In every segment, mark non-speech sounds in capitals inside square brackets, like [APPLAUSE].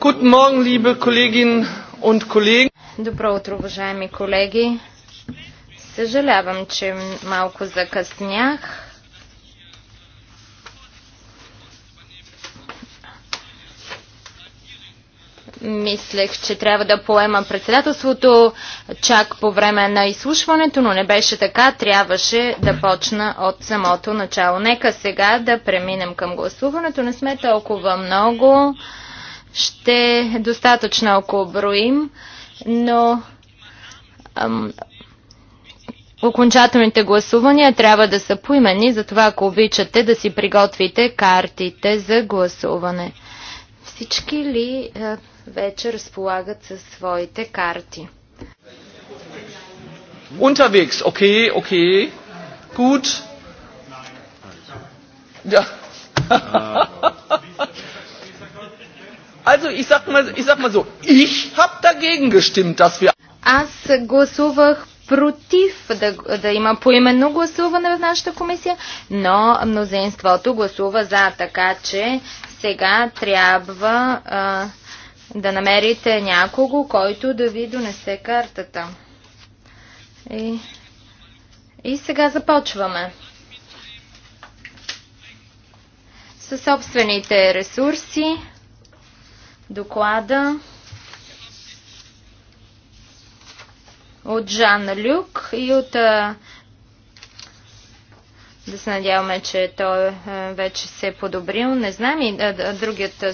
Guten Morgen, liebe Kolleginnen und Kollegen. Добро утро, уважаеми колеги. Съжалявам, че малко закъснях. Мислех, че трябва да поема председателството чак по време на изслушването, но не беше така. Трябваше да почна от самото начало. Нека сега да преминем към гласуването. Не сме толкова много ще е достатъчно, ако броим, но ам, окончателните гласувания трябва да са поимени, затова ако обичате да си приготвите картите за гласуване. Всички ли а, е, вече разполагат със своите карти? Unterwegs, окей, окей, гуд. Да. Also ich sag mal, ich sag mal so, ich habe dagegen gestimmt, dass wir Аз гласувах против да, да има поименно гласуване в нашата комисия, но мнозинството гласува за, така че сега трябва а, да намерите някого, който да ви донесе картата. И, и сега започваме. Със собствените ресурси доклада от Жан Люк и от да се надяваме, че той вече се е подобрил. Не знам и другият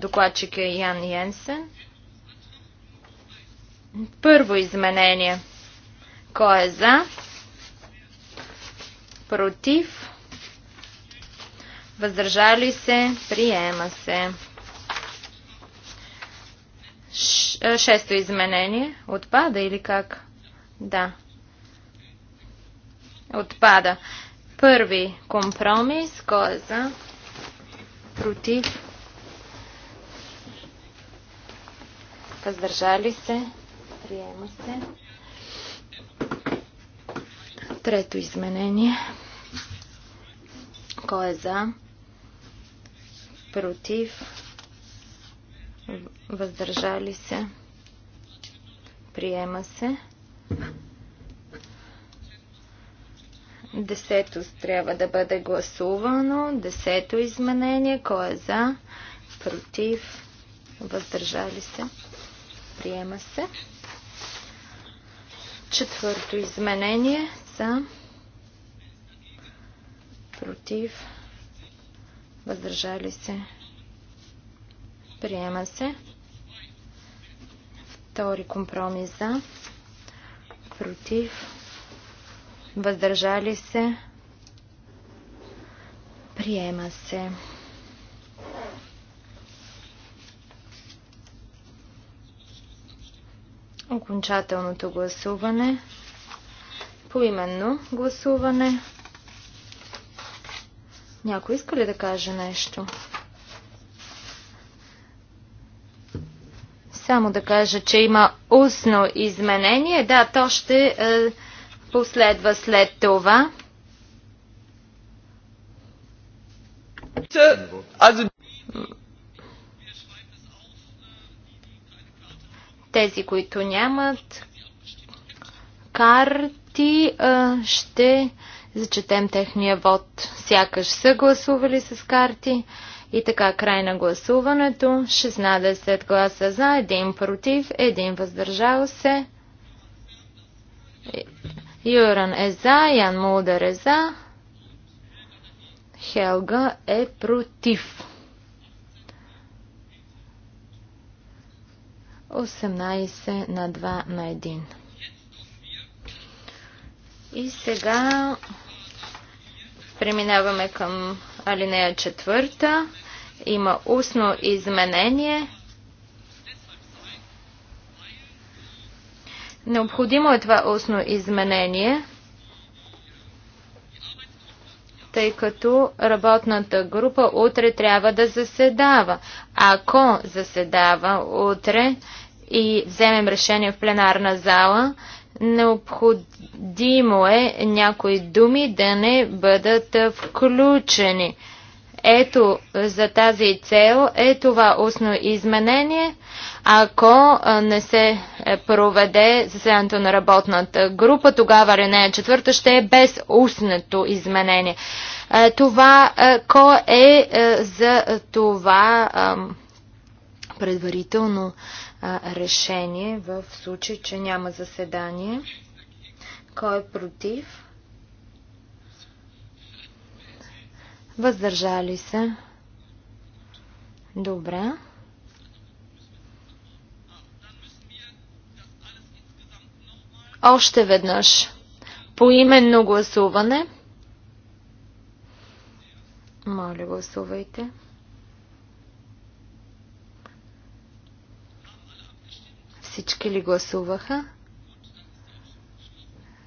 докладчик е Ян Йенсен. Първо изменение. Кой е за? Против? Въздържали се? Приема се. Шесто изменение. Отпада или как? Да. Отпада. Първи компромис. Кой е за? Против. Въздържали се. Приема се. Трето изменение. Кой е за? Против въздържали се, приема се. Десето трябва да бъде гласувано. Десето изменение. Кой е за? Против? Въздържали се? Приема се. Четвърто изменение за против въздържали се Приема се. Втори компромис за. Против. Въздържали се. Приема се. Окончателното гласуване. Поименно гласуване. Някой иска ли да каже нещо? Само да кажа, че има устно изменение. Да, то ще е, последва след това. Тези, които нямат карти, е, ще зачетем техния вод. Сякаш са гласували с карти. И така, край на гласуването. 16 гласа за, 1 против, 1 въздържал се. Юран е за, Ян Мулдър е за. Хелга е против. 18 на 2 на 1. И сега преминаваме към Алинея четвърта има устно изменение. Необходимо е това устно изменение, тъй като работната група утре трябва да заседава. Ако заседава утре и вземем решение в пленарна зала, Необходимо е някои думи да не бъдат включени. Ето за тази цел е това устно изменение. Ако не се е, проведе заседанието на работната група, тогава Ренея четвърта ще е без устното изменение. Това ко е за това предварително а, решение в случай, че няма заседание. Кой е против? Въздържали се. Добре. Още веднъж. Поименно гласуване. Моля, гласувайте. Всички ли гласуваха?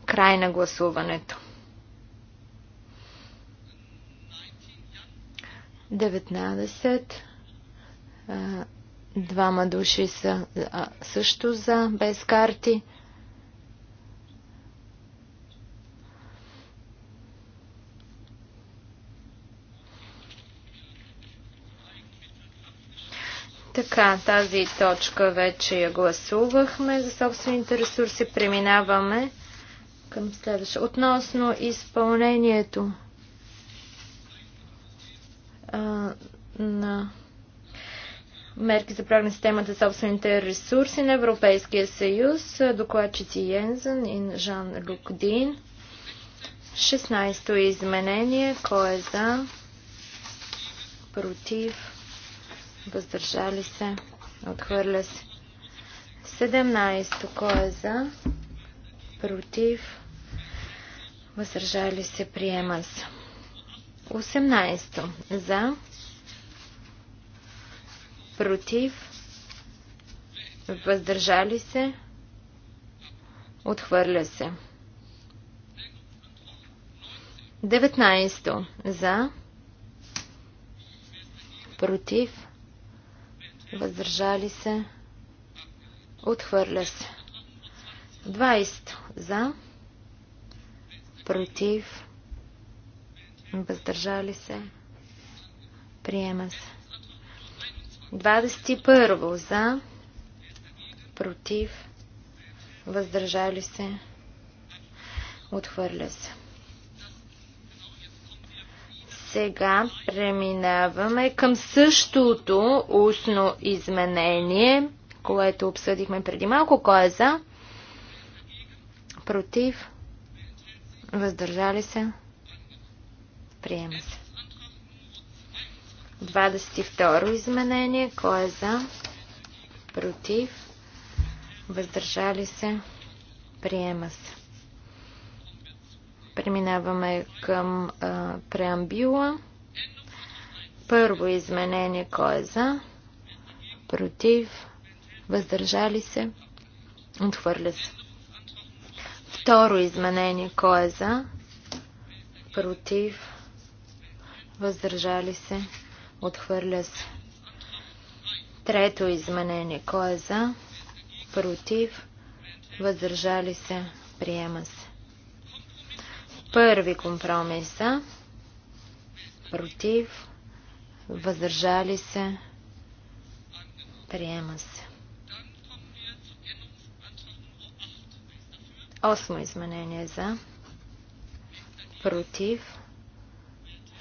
Край на гласуването. 19. Двама души са също за без карти. Така, тази точка вече я гласувахме за собствените ресурси. Преминаваме към следваща. Относно изпълнението а, на мерки за правна система за собствените ресурси на Европейския съюз, докладчици Йензен и Жан Лукдин. 16-то изменение. Кой е за? Против? въздържали се, отхвърля се. 17. Кой е за? Против. Въздържали се, приема се. 18. За. Против. Въздържали се. Отхвърля се. 19. За. Против въздържали се, отхвърля се. 20 за, против, въздържали се, приема се. 21 за, против, въздържали се, отхвърля се. Сега преминаваме към същото устно изменение, което обсъдихме преди малко. Кой е за? Против? Въздържали се? Приема се. 22 изменение. Кой е за? Против? Въздържали се? Приема се. Преминаваме към а, преамбюла. Първо изменение. Кой е за? Против? Въздържали се? Отхвърля се. Второ изменение. Кой е за? Против? Въздържали се? Отхвърля се. Трето изменение. Кой е за? Против? Въздържали се? Приема се. Първи компромис за, против, въздържали се, приема се. Осмо изменение за, против,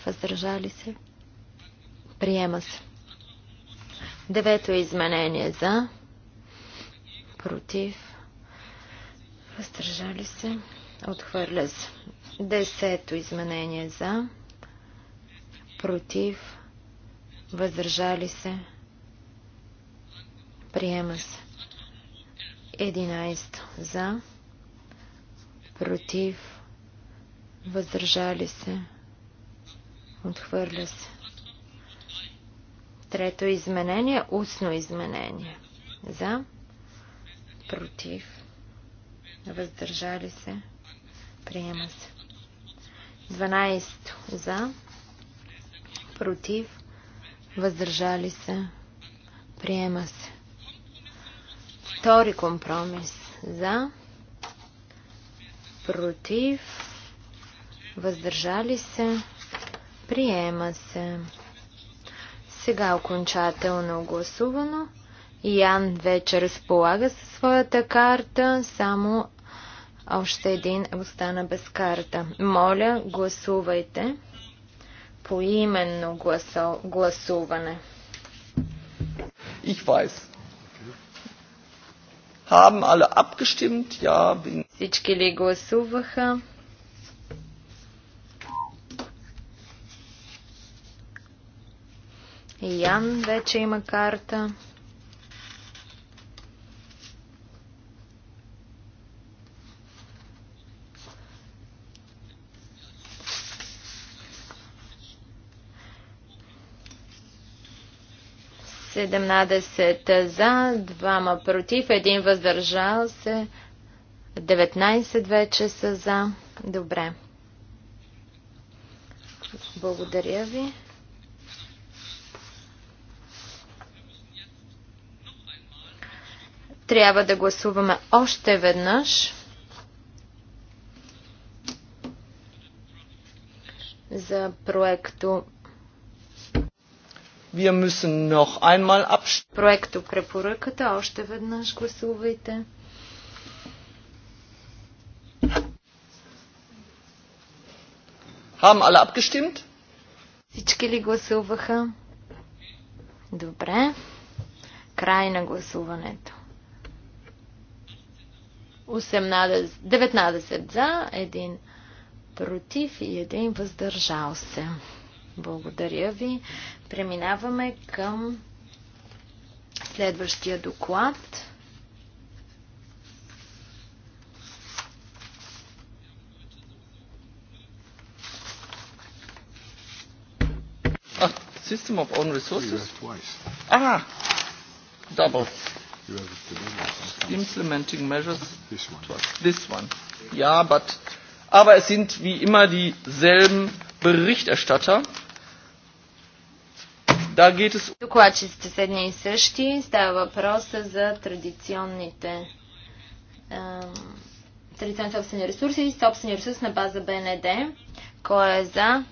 въздържали се, приема се. Девето изменение за, против, въздържали се, отхвърля се. Десето изменение за, против, въздържали се, приема се. Единайсто за, против, въздържали се, отхвърля се. Трето изменение, устно изменение. За, против, въздържали се, приема се. 12 за, против, въздържали се, приема се. Втори компромис за, против, въздържали се, приема се. Сега окончателно гласувано. Ян вече разполага със своята карта, само още един остана без карта. Моля, гласувайте по именно гласо... гласуване. Ich weiß. Haben alle abgestimmt? Ja, bin... Всички ли гласуваха? Ян вече има карта. 17 за, 2 против, 1 въздържал се. 19 вече са за. Добре. Благодаря ви. Трябва да гласуваме още веднъж за проекто Wir müssen noch einmal abstimmen. Проекто препоръката още веднъж гласувайте. Haben alle abgestimmt? Всички ли гласуваха? Добре. Край на гласуването. 19 за, 1 против и 1 въздържал се. Благодаря ви. Преминаваме към следващия доклад. system of own resources? Ah, double. Implementing measures. This one. This one. Ja, but. Aber es sind wie immer dieselben Berichterstatter. Докладчиците са едни и същи. Става въпроса за традиционните традиционни собствени ресурси и собствени ресурс на база БНД. Кой е за?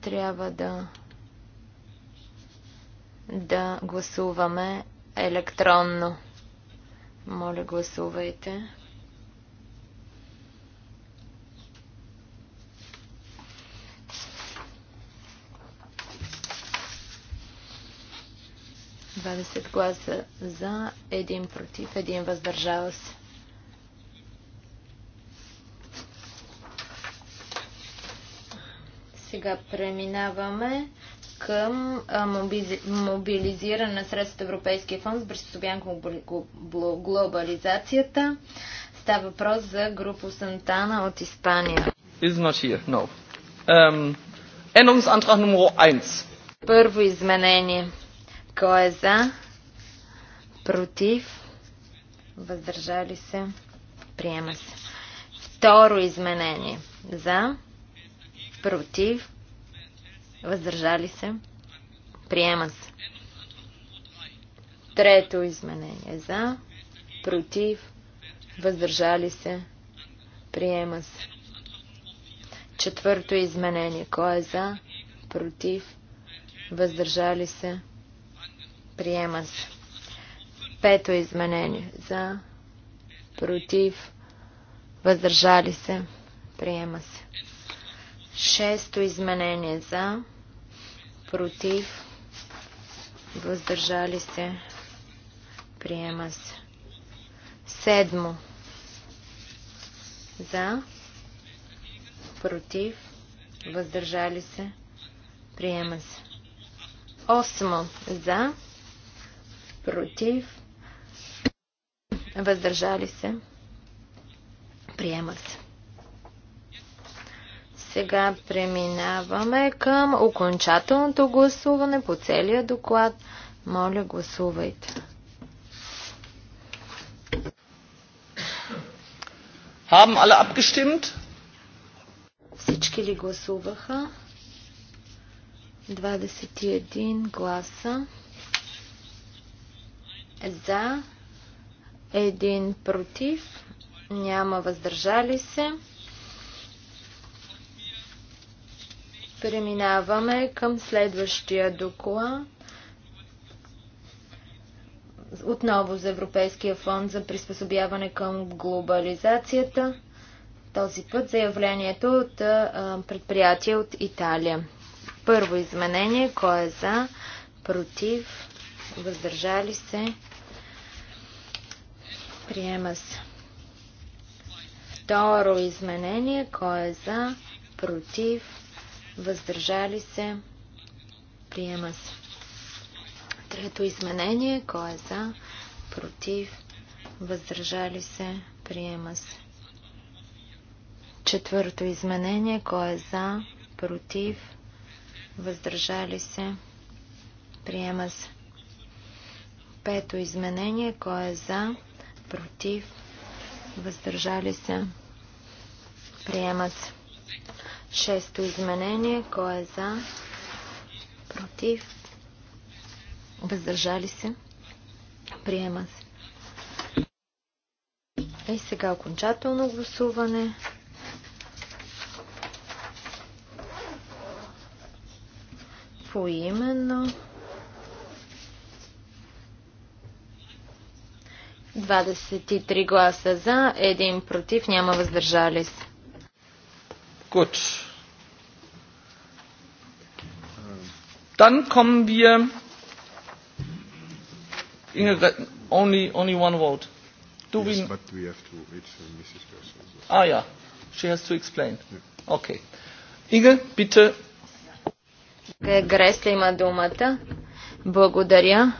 Трябва да да гласуваме електронно. Моля, гласувайте. 20 гласа за, 1 против, 1 въздържава се. Сега преминаваме към мобилизиране на средства Европейския фонд за приспособяване глобализацията. Става въпрос за група Сантана от Испания. Is not here, no. Um, Änderungsantrag 1. Първо изменение. Кой е за? Против? Въздържали се? Приема се. Второ изменение. За? Против? Въздържали се? Приема се. Трето изменение. За? Против? Въздържали се? Приема се. Четвърто изменение. Кой е за? Против? Въздържали се? Приема се. Пето изменение. За. Против. Въздържали се. Приема се. Шесто изменение. За. Против. Въздържали се. Приема се. Седмо. За. Против. Въздържали се. Приема се. Осмо. За против, въздържали се, приема се. Сега преминаваме към окончателното гласуване по целия доклад. Моля, гласувайте. Haben alle abgestimmt? Всички ли гласуваха? 21 гласа за, един против, няма въздържали се. Преминаваме към следващия доклад. Отново за Европейския фонд за приспособяване към глобализацията. Този път заявлението от предприятие от Италия. Първо изменение, кой е за, против, въздържали се, Приема се. Второ изменение. Кой е за? Против? Въздържали се? Приема се. Трето изменение. Кой е за? Против? Въздържали се? Приема се. Четвърто изменение. Кой е за? Против? Въздържали се? Приема се. Пето изменение. Кой е за? Против? против, въздържали се, приемат се. Шесто изменение. Кой е за? Против? Въздържали се? Приема се. И сега окончателно гласуване. Поименно. именно. 23 гласа за, 1 против, няма въздържали се. Gut. Dann kommen wir. Inge, only, only one vote. Do yes, we... but we have to. wait for Mrs. Gerson. Ah yeah. she has to explain. Yeah. Okay. Inge, bitte. Гресле има думата. Благодаря.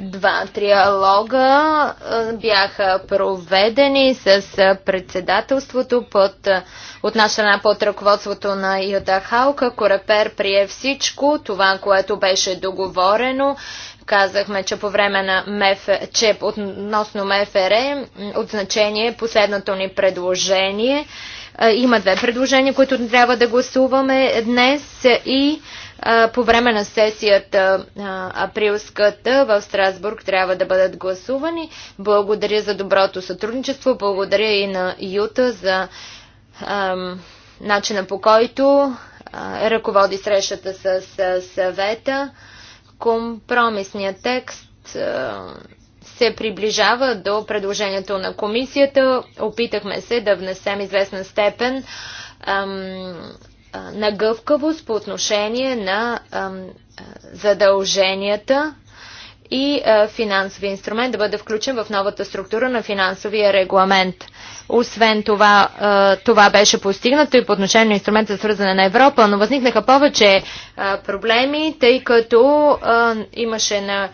Два триалога бяха проведени с председателството под, от наша страна под ръководството на Йода Халка. Корепер прие всичко това, което беше договорено. Казахме, че по време на МФ, че относно МФР от значение е последното ни предложение. Има две предложения, които трябва да гласуваме днес и по време на сесията априлската в Страсбург трябва да бъдат гласувани. Благодаря за доброто сътрудничество, благодаря и на Юта за ам, начина по който а, ръководи срещата с, с съвета. Компромисният текст а, се приближава до предложението на комисията. Опитахме се да внесем известна степен на гъвкавост по отношение на задълженията и финансови инструмент да бъде включен в новата структура на финансовия регламент. Освен това, това беше постигнато и по отношение на инструмента за свързане на Европа, но възникнаха повече проблеми, тъй като имаше на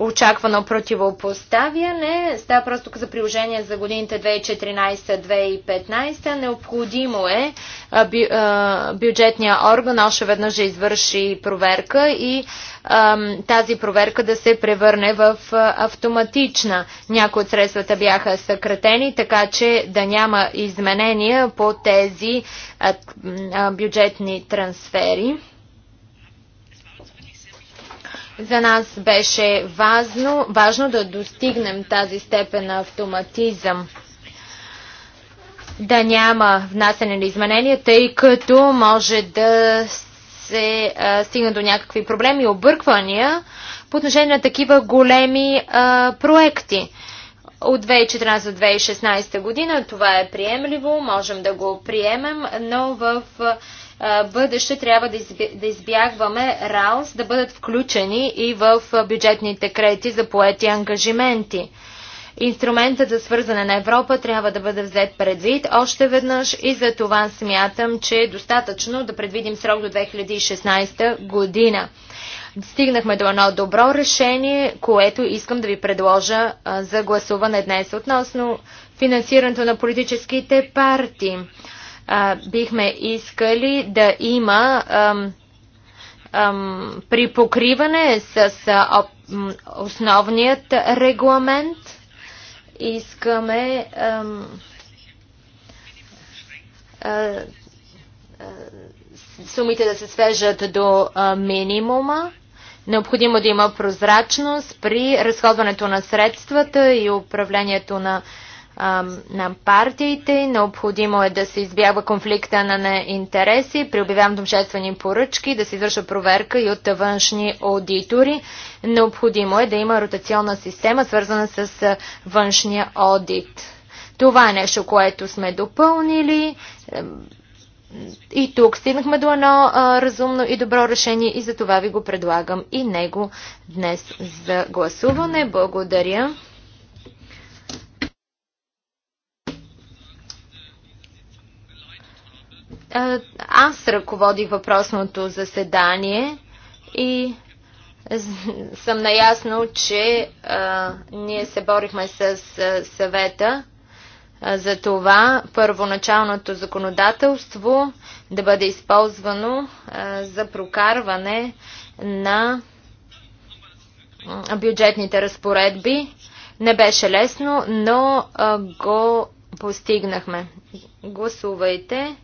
очаквано противопоставяне. Става просто тук за приложение за годините 2014-2015. Необходимо е бюджетния орган още веднъж да извърши проверка и тази проверка да се превърне в автоматична. Някои от средствата бяха съкратени, така че да няма изменения по тези бюджетни трансфери. За нас беше важно, важно да достигнем тази степен на автоматизъм. Да няма внасяне на изменения, тъй като може да се а, стигне до някакви проблеми и обърквания по отношение на такива големи а, проекти. От 2014 до 2016 година това е приемливо, можем да го приемем, но в а, бъдеще трябва да избягваме Ралс да бъдат включени и в бюджетните кредити за поети ангажименти. Инструментът за свързане на Европа трябва да бъде взет предвид още веднъж и за това смятам, че е достатъчно да предвидим срок до 2016 година. Стигнахме до едно добро решение, което искам да ви предложа за гласуване днес относно финансирането на политическите партии а, бихме искали да има при покриване с а, основният регламент. Искаме а, сумите да се свежат до минимума. Необходимо да има прозрачност при разходването на средствата и управлението на а, на партиите. Необходимо е да се избягва конфликта на интереси при обявяване на обществени поръчки, да се извършва проверка и от външни аудитори. Необходимо е да има ротационна система, свързана с външния аудит. Това е нещо, което сме допълнили. И тук стигнахме до едно а, разумно и добро решение и за това ви го предлагам и него днес за гласуване. Благодаря. Аз ръководих въпросното заседание и съм наясно, че а, ние се борихме с а, съвета а, за това първоначалното законодателство да бъде използвано а, за прокарване на бюджетните разпоредби. Не беше лесно, но а, го постигнахме. Гласувайте.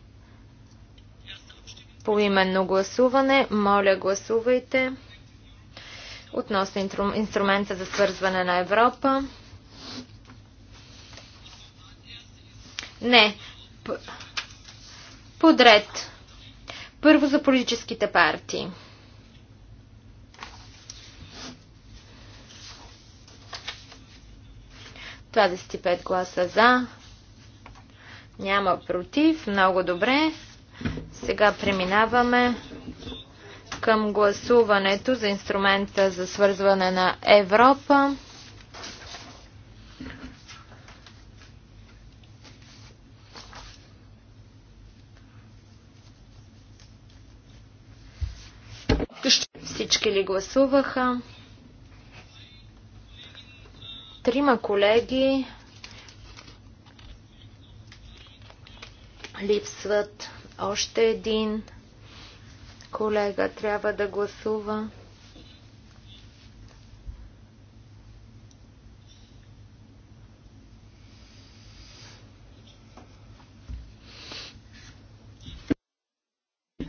Поименно гласуване, моля гласувайте относно инструмента за свързване на Европа. Не. Подред. Първо за политическите партии. 25 гласа за. Няма против. Много добре. Сега преминаваме към гласуването за инструмента за свързване на Европа. Всички ли гласуваха? Трима колеги липсват. Още един колега трябва да гласува.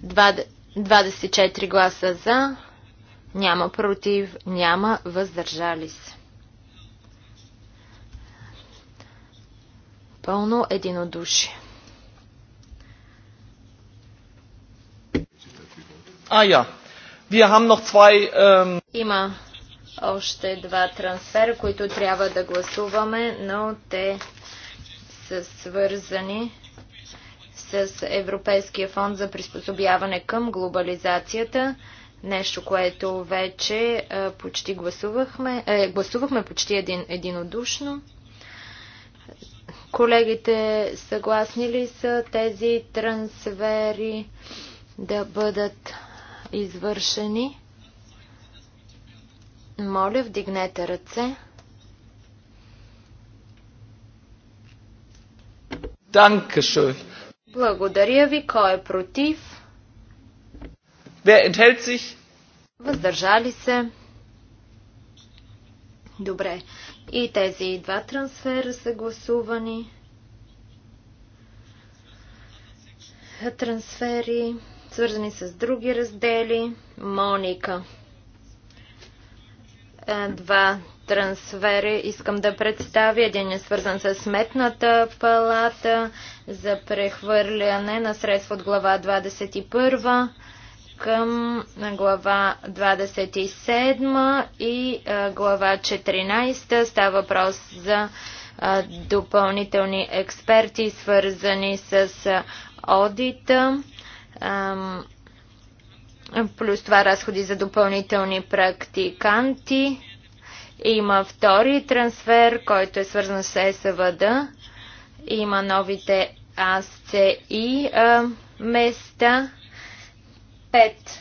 Два, четири гласа за, няма против, няма въздържали се. Пълно единодушие. А, я. Вие хам нох цвай... Има още два трансфера, които трябва да гласуваме, но те са свързани с Европейския фонд за приспособяване към глобализацията. Нещо, което вече почти гласувахме, е, гласувахме почти един, единодушно. Колегите съгласни ли са тези трансфери да бъдат извършени. Моля, вдигнете ръце. Dankeschön. Благодаря ви. Кой е против? Въздържали се. Добре. И тези два трансфера са гласувани. Трансфери свързани с други раздели. Моника. Е, два трансфери искам да представя. Един е свързан с сметната палата за прехвърляне на средства от глава 21 към глава 27 и е, глава 14. Става въпрос за е, допълнителни експерти, свързани с одита плюс това разходи за допълнителни практиканти. Има втори трансфер, който е свързан с СВД. Има новите АСЦИ места. Пет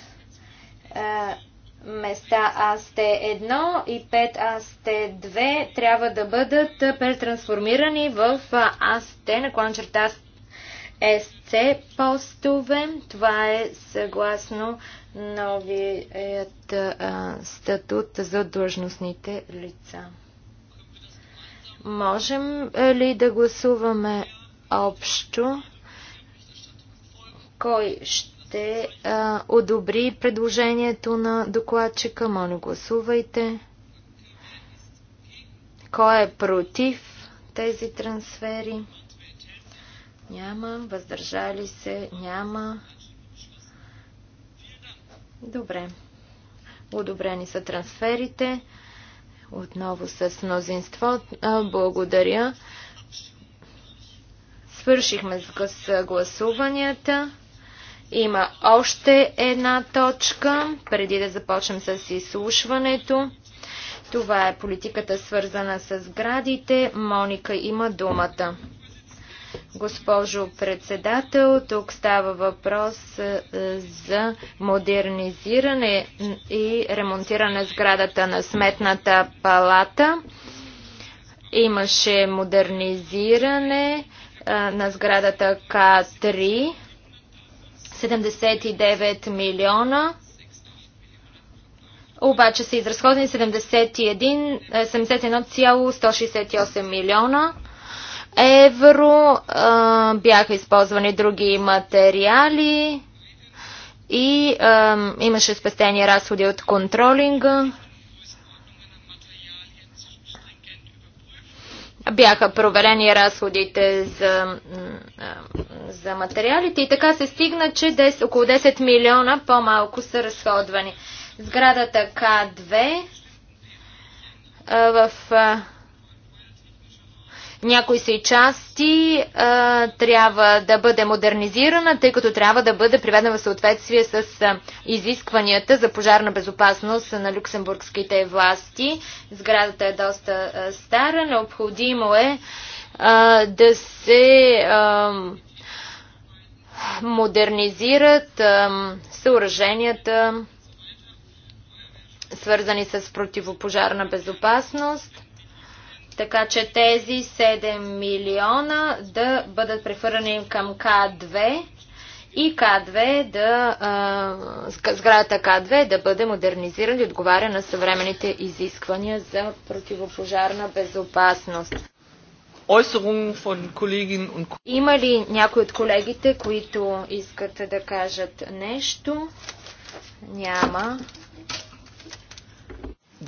места АСТ1 и 5 АСТ2 трябва да бъдат претрансформирани в АСТ, наклон черта СЦ постове. Това е съгласно новият а, статут за длъжностните лица. Можем ли да гласуваме общо? Кой ще а, одобри предложението на докладчика? Моля, гласувайте. Кой е против тези трансфери? Няма. Въздържали се? Няма. Добре. Одобрени са трансферите. Отново с мнозинство. Благодаря. Свършихме с гласуванията. Има още една точка, преди да започнем с изслушването. Това е политиката свързана с градите. Моника има думата. Госпожо председател, тук става въпрос е, за модернизиране и ремонтиране сградата на Сметната палата. Имаше модернизиране е, на сградата К3 79 милиона обаче са изразходени 71,168 е, милиона евро, а, бяха използвани други материали и а, имаше спестени разходи от контролинга. Бяха проверени разходите за, за материалите и така се стигна, че 10, около 10 милиона по-малко са разходвани. Сградата К2 в някои си части а, трябва да бъде модернизирана, тъй като трябва да бъде приведена в съответствие с а, изискванията за пожарна безопасност на люксембургските власти. Сградата е доста а, стара, необходимо е а, да се а, модернизират а, съоръженията свързани с противопожарна безопасност. Така че тези 7 милиона да бъдат прехвърлени към К2 и К2 да, а, сградата К2 да бъде модернизирана и отговаря на съвременните изисквания за противопожарна безопасност. Има ли някои от колегите, които искат да кажат нещо? Няма.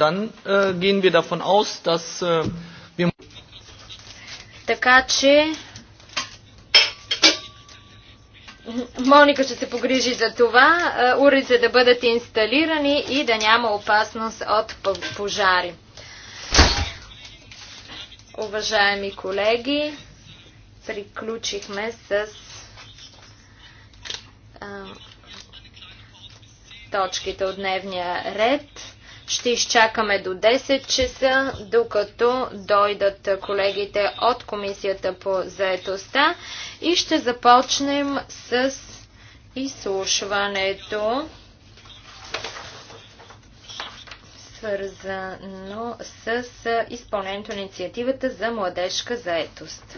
Dann äh, gehen wir davon aus, dass äh, така че Моника ще се погрижи за това, урите да бъдат инсталирани и да няма опасност от пожари. Уважаеми колеги, приключихме с а, точките от дневния ред. Ще изчакаме до 10 часа, докато дойдат колегите от Комисията по заетостта и ще започнем с изслушването свързано с изпълнението на инициативата за младежка заетост.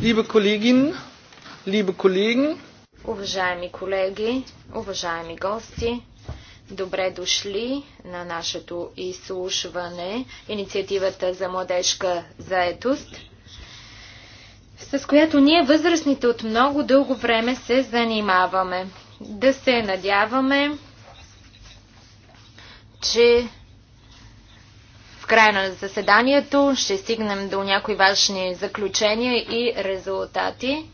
Liebe Kolleginnen, liebe Kollegen, Уважаеми колеги, уважаеми гости, добре дошли на нашето изслушване инициативата за младежка заетост, с която ние възрастните от много дълго време се занимаваме. Да се надяваме, че края на заседанието ще стигнем до някои важни заключения и резултати.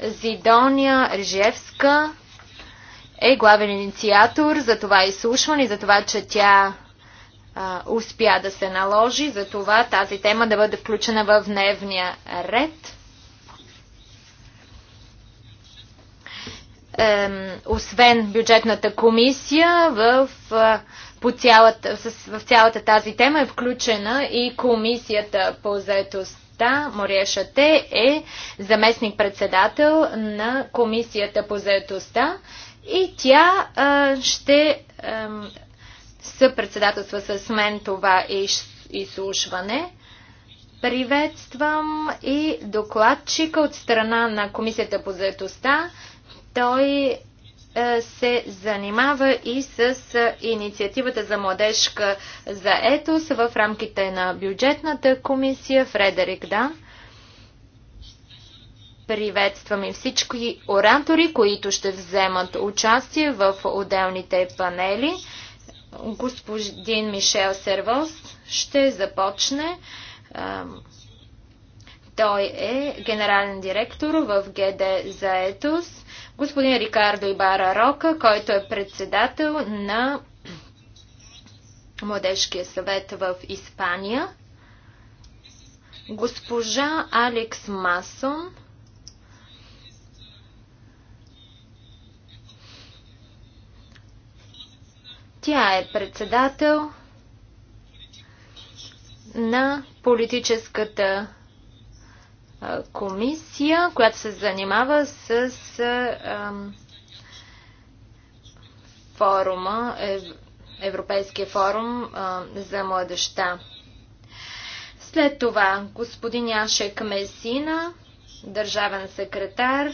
Зидония Ржевска е главен инициатор за това изслушване, за това, че тя а, успя да се наложи, за това тази тема да бъде включена в дневния ред. освен бюджетната комисия, в, по цялата, в цялата тази тема е включена и комисията по заетостта. Мория Шате е заместник-председател на комисията по заетостта и тя ще съпредседателства с мен това изслушване. Приветствам и докладчика от страна на Комисията по заедостта, той е, се занимава и с е, инициативата за младежка заетост в рамките на бюджетната комисия. Фредерик, да. приветствам и всички оратори, които ще вземат участие в отделните панели. Господин Мишел Сервос ще започне. Е, той е генерален директор в ГД Заетост господин Рикардо Ибара Рока, който е председател на Младежкия съвет в Испания, госпожа Алекс Масон, Тя е председател на политическата комисия, която се занимава с форума, е, Европейския форум за младеща. След това господин Яшек Месина, държавен секретар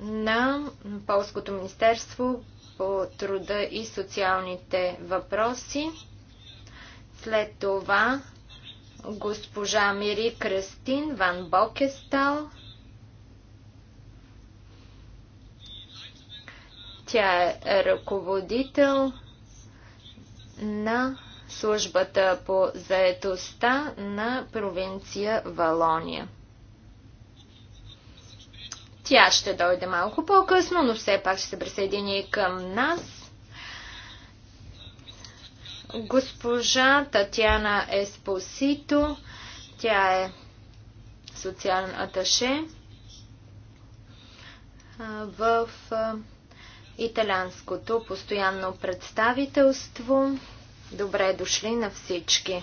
на Полското министерство по труда и социалните въпроси. След това госпожа Мири Кръстин Ван Бокестал. Тя е ръководител на службата по заетостта на провинция Валония. Тя ще дойде малко по-късно, но все пак ще се присъедини към нас госпожа Татьяна Еспосито. Тя е социален аташе в италянското постоянно представителство. Добре дошли на всички!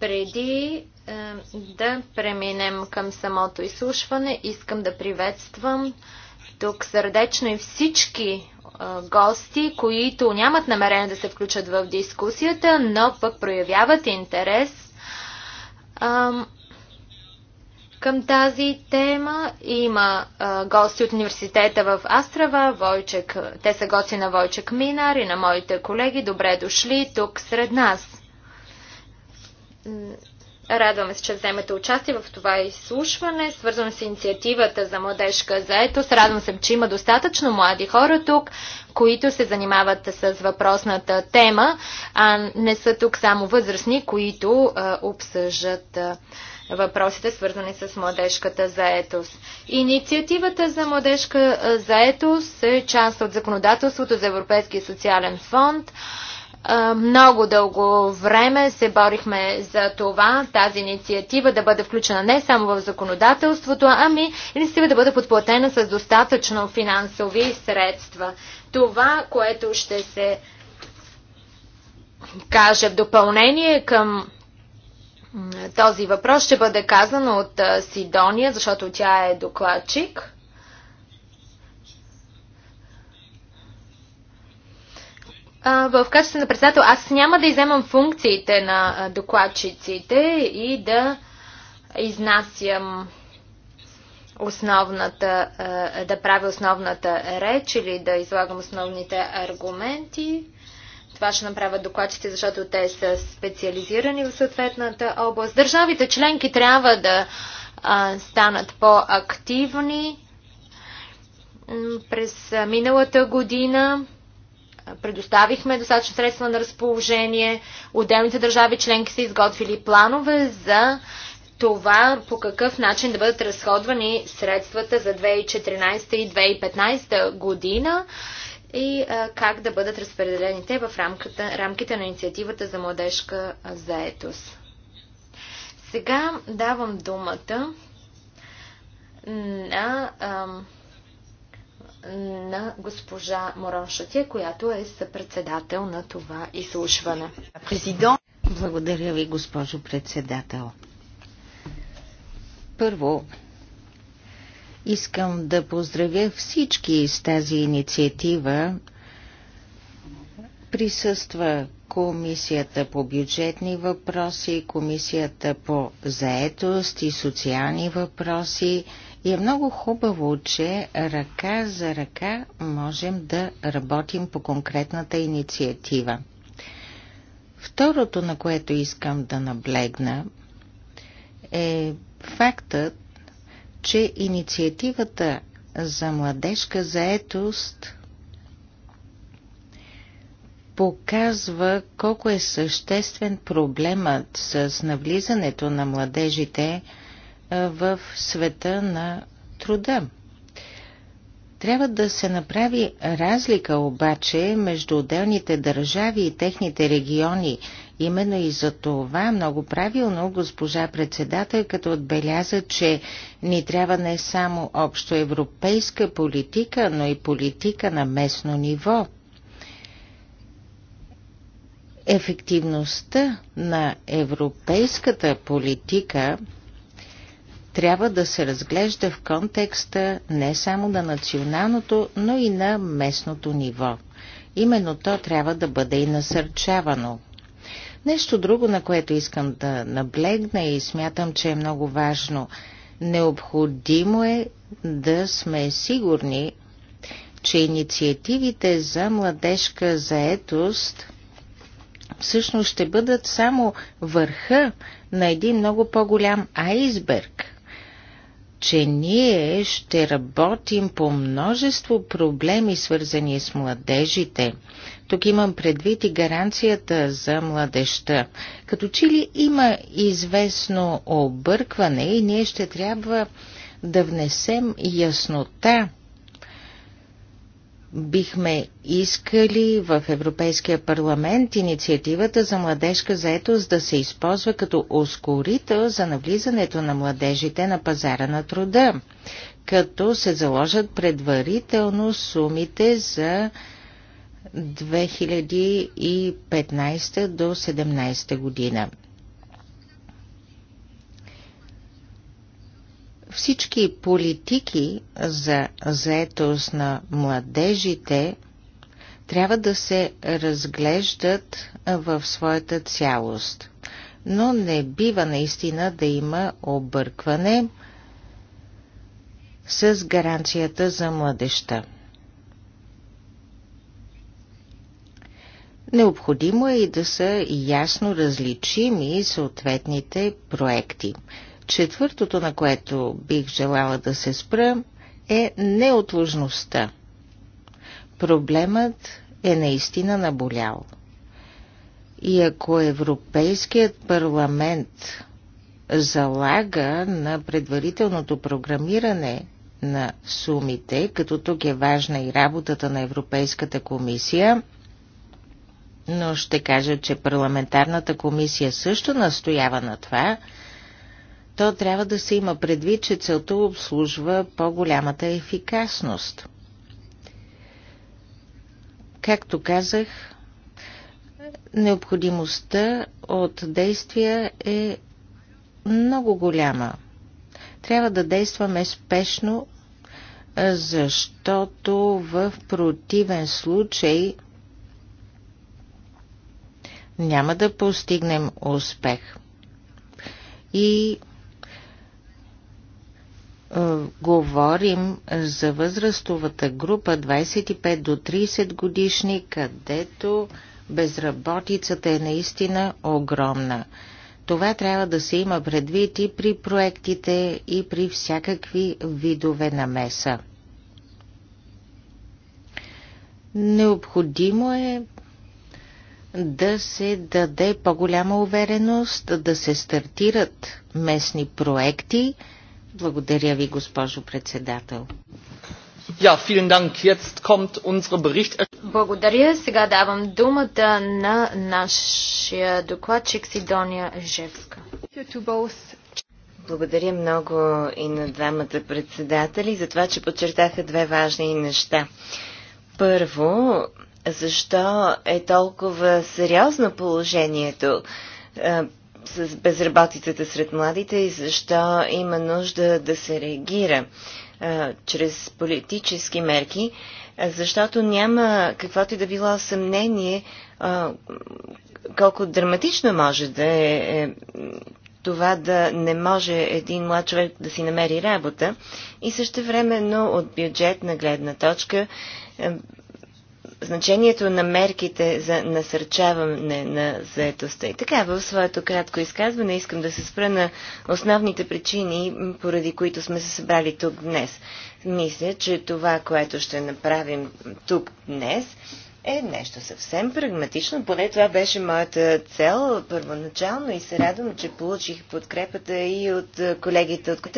Преди е, да преминем към самото изслушване, искам да приветствам тук сърдечно и всички гости, които нямат намерение да се включат в дискусията, но пък проявяват интерес ам, към тази тема. Има а, гости от университета в Астрава, Войчек, те са гости на Войчек Минар и на моите колеги. Добре дошли тук сред нас. Радваме се, че вземете участие в това изслушване, свързано с инициативата за младежка заетост. Радвам се, че има достатъчно млади хора тук, които се занимават с въпросната тема, а не са тук само възрастни, които а, обсъждат а, въпросите, свързани с младежката заетост. Инициативата за младежка заетост е част от законодателството за Европейския социален фонд. Много дълго време се борихме за това, тази инициатива да бъде включена не само в законодателството, ами инициатива да бъде подплатена с достатъчно финансови средства. Това, което ще се каже в допълнение към този въпрос, ще бъде казано от Сидония, защото тя е докладчик. в качеството на председател аз няма да иземам функциите на докладчиците и да изнасям основната, да правя основната реч или да излагам основните аргументи. Това ще направят докладчите, защото те са специализирани в съответната област. Държавите членки трябва да а, станат по-активни. През миналата година предоставихме достатъчно средства на разположение. Отделните държави членки са изготвили планове за това по какъв начин да бъдат разходвани средствата за 2014 и 2015 година и а, как да бъдат разпределени те в рамката, рамките на инициативата за младежка заетост. Сега давам думата на а, на госпожа Морон Шотие, която е съпредседател на това изслушване. Президент. Благодаря ви, госпожо председател. Първо, искам да поздравя всички с тази инициатива. Присъства Комисията по бюджетни въпроси, Комисията по заетост и социални въпроси, и е много хубаво, че ръка за ръка можем да работим по конкретната инициатива. Второто, на което искам да наблегна, е фактът, че инициативата за младежка заетост показва колко е съществен проблемът с навлизането на младежите – в света на труда. Трябва да се направи разлика обаче между отделните държави и техните региони. Именно и за това много правилно госпожа председател като отбеляза, че ни трябва не само общо европейска политика, но и политика на местно ниво. Ефективността на европейската политика – трябва да се разглежда в контекста не само на националното, но и на местното ниво. Именно то трябва да бъде и насърчавано. Нещо друго, на което искам да наблегна и смятам, че е много важно. Необходимо е да сме сигурни, че инициативите за младежка заетост всъщност ще бъдат само върха на един много по-голям айсберг – че ние ще работим по множество проблеми, свързани с младежите. Тук имам предвид и гаранцията за младеща. Като че ли има известно объркване и ние ще трябва да внесем яснота бихме искали в Европейския парламент инициативата за младежка заетост да се използва като ускорител за навлизането на младежите на пазара на труда, като се заложат предварително сумите за 2015 до 2017 година. Всички политики за заетост на младежите трябва да се разглеждат в своята цялост. Но не бива наистина да има объркване с гаранцията за младеща. Необходимо е и да са ясно различими съответните проекти. Четвъртото, на което бих желала да се спра, е неотложността. Проблемът е наистина наболял. И ако Европейският парламент залага на предварителното програмиране на сумите, като тук е важна и работата на Европейската комисия, но ще кажа, че парламентарната комисия също настоява на това – то трябва да се има предвид, че целта обслужва по-голямата ефикасност. Както казах, необходимостта от действия е много голяма. Трябва да действаме спешно, защото в противен случай няма да постигнем успех. И е, говорим за възрастовата група 25 до 30 годишни, където безработицата е наистина огромна. Това трябва да се има предвид и при проектите, и при всякакви видове намеса. Необходимо е да се даде по-голяма увереност, да се стартират местни проекти – благодаря ви, госпожо председател. Ja, vielen Dank. Jetzt kommt unsere Bericht... Благодаря. Сега давам думата на нашия докладчик Сидония Жевска. Благодаря много и на двамата председатели за това, че подчертаха две важни неща. Първо, защо е толкова сериозно положението? с безработицата сред младите и защо има нужда да се реагира а, чрез политически мерки, защото няма каквото и да било съмнение а, колко драматично може да е, е това да не може един млад човек да си намери работа и също времено от бюджетна гледна точка значението на мерките за насърчаване на заетостта. И така, в своето кратко изказване искам да се спра на основните причини, поради които сме се събрали тук днес. Мисля, че това, което ще направим тук днес, е нещо съвсем прагматично. Поне това беше моята цел първоначално и се радвам, че получих подкрепата и от колегите от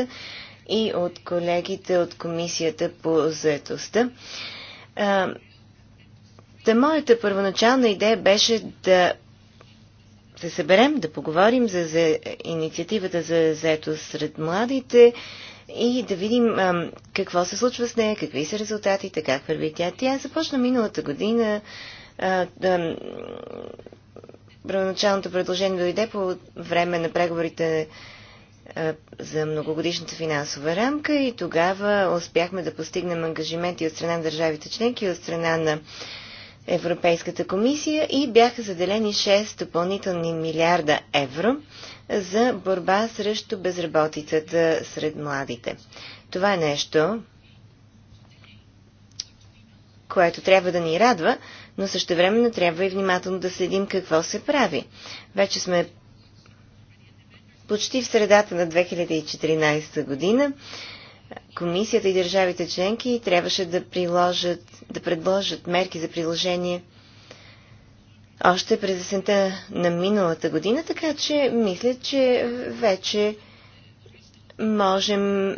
и от колегите от Комисията по заетостта Та моята първоначална идея беше да се съберем, да поговорим за, за инициативата за заето сред младите и да видим а, какво се случва с нея, какви са резултатите, как върви тя. Тя започна миналата година. А, да, първоначалното предложение дойде по време на преговорите за многогодишната финансова рамка и тогава успяхме да постигнем ангажименти от страна на държавите членки и от страна на Европейската комисия и бяха заделени 6 допълнителни милиарда евро за борба срещу безработицата сред младите. Това е нещо, което трябва да ни радва, но също времено трябва и внимателно да следим какво се прави. Вече сме почти в средата на 2014 година комисията и държавите членки трябваше да приложат, да предложат мерки за приложение още през есента на миналата година, така че мисля, че вече можем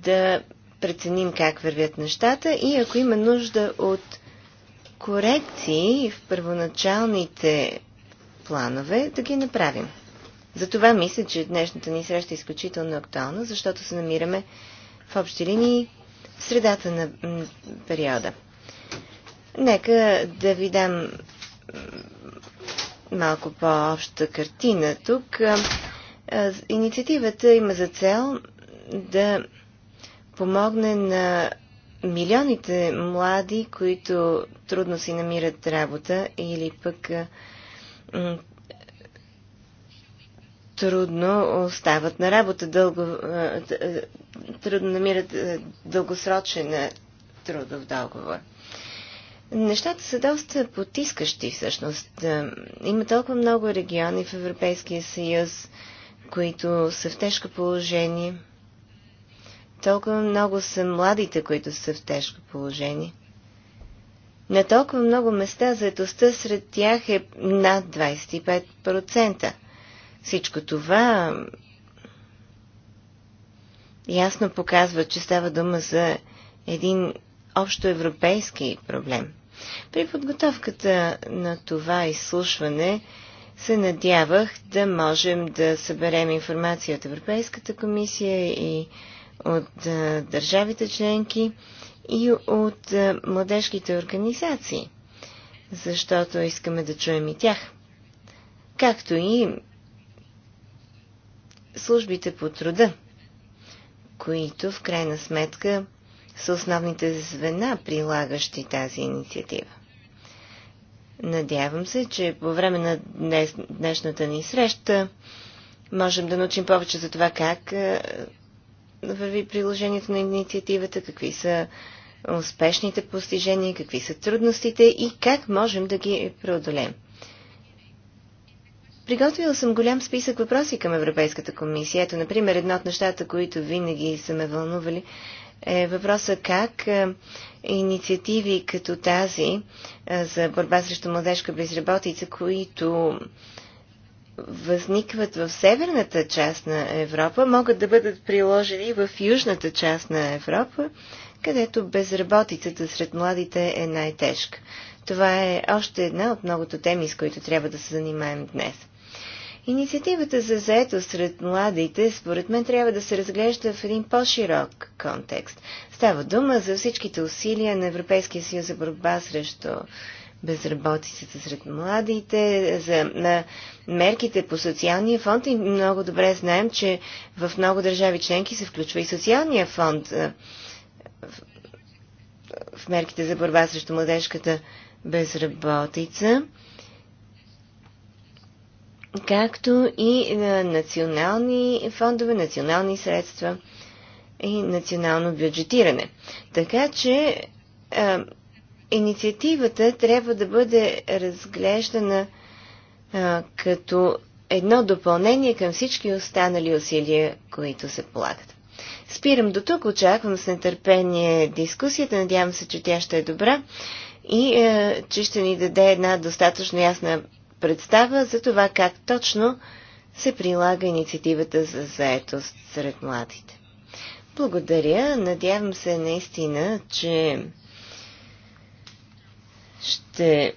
да преценим как вървят нещата и ако има нужда от корекции в първоначалните планове, да ги направим. Затова мисля, че днешната ни среща е изключително актуална, защото се намираме в общи линии в средата на периода. Нека да ви дам малко по-обща картина. Тук инициативата има за цел да помогне на милионите млади, които трудно си намират работа или пък трудно остават на работа, дълго, трудно намират дългосрочен трудов договор. Нещата са доста потискащи всъщност. Има толкова много региони в Европейския съюз, които са в тежко положение. Толкова много са младите, които са в тежко положение. На толкова много места заедостта сред тях е над 25%. Всичко това ясно показва, че става дума за един общоевропейски проблем. При подготовката на това изслушване се надявах да можем да съберем информация от Европейската комисия и от а, държавите членки и от а, младежките организации, защото искаме да чуем и тях, както и службите по труда, които в крайна сметка са основните звена, прилагащи тази инициатива. Надявам се, че по време на днес, днешната ни среща можем да научим повече за това как е, върви приложението на инициативата, какви са успешните постижения, какви са трудностите и как можем да ги преодолеем. Приготвила съм голям списък въпроси към Европейската комисия. Ето, например, едно от нещата, които винаги са ме вълнували, е въпроса как е, инициативи като тази е, за борба срещу младежка безработица, които възникват в северната част на Европа, могат да бъдат приложени в южната част на Европа, където безработицата сред младите е най-тежка. Това е още една от многото теми, с които трябва да се занимаем днес. Инициативата за заето сред младите, според мен, трябва да се разглежда в един по-широк контекст. Става дума за всичките усилия на Европейския съюз за борба срещу безработицата сред младите, за на мерките по социалния фонд и много добре знаем, че в много държави членки се включва и социалния фонд в мерките за борба срещу младежката безработица както и е, национални фондове, национални средства и национално бюджетиране. Така че а, е, инициативата трябва да бъде разглеждана а, е, като едно допълнение към всички останали усилия, които се полагат. Спирам до тук, очаквам с нетърпение дискусията, надявам се, че тя ще е добра и е, че ще ни даде една достатъчно ясна представа за това как точно се прилага инициативата за заетост сред младите. Благодаря. Надявам се наистина, че ще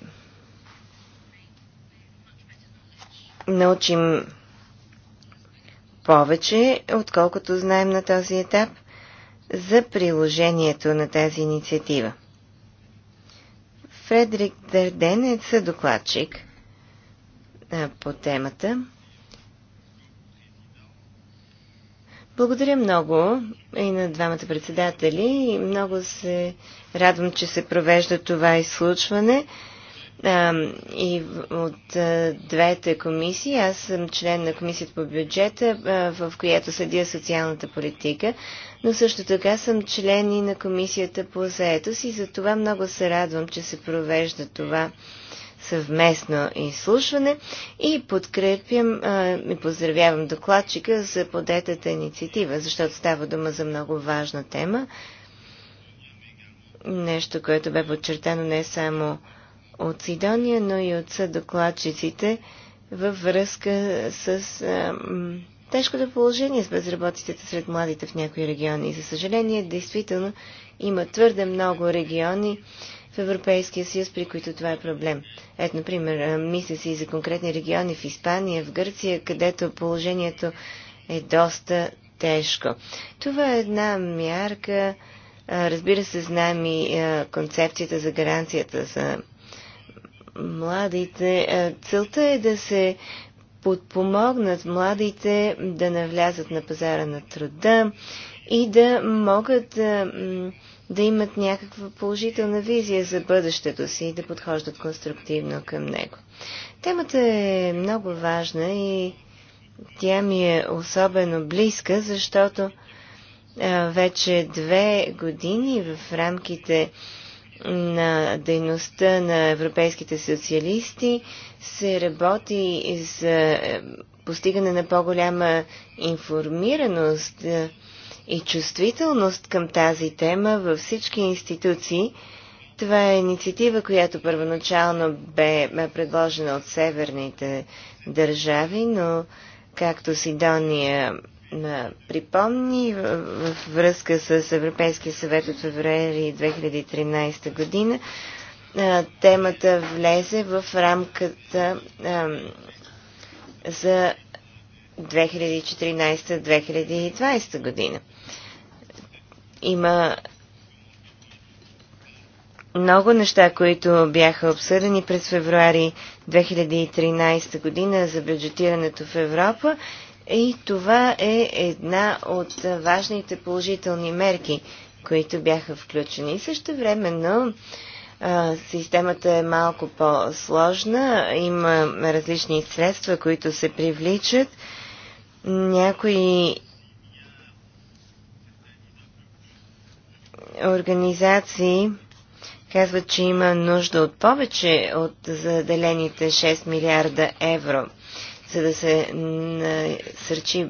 научим повече, отколкото знаем на този етап, за приложението на тази инициатива. Фредерик Дерден е съдокладчик по темата. Благодаря много и на двамата председатели. Много се радвам, че се провежда това изслучване. И от двете комисии, аз съм член на комисията по бюджета, в която съдия социалната политика, но също така съм член и на комисията по заетост и за това много се радвам, че се провежда това съвместно изслушване и подкрепям и поздравявам докладчика за подетата инициатива, защото става дума за много важна тема. Нещо, което бе подчертано не само от Сидония, но и от съдокладчиците във връзка с а, м, тежкото положение с безработицата сред младите в някои региони. И, за съжаление, действително има твърде много региони, в Европейския съюз, при които това е проблем. Ето, например, мисля си и за конкретни региони в Испания, в Гърция, където положението е доста тежко. Това е една мярка. Разбира се, знаем и концепцията за гаранцията за младите. Целта е да се подпомогнат младите да навлязат на пазара на труда и да могат да имат някаква положителна визия за бъдещето си и да подхождат конструктивно към него. Темата е много важна и тя ми е особено близка, защото вече две години в рамките на дейността на европейските социалисти се работи за е, постигане на по-голяма информираност е, и чувствителност към тази тема във всички институции. Това е инициатива, която първоначално бе предложена от северните държави, но както Сидония припомни във връзка с Европейския съвет от феврари 2013 година, темата влезе в рамката за 2014-2020 година. Има много неща, които бяха обсъдени през февруари 2013 година за бюджетирането в Европа и това е една от важните положителни мерки, които бяха включени. И също времено системата е малко по-сложна, има различни средства, които се привличат – някои организации казват, че има нужда от повече от заделените 6 милиарда евро, за да се насърчи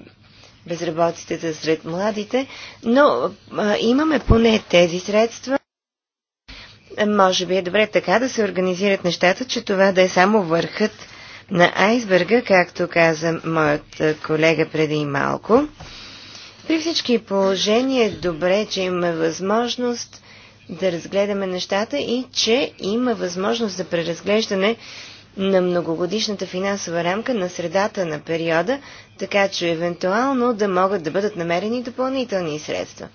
безработицата сред младите, но а, имаме поне тези средства. Може би е добре така да се организират нещата, че това да е само върхът на айсберга, както каза моят е, колега преди малко. При всички положения е добре, че имаме възможност да разгледаме нещата и че има възможност за преразглеждане на многогодишната финансова рамка на средата на периода, така че евентуално да могат да бъдат намерени допълнителни средства.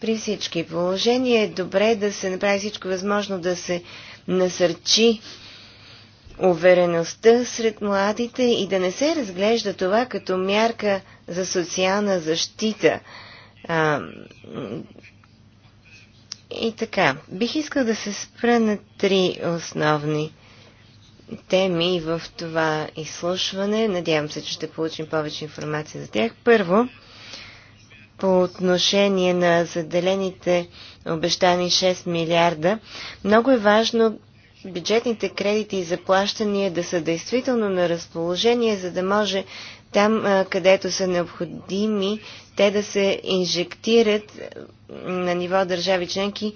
При всички положения е добре да се направи всичко възможно да се насърчи увереността сред младите и да не се разглежда това като мярка за социална защита. А, и така, бих искал да се спра на три основни теми в това изслушване. Надявам се, че ще получим повече информация за тях. Първо, по отношение на заделените обещани 6 милиарда, много е важно бюджетните кредити и заплащания да са действително на разположение, за да може там, където са необходими, те да се инжектират на ниво държави членки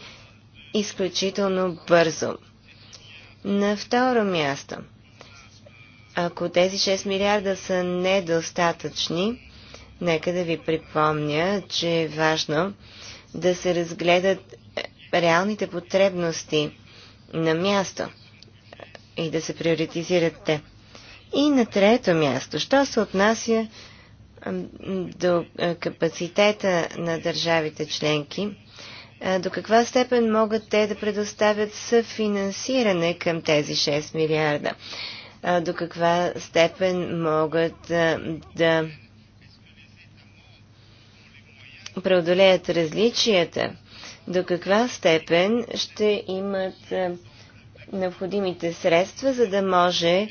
изключително бързо. На второ място, ако тези 6 милиарда са недостатъчни, нека да ви припомня, че е важно да се разгледат реалните потребности на място и да се приоритизират те. И на трето място, що се отнася до капацитета на държавите членки, до каква степен могат те да предоставят съфинансиране към тези 6 милиарда? До каква степен могат да преодолеят различията до каква степен ще имат е, необходимите средства, за да може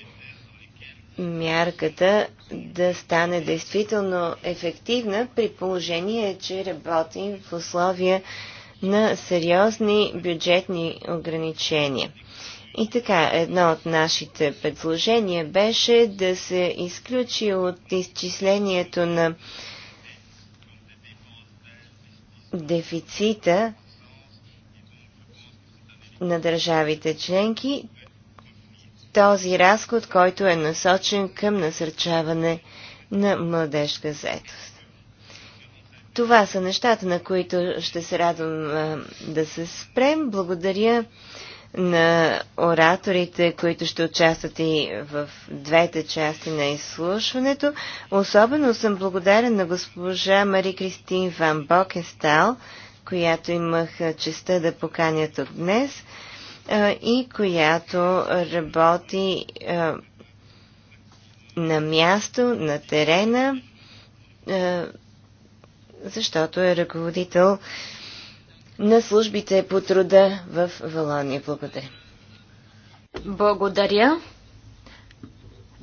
мярката да стане действително ефективна при положение, че работим в условия на сериозни бюджетни ограничения. И така, едно от нашите предложения беше да се изключи от изчислението на дефицита на държавите членки този разход, който е насочен към насърчаване на младежка заетост. Това са нещата, на които ще се радвам да се спрем. Благодаря на ораторите, които ще участват и в двете части на изслушването. Особено съм благодарен на госпожа Мари Кристин Ван Бокестал, която имах честа да поканя тук днес и която работи на място, на терена, защото е ръководител на службите по труда в Валония. Благодаря. Благодаря.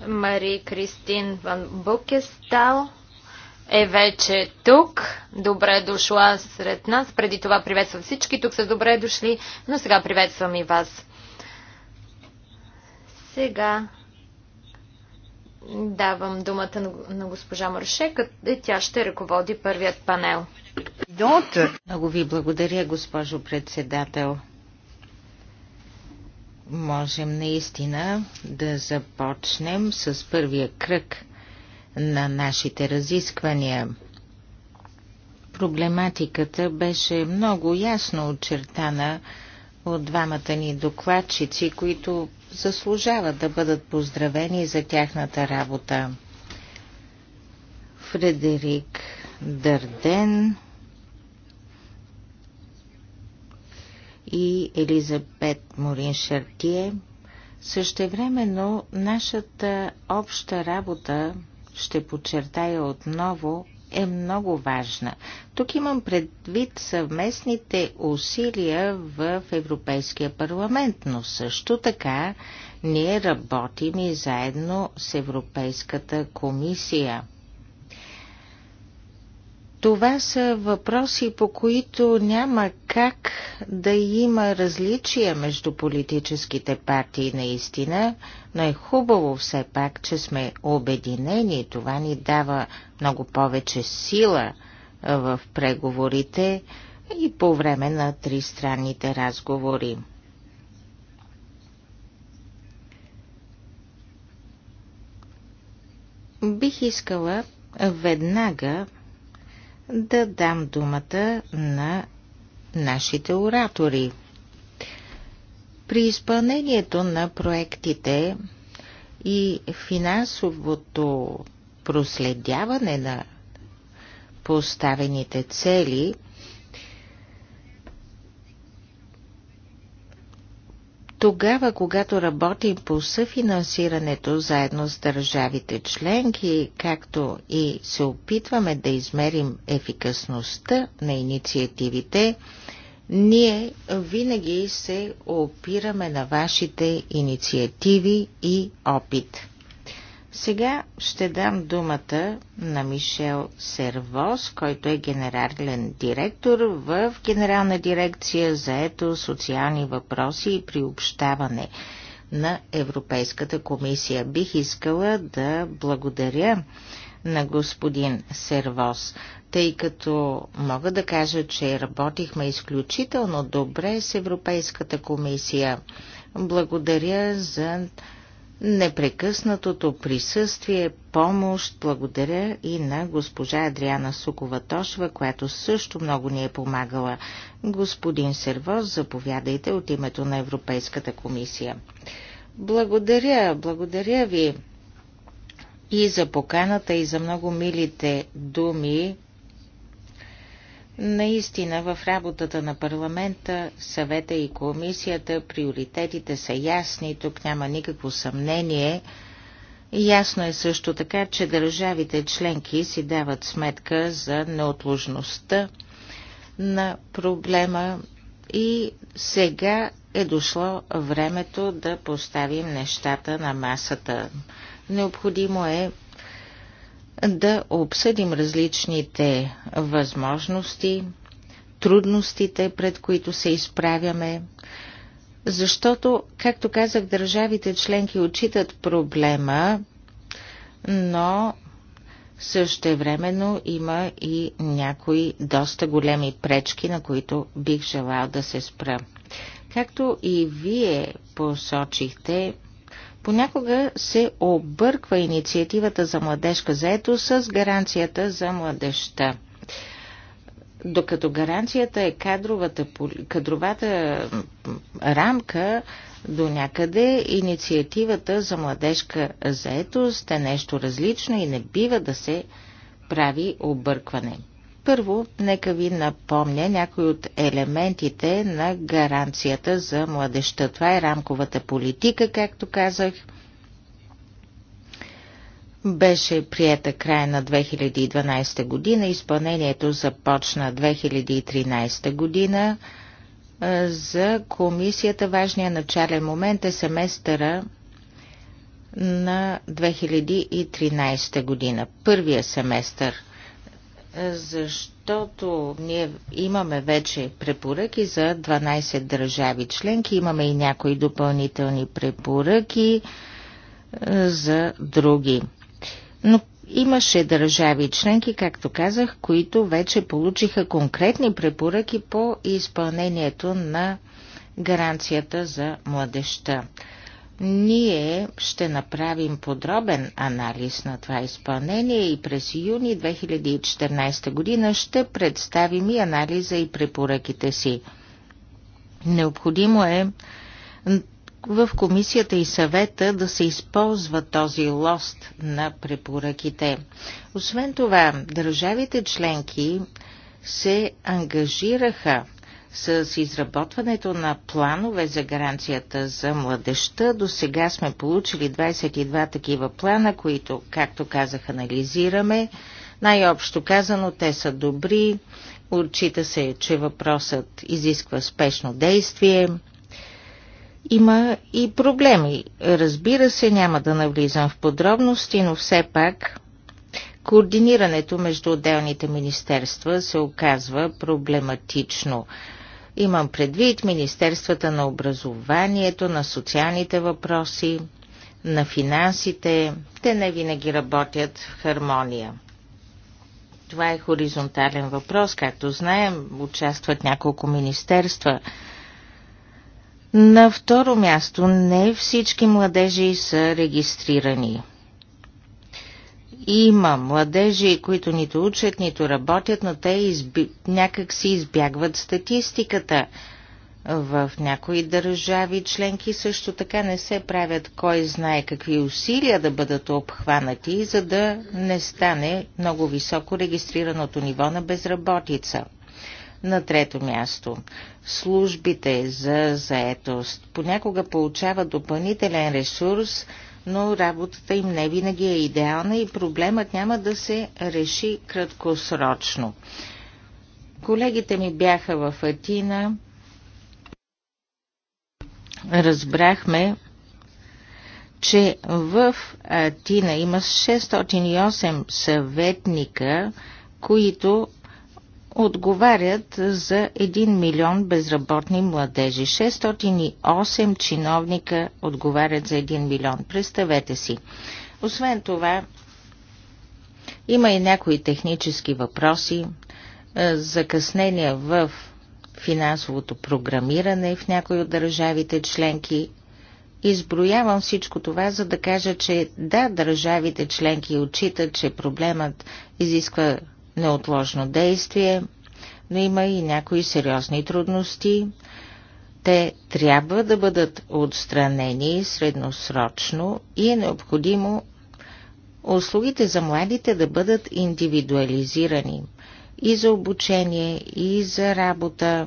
Мари Кристин Ван Букестал е вече тук. Добре дошла сред нас. Преди това приветствам всички. Тук са добре дошли, но сега приветствам и вас. Сега давам думата на госпожа Марше, и тя ще ръководи първият панел. Много ви благодаря, госпожо председател. Можем наистина да започнем с първия кръг на нашите разисквания. Проблематиката беше много ясно очертана от двамата ни докладчици, които заслужават да бъдат поздравени за тяхната работа. Фредерик Дърден и Елизабет Морин Шартие. Същевременно нашата обща работа ще подчертая отново, е много важна. Тук имам предвид съвместните усилия в Европейския парламент, но също така ние работим и заедно с Европейската комисия. Това са въпроси, по които няма как да има различия между политическите партии наистина, но е хубаво все пак, че сме обединени. Това ни дава много повече сила в преговорите и по време на тристранните разговори. Бих искала веднага да дам думата на нашите оратори. При изпълнението на проектите и финансовото проследяване на поставените цели – Тогава, когато работим по съфинансирането заедно с държавите членки, както и се опитваме да измерим ефикасността на инициативите, ние винаги се опираме на вашите инициативи и опит. Сега ще дам думата на Мишел Сервос, който е генерален директор в Генерална дирекция за ето социални въпроси и приобщаване на Европейската комисия. Бих искала да благодаря на господин Сервос, тъй като мога да кажа, че работихме изключително добре с Европейската комисия. Благодаря за непрекъснатото присъствие, помощ. Благодаря и на госпожа Адриана сукова тошва която също много ни е помагала. Господин Сервоз, заповядайте от името на Европейската комисия. Благодаря, благодаря ви и за поканата, и за много милите думи Наистина в работата на парламента, съвета и комисията приоритетите са ясни, тук няма никакво съмнение. Ясно е също така, че държавите членки си дават сметка за неотложността на проблема и сега е дошло времето да поставим нещата на масата. Необходимо е да обсъдим различните възможности, трудностите, пред които се изправяме, защото, както казах, държавите членки отчитат проблема, но същевременно има и някои доста големи пречки, на които бих желал да се спра. Както и вие посочихте, Понякога се обърква инициативата за младежка заето с гаранцията за младежта. Докато гаранцията е кадровата, кадровата рамка, до някъде инициативата за младежка заетост е нещо различно и не бива да се прави объркване. Първо, нека ви напомня някои от елементите на гаранцията за младеща. Това е рамковата политика, както казах. Беше прията края на 2012 година, изпълнението започна 2013 година. За комисията важния начален момент е семестъра на 2013 година, първия семестър защото ние имаме вече препоръки за 12 държави членки, имаме и някои допълнителни препоръки е, за други. Но имаше държави членки, както казах, които вече получиха конкретни препоръки по изпълнението на гаранцията за младеща. Ние ще направим подробен анализ на това изпълнение и през юни 2014 година ще представим и анализа и препоръките си. Необходимо е в комисията и съвета да се използва този лост на препоръките. Освен това, държавите членки се ангажираха с изработването на планове за гаранцията за младеща до сега сме получили 22 такива плана, които, както казах, анализираме. Най-общо казано, те са добри. Отчита се, че въпросът изисква спешно действие. Има и проблеми. Разбира се, няма да навлизам в подробности, но все пак координирането между отделните министерства се оказва проблематично. Имам предвид Министерствата на образованието, на социалните въпроси, на финансите. Те не винаги работят в хармония. Това е хоризонтален въпрос. Както знаем, участват няколко министерства. На второ място, не всички младежи са регистрирани. Има младежи, които нито учат, нито работят, но те изби... някак си избягват статистиката. В някои държави членки също така не се правят кой знае какви усилия да бъдат обхванати, за да не стане много високо регистрираното ниво на безработица. На трето място, службите за заетост понякога получават допълнителен ресурс – но работата им не винаги е идеална и проблемът няма да се реши краткосрочно. Колегите ми бяха в Атина. Разбрахме, че в Атина има 608 съветника, които отговарят за 1 милион безработни младежи. 608 чиновника отговарят за 1 милион. Представете си. Освен това, има и някои технически въпроси, е, закъснения в финансовото програмиране в някои от държавите членки. Изброявам всичко това, за да кажа, че да, държавите членки отчитат, че проблемът изисква неотложно действие, но има и някои сериозни трудности. Те трябва да бъдат отстранени средносрочно и е необходимо услугите за младите да бъдат индивидуализирани и за обучение, и за работа.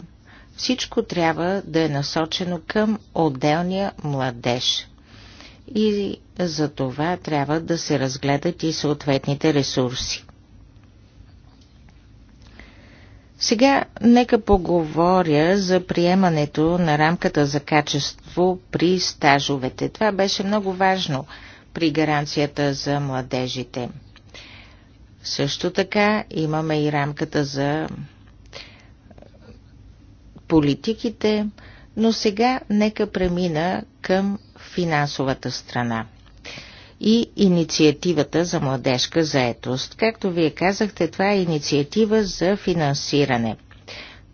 Всичко трябва да е насочено към отделния младеж. И за това трябва да се разгледат и съответните ресурси. Сега нека поговоря за приемането на рамката за качество при стажовете. Това беше много важно при гаранцията за младежите. Също така имаме и рамката за политиките, но сега нека премина към финансовата страна и инициативата за младежка заетост. Както вие казахте, това е инициатива за финансиране.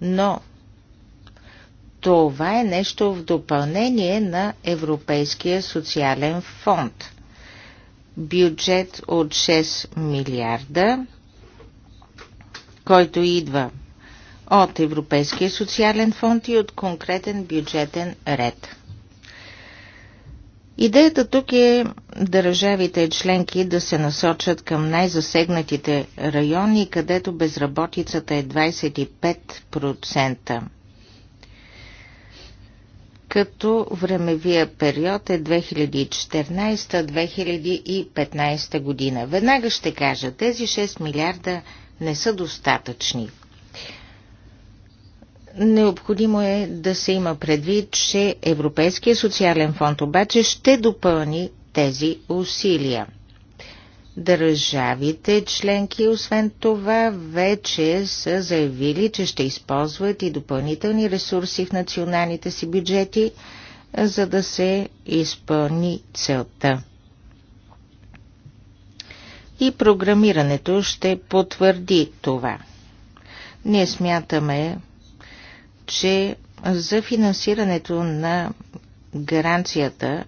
Но това е нещо в допълнение на Европейския социален фонд. Бюджет от 6 милиарда, който идва от Европейския социален фонд и от конкретен бюджетен ред. Идеята тук е държавите членки да се насочат към най-засегнатите райони, където безработицата е 25%, като времевия период е 2014-2015 година. Веднага ще кажа, тези 6 милиарда не са достатъчни. Необходимо е да се има предвид, че Европейския социален фонд обаче ще допълни тези усилия. Държавите членки, освен това, вече са заявили, че ще използват и допълнителни ресурси в националните си бюджети, за да се изпълни целта. И програмирането ще потвърди това. Ние смятаме, че за финансирането на гаранцията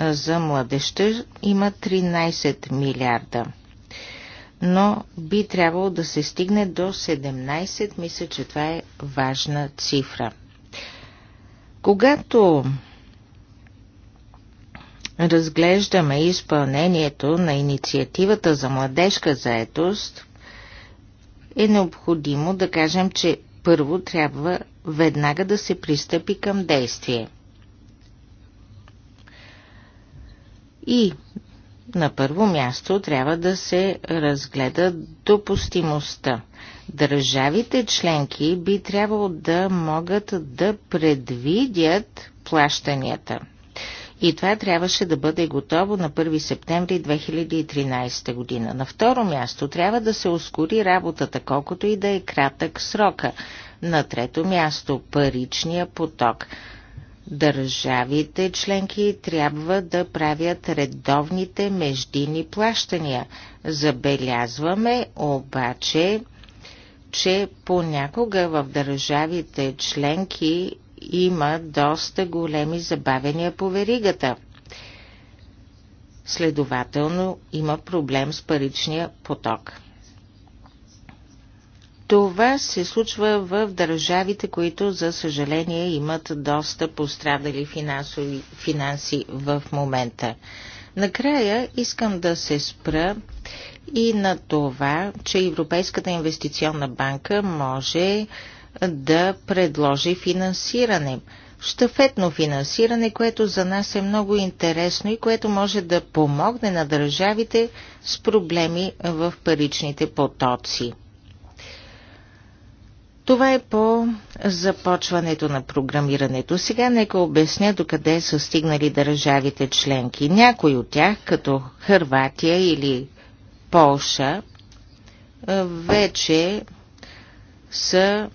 за младеща има 13 милиарда. Но би трябвало да се стигне до 17. Мисля, че това е важна цифра. Когато разглеждаме изпълнението на инициативата за младежка заетост, е необходимо да кажем, че първо трябва веднага да се пристъпи към действие. И на първо място трябва да се разгледа допустимостта. Държавите членки би трябвало да могат да предвидят плащанията – и това трябваше да бъде готово на 1 септември 2013 година. На второ място трябва да се ускори работата, колкото и да е кратък срока. На трето място паричния поток. Държавите членки трябва да правят редовните междинни плащания. Забелязваме обаче, че понякога в държавите членки има доста големи забавения по веригата. Следователно има проблем с паричния поток. Това се случва в държавите, които, за съжаление, имат доста пострадали финансови, финанси в момента. Накрая искам да се спра и на това, че Европейската инвестиционна банка може да предложи финансиране. Штафетно финансиране, което за нас е много интересно и което може да помогне на държавите с проблеми в паричните потоци. Това е по започването на програмирането. Сега нека обясня докъде са стигнали държавите членки. Някои от тях, като Хърватия или Полша вече са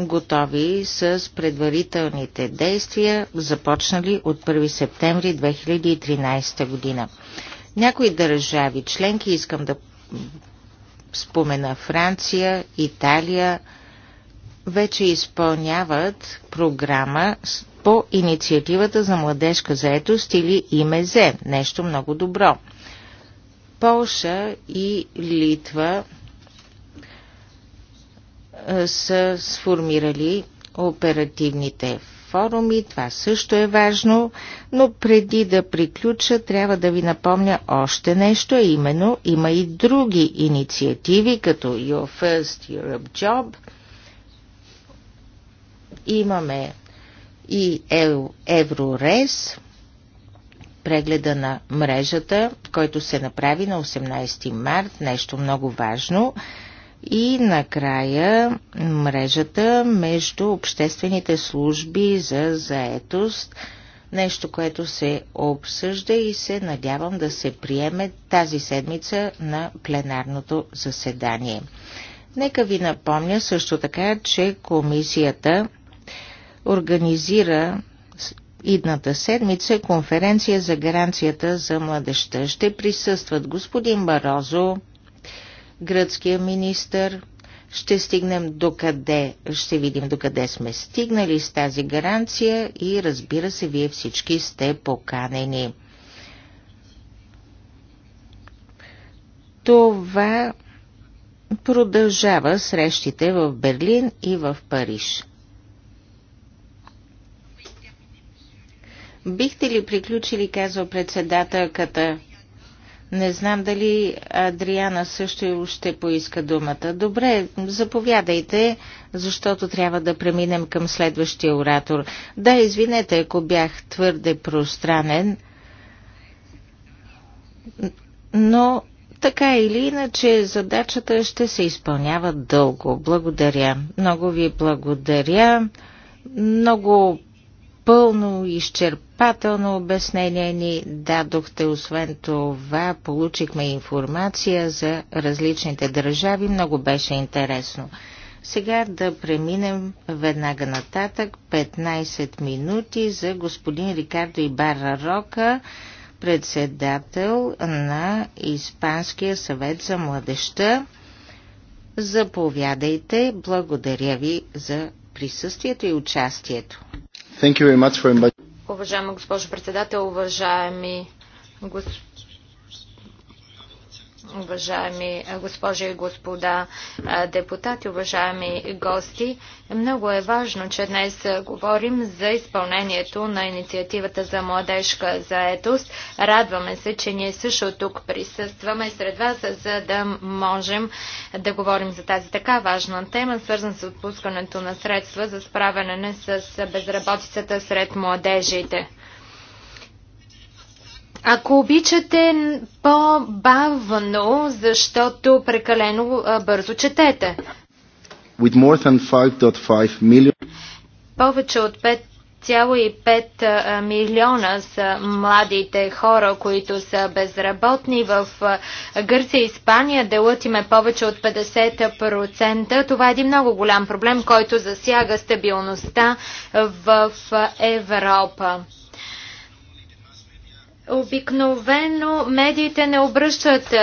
готови с предварителните действия, започнали от 1 септември 2013 година. Някои държави членки, искам да спомена Франция, Италия, вече изпълняват програма по инициативата за младежка заетост или ИМЕЗЕ. Нещо много добро – Полша и Литва са сформирали оперативните форуми. Това също е важно, но преди да приключа, трябва да ви напомня още нещо, именно има и други инициативи, като Your First Europe Job. Имаме и Еврорес. Ev прегледа на мрежата, който се направи на 18 март, нещо много важно. И накрая мрежата между обществените служби за заетост, нещо, което се обсъжда и се надявам да се приеме тази седмица на пленарното заседание. Нека ви напомня също така, че комисията организира идната седмица конференция за гаранцията за младеща. Ще присъстват господин Барозо, гръцкия министр, ще стигнем до къде, ще видим до къде сме стигнали с тази гаранция и разбира се, вие всички сте поканени. Това продължава срещите в Берлин и в Париж. Бихте ли приключили, казва председателката? Не знам дали Адриана също ще поиска думата. Добре, заповядайте, защото трябва да преминем към следващия оратор. Да, извинете, ако бях твърде пространен, но така или иначе задачата ще се изпълнява дълго. Благодаря. Много ви благодаря. Много пълно, изчерпателно обяснение ни дадохте. Освен това, получихме информация за различните държави. Много беше интересно. Сега да преминем веднага нататък. 15 минути за господин Рикардо Ибара Рока, председател на Испанския съвет за младеща. Заповядайте. Благодаря ви за присъствието и участието. Уважаема госпожо председател, уважаеми господин уважаеми госпожи и господа депутати, уважаеми гости. Много е важно, че днес говорим за изпълнението на инициативата за младежка заетост. Радваме се, че ние също тук присъстваме сред вас, за да можем да говорим за тази така важна тема, свързана с отпускането на средства за справяне с безработицата сред младежите. Ако обичате по-бавно, защото прекалено бързо четете. With more than 5.5 million... Повече от 5,5 милиона са младите хора, които са безработни. В Гърция и Испания делът им е повече от 50%. Това е един много голям проблем, който засяга стабилността в Европа. Обикновено медиите не обръщат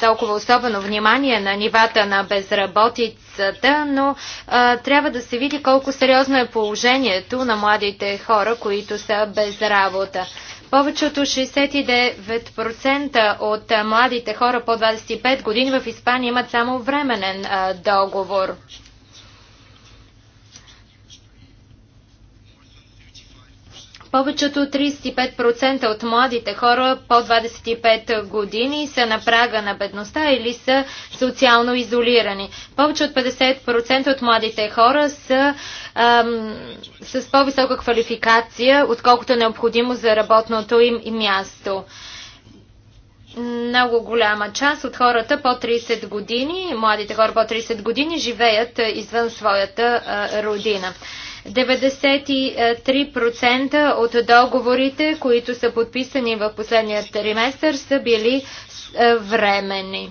толкова особено внимание на нивата на безработицата, но а, трябва да се види колко сериозно е положението на младите хора, които са без работа. Повечето 69% от младите хора по 25 години в Испания имат само временен а, договор. Повечето 35% от младите хора по 25 години са на прага на бедността или са социално изолирани. Повече от 50% от младите хора са ам, с по-висока квалификация, отколкото е необходимо за работното им място. Много голяма част от хората по 30 години, младите хора по 30 години, живеят извън своята а, родина. 93% от договорите, които са подписани в последния триместър, са били е, временни.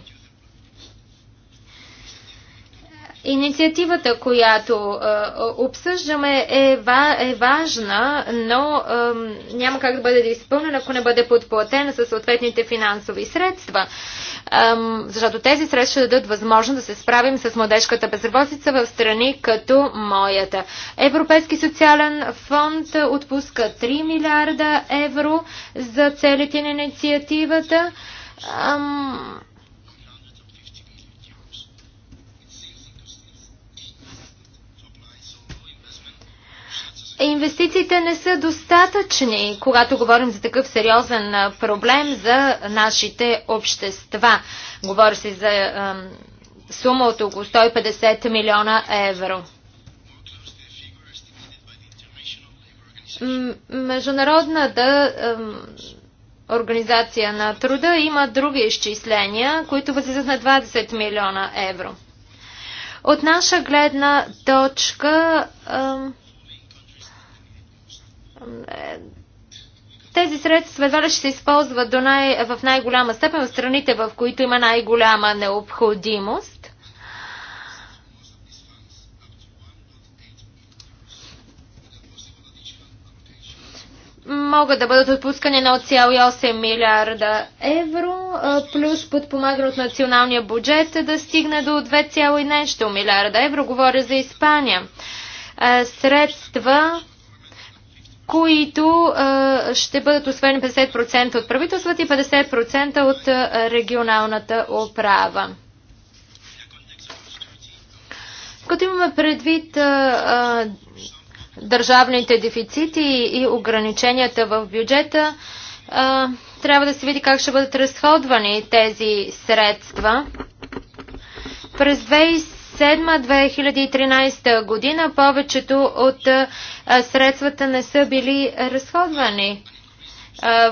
Инициативата, която е, обсъждаме е, ва, е важна, но е, няма как да бъде изпълнена, ако не бъде подплатена със съответните финансови средства. Е, защото тези средства ще дадат възможност да се справим с младежката безработица в страни като моята. Европейски социален фонд отпуска 3 милиарда евро за целите на инициативата. Е, Инвестициите не са достатъчни, когато говорим за такъв сериозен проблем за нашите общества. Говори се за сума от около 150 милиона евро. Международната организация на труда има други изчисления, които възлизат на 20 милиона евро. От наша гледна точка тези средства едва ли ще се използват до най, в най-голяма степен в страните, в които има най-голяма необходимост. Могат да бъдат отпускани 1,8 милиарда евро, плюс подпомагане от националния бюджет да стигне до 2, нещо милиарда евро. Говоря за Испания. Средства които ще бъдат освоени 50% от правителствата и 50% от регионалната управа. Като имаме предвид държавните дефицити и ограниченията в бюджета, трябва да се види как ще бъдат разходвани тези средства. През 2017 2007-2013 година повечето от средствата не са били разходвани,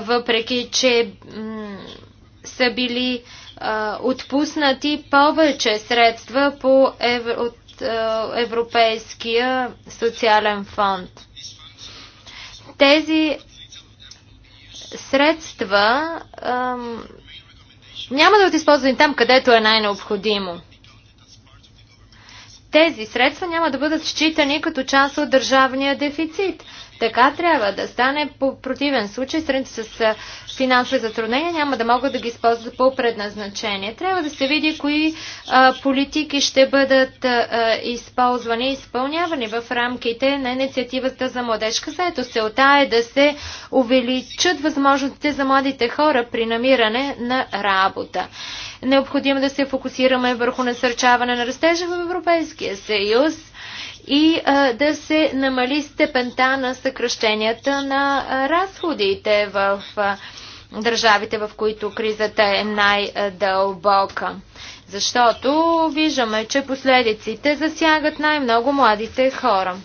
въпреки че са били отпуснати повече средства по евро, от Европейския социален фонд. Тези средства ам, няма да бъдат използвани там, където е най-необходимо тези средства няма да бъдат считани като част от държавния дефицит. Така трябва да стане. По противен случай, страните с финансови затруднения няма да могат да ги използват по предназначение. Трябва да се види кои а, политики ще бъдат а, използвани и изпълнявани в рамките на инициативата за младежка заетост. Целта е да се увеличат възможностите за младите хора при намиране на работа. Необходимо да се фокусираме върху насърчаване на растежа в Европейския съюз и а, да се намали степента на съкръщенията на разходите в а, държавите, в които кризата е най-дълбока. Защото виждаме, че последиците засягат най-много младите хора.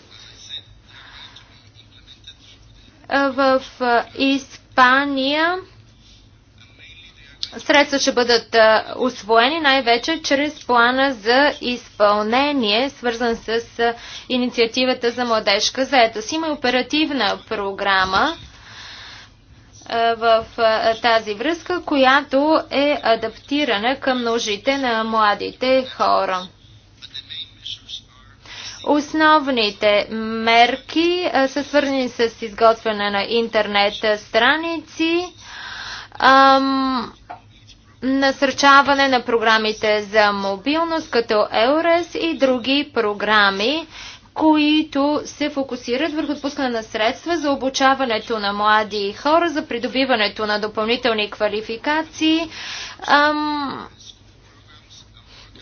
В Испания Средства ще бъдат освоени най-вече чрез плана за изпълнение, свързан с инициативата за младежка заетост. Има оперативна програма в тази връзка, която е адаптирана към нуждите на младите хора. Основните мерки са свързани с изготвяне на интернет страници, насърчаване на програмите за мобилност, като ЕОРЕС и други програми, които се фокусират върху отпускане на средства за обучаването на млади хора, за придобиването на допълнителни квалификации, ам,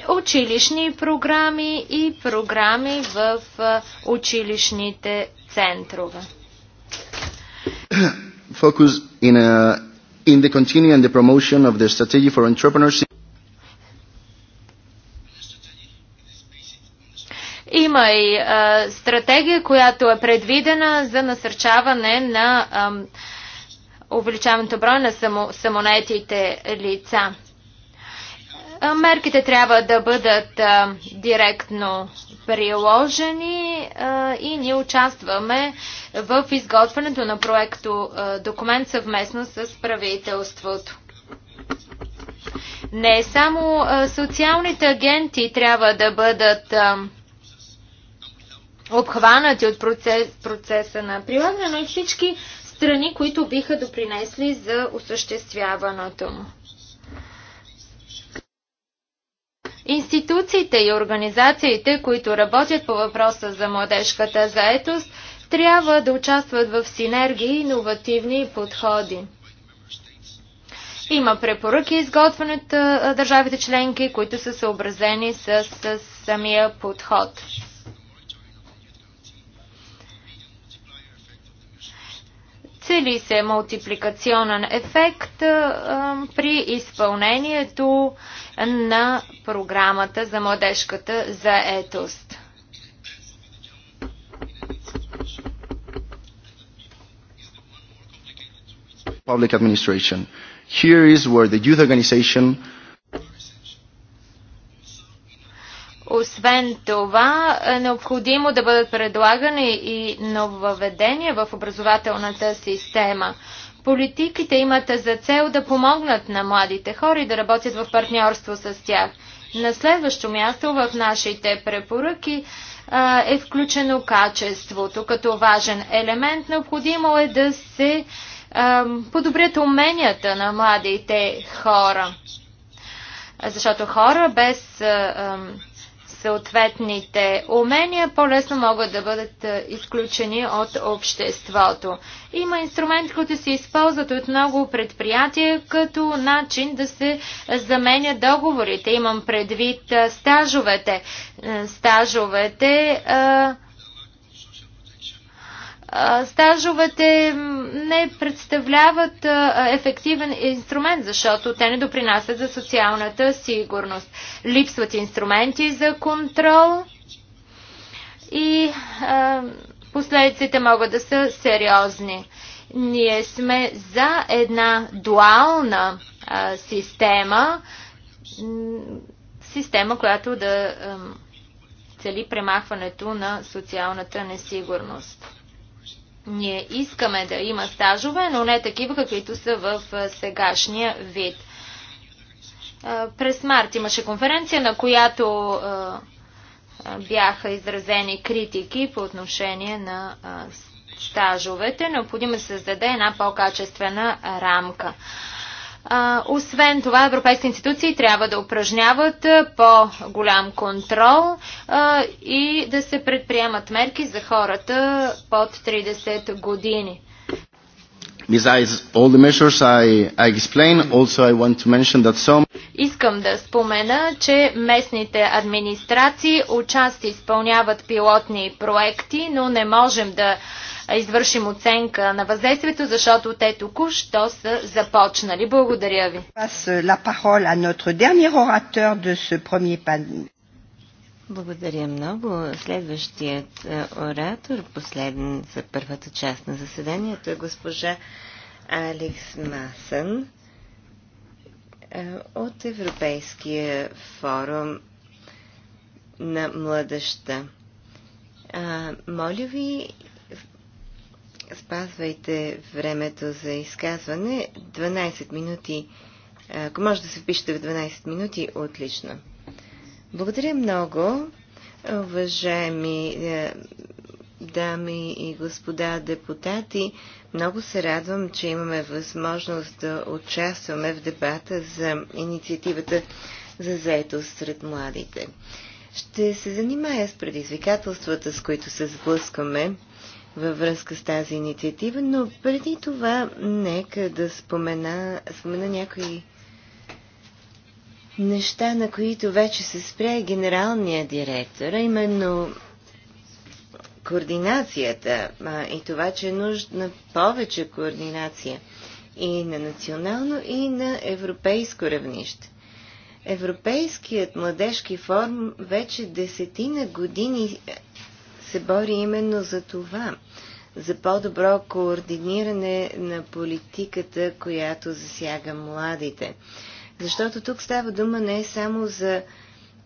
училищни програми и програми в училищните центрове in the continuing and the promotion of the strategy for entrepreneurship. Има и а, стратегия, която е предвидена за насърчаване на а, увеличаването броя на само, самонетите лица. Мерките трябва да бъдат директно приложени и ние участваме в изготвянето на проекто документ съвместно с правителството. Не само социалните агенти трябва да бъдат обхванати от процес, процеса на прилагане, но и всички страни, които биха допринесли за осъществяването му. Институциите и организациите, които работят по въпроса за младежката заетост, трябва да участват в синергии и иновативни подходи. Има препоръки, изготвени от държавите членки, които са съобразени с, с самия подход. Търсили се мултипликационен ефект при изпълнението на програмата за младежката заетост. Public administration. Here is where the youth organization Освен това, е необходимо да бъдат предлагани и нововведения в образователната система. Политиките имат за цел да помогнат на младите хора и да работят в партньорство с тях. На следващо място в нашите препоръки е включено качеството като важен елемент. Необходимо е да се подобрят уменията на младите хора. Защото хора без съответните умения, по-лесно могат да бъдат е, изключени от обществото. Има инструменти, които се използват от много предприятия като начин да се заменят договорите. Имам предвид е, стажовете. Е, стажовете а, стажовете не представляват ефективен инструмент, защото те не допринасят за социалната сигурност. Липсват инструменти за контрол и последиците могат да са сериозни. Ние сме за една дуална система, система, която да цели премахването на социалната несигурност. Ние искаме да има стажове, но не такива, каквито са в сегашния вид. През март имаше конференция, на която бяха изразени критики по отношение на стажовете. Необходимо се създаде една по-качествена рамка освен това, европейските институции трябва да упражняват по-голям контрол а, и да се предприемат мерки за хората под 30 години. Besides all the measures I, I explain, also I want to mention that some... Искам да спомена, че местните администрации участи изпълняват пилотни проекти, но не можем да uh, извършим оценка на въздействието, защото те току-що са започнали. Благодаря ви. Благодаря много. Следващият е, оратор, последен за първата част на заседанието е госпожа Алекс Масън е, от Европейския форум на младеща. А, е, моля ви, спазвайте времето за изказване. 12 минути. Ако може да се впишете в 12 минути, отлично. Благодаря много, уважаеми е, дами и господа депутати. Много се радвам, че имаме възможност да участваме в дебата за инициативата за заетост сред младите. Ще се занимая с предизвикателствата, с които се сблъскваме във връзка с тази инициатива, но преди това нека да спомена, спомена някои неща, на които вече се спря генералния директор, а именно координацията а, и това, че е нужна повече координация и на национално, и на европейско равнище. Европейският младежки форум вече десетина години се бори именно за това за по-добро координиране на политиката, която засяга младите. Защото тук става дума не само за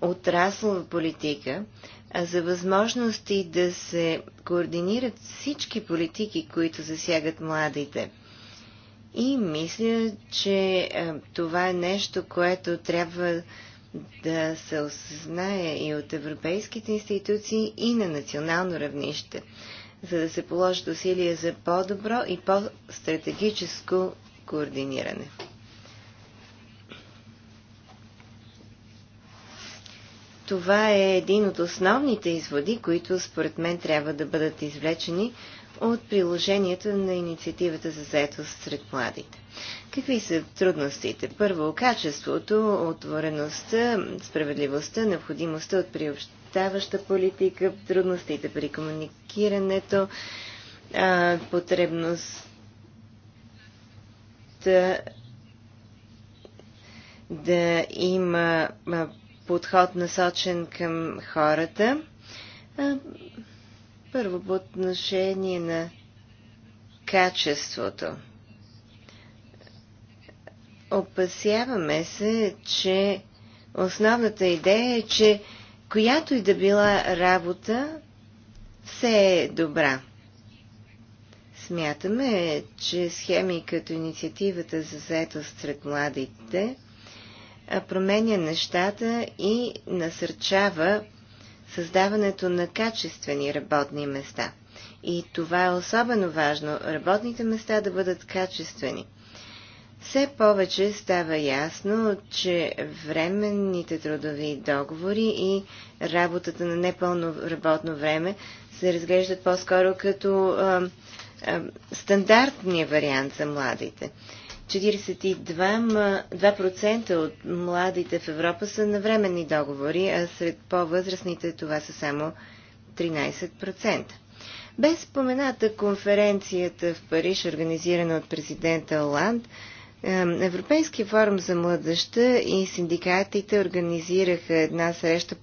отраслова политика, а за възможности да се координират всички политики, които засягат младите. И мисля, че това е нещо, което трябва да се осъзнае и от европейските институции и на национално равнище, за да се положат усилия за по-добро и по-стратегическо координиране. Това е един от основните изводи, които според мен трябва да бъдат извлечени от приложението на инициативата за заетост сред младите. Какви са трудностите? Първо, качеството, отвореността, справедливостта, необходимостта от приобщаваща политика, трудностите при комуникирането, потребността да има подход насочен към хората. Първо по отношение на качеството. Опасяваме се, че основната идея е, че която и да била работа, все е добра. Смятаме, че схеми като инициативата за заетост сред младите променя нещата и насърчава създаването на качествени работни места. И това е особено важно – работните места да бъдат качествени. Все повече става ясно, че временните трудови договори и работата на непълно работно време се разглеждат по-скоро като а, а, стандартния вариант за младите. 42% от младите в Европа са на временни договори, а сред по-възрастните това са само 13%. Без спомената конференцията в Париж, организирана от президента Оланд, Европейския форум за младеща и синдикатите организираха една среща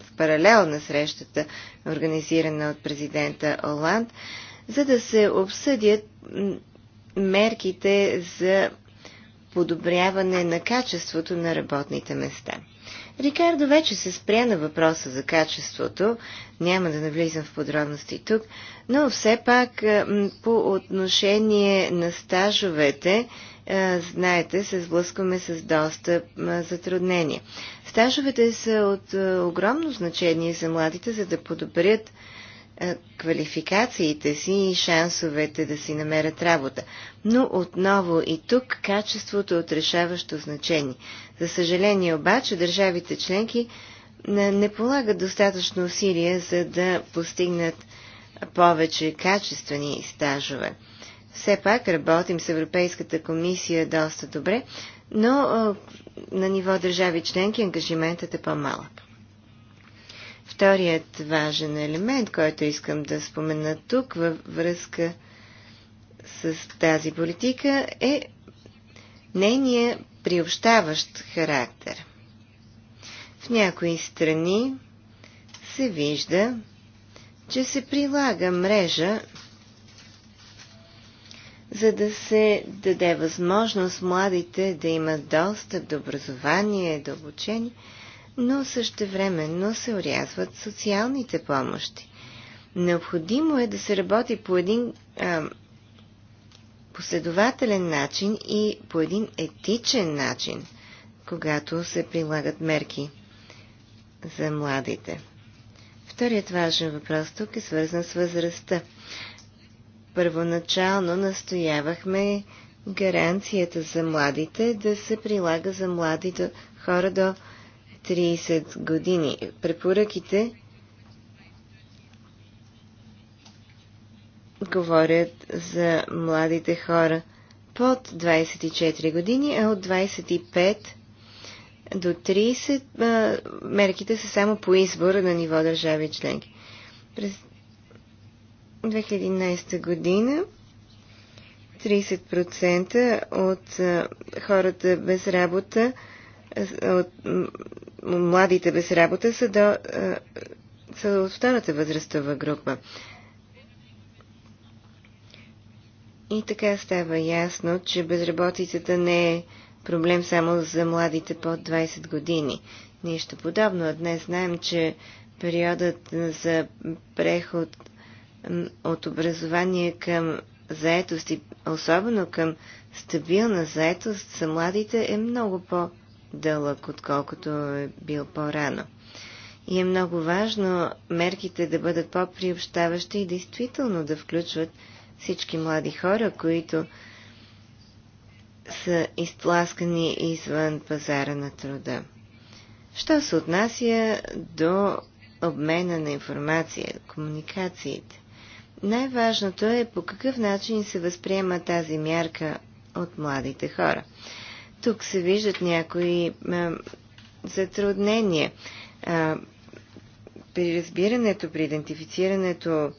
в паралел на срещата, организирана от президента Оланд, за да се обсъдят мерките за подобряване на качеството на работните места. Рикардо вече се спря на въпроса за качеството, няма да навлизам в подробности тук, но все пак по отношение на стажовете е, знаете, се сблъскваме с доста затруднения. Стажовете са от е, огромно значение за младите, за да подобрят е, квалификациите си и шансовете да си намерят работа. Но отново и тук качеството е от решаващо значение. За съжаление обаче държавите членки не полагат достатъчно усилия за да постигнат повече качествени стажове все пак работим с Европейската комисия доста добре, но на ниво държави членки ангажиментът е по-малък. Вторият важен елемент, който искам да спомена тук във връзка с тази политика е нейния приобщаващ характер. В някои страни се вижда, че се прилага мрежа за да се даде възможност младите да имат достъп до образование, до обучение, но същевременно се урязват социалните помощи. Необходимо е да се работи по един а, последователен начин и по един етичен начин, когато се прилагат мерки за младите. Вторият важен въпрос тук е свързан с възрастта. Първоначално настоявахме гаранцията за младите да се прилага за млади до, хора до 30 години. Препоръките говорят за младите хора под 24 години, а от 25 до 30 мерките са само по избор на ниво държави членки. През 2011 година 30% от а, хората без работа, от младите без работа са, до, а, са от втората възрастова група. И така става ясно, че безработицата не е проблем само за младите под 20 години. Нещо подобно. Днес знаем, че периодът за преход от образование към заетост и особено към стабилна заетост за младите е много по-дълъг, отколкото е бил по-рано. И е много важно мерките да бъдат по-приобщаващи и действително да включват всички млади хора, които са изтласкани извън пазара на труда. Що се отнася до обмена на информация, комуникациите? Най-важното е по какъв начин се възприема тази мярка от младите хора. Тук се виждат някои а, затруднения а, при разбирането, при идентифицирането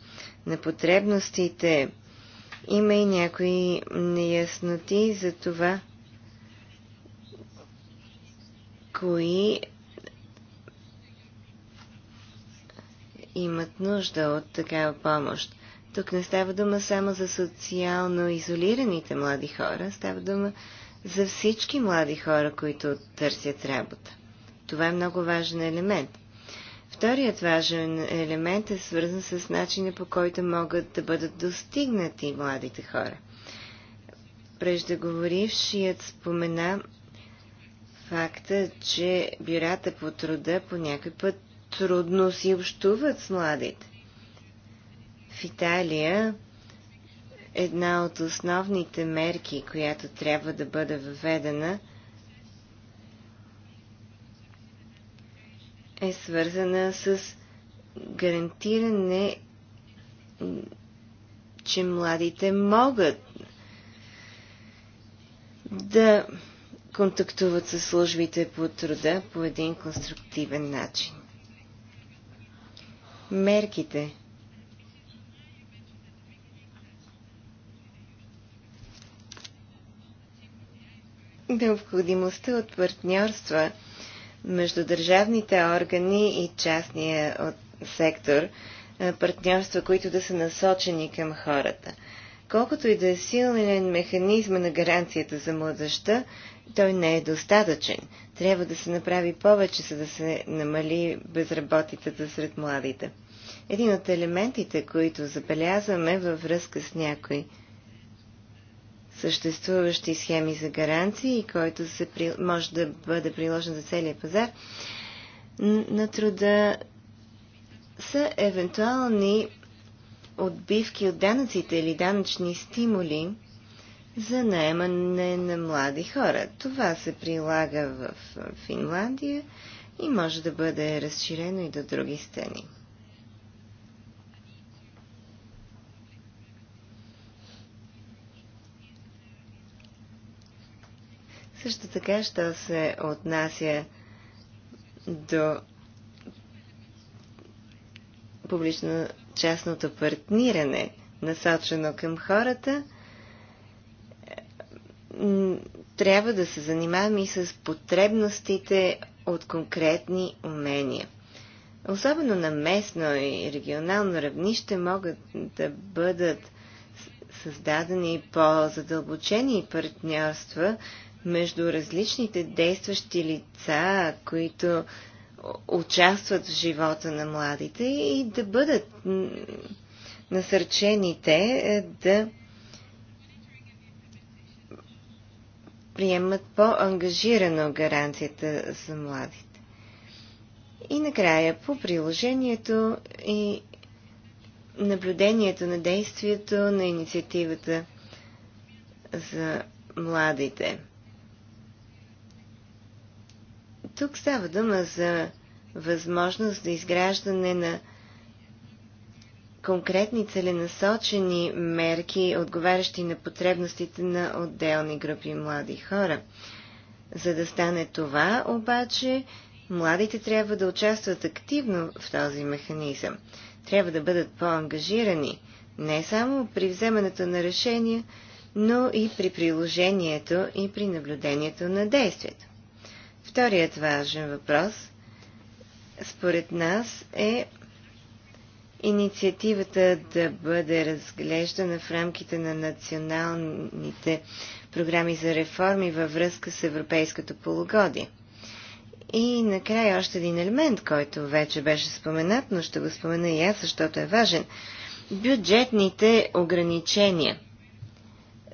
на потребностите. Има и някои неясноти за това, кои имат нужда от такава помощ. Тук не става дума само за социално изолираните млади хора, става дума за всички млади хора, които търсят работа. Това е много важен елемент. Вторият важен елемент е свързан с начина по който могат да бъдат достигнати младите хора. Преждеговорившият спомена факта, че бюрата по труда по някой път трудно си общуват с младите в Италия една от основните мерки, която трябва да бъде въведена, е свързана с гарантиране, че младите могат да контактуват с службите по труда по един конструктивен начин. Мерките, необходимостта от партньорства между държавните органи и частния сектор, партньорства, които да са насочени към хората. Колкото и да е силен механизма на гаранцията за младеща, той не е достатъчен. Трябва да се направи повече, за да се намали безработицата сред младите. Един от елементите, които забелязваме във връзка с някои съществуващи схеми за гаранции, който се, при... може да бъде приложен за целия пазар на труда, са евентуални отбивки от данъците или данъчни стимули за наемане на млади хора. Това се прилага в Финландия и може да бъде разширено и до други страни. Също така, що се отнася до публично-частното партниране, насочено към хората, трябва да се занимаваме и с потребностите от конкретни умения. Особено на местно и регионално равнище могат да бъдат създадени по-задълбочени партньорства между различните действащи лица, които участват в живота на младите и да бъдат насърчените е, да приемат по-ангажирано гаранцията за младите. И накрая по приложението и наблюдението на действието на инициативата за младите. Тук става дума за възможност за изграждане на конкретни целенасочени мерки, отговарящи на потребностите на отделни групи млади хора. За да стане това, обаче, младите трябва да участват активно в този механизъм. Трябва да бъдат по-ангажирани не само при вземането на решения, но и при приложението и при наблюдението на действието. Вторият важен въпрос, според нас, е инициативата да бъде разглеждана в рамките на националните програми за реформи във връзка с европейското полугодие. И накрая още един елемент, който вече беше споменат, но ще го спомена и аз, защото е важен. Бюджетните ограничения –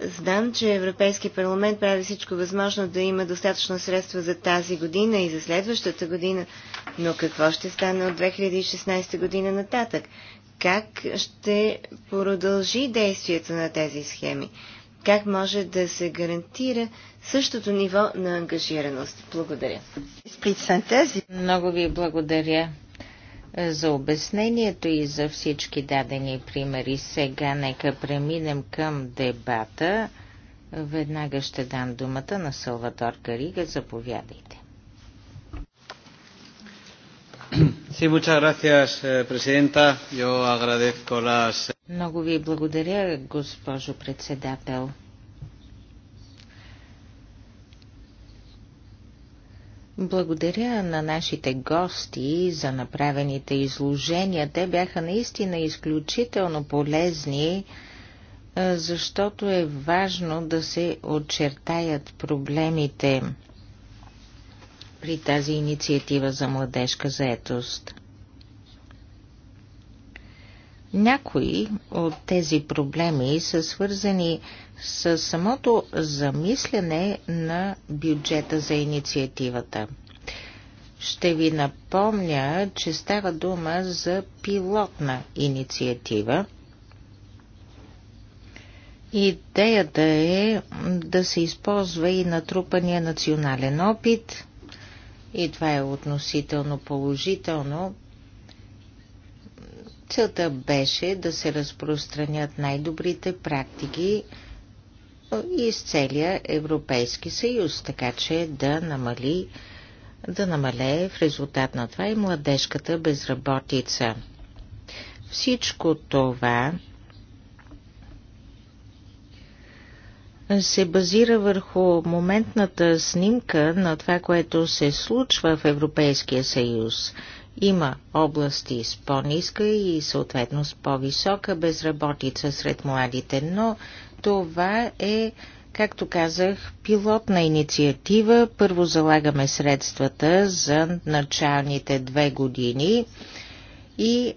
Знам, че Европейския парламент прави всичко възможно да има достатъчно средства за тази година и за следващата година, но какво ще стане от 2016 година нататък? Как ще продължи действието на тези схеми? Как може да се гарантира същото ниво на ангажираност? Благодаря. Много ви благодаря за обяснението и за всички дадени примери. Сега нека преминем към дебата. Веднага ще дам думата на Салватор Карига. Заповядайте. Sí, muchas gracias, eh, presidenta. Yo agradezco las... Много ви благодаря, госпожо председател. Благодаря на нашите гости за направените изложения. Те бяха наистина изключително полезни, е, защото е важно да се очертаят проблемите при тази инициатива за младежка заетост. Някои от тези проблеми са свързани с самото замислене на бюджета за инициативата. Ще ви напомня, че става дума за пилотна инициатива. Идеята е да се използва и натрупания национален опит, и това е относително положително Целта беше да се разпространят най-добрите практики из целия Европейски съюз, така че да намали да намалее в резултат на това и младежката безработица. Всичко това се базира върху моментната снимка на това, което се случва в Европейския съюз – има области с по-ниска и съответно с по-висока безработица сред младите, но това е, както казах, пилотна инициатива. Първо залагаме средствата за началните две години и е,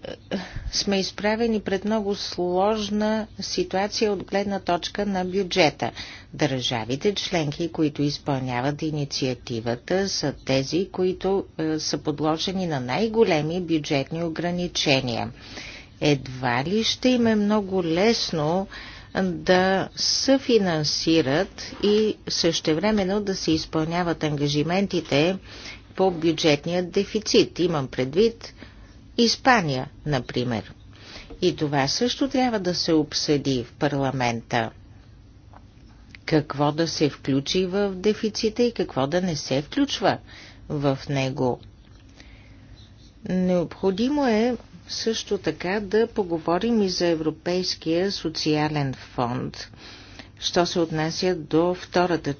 сме изправени пред много сложна ситуация от гледна точка на бюджета. Държавите членки, които изпълняват инициативата, са тези, които е, са подложени на най-големи бюджетни ограничения. Едва ли ще им е много лесно е, да съфинансират и същевременно да се изпълняват ангажиментите по бюджетния дефицит. Имам предвид Испания, например. И това също трябва да се обсъди в парламента. Какво да се включи в дефицита и какво да не се включва в него. Необходимо е също така да поговорим и за Европейския социален фонд, що се отнася до втората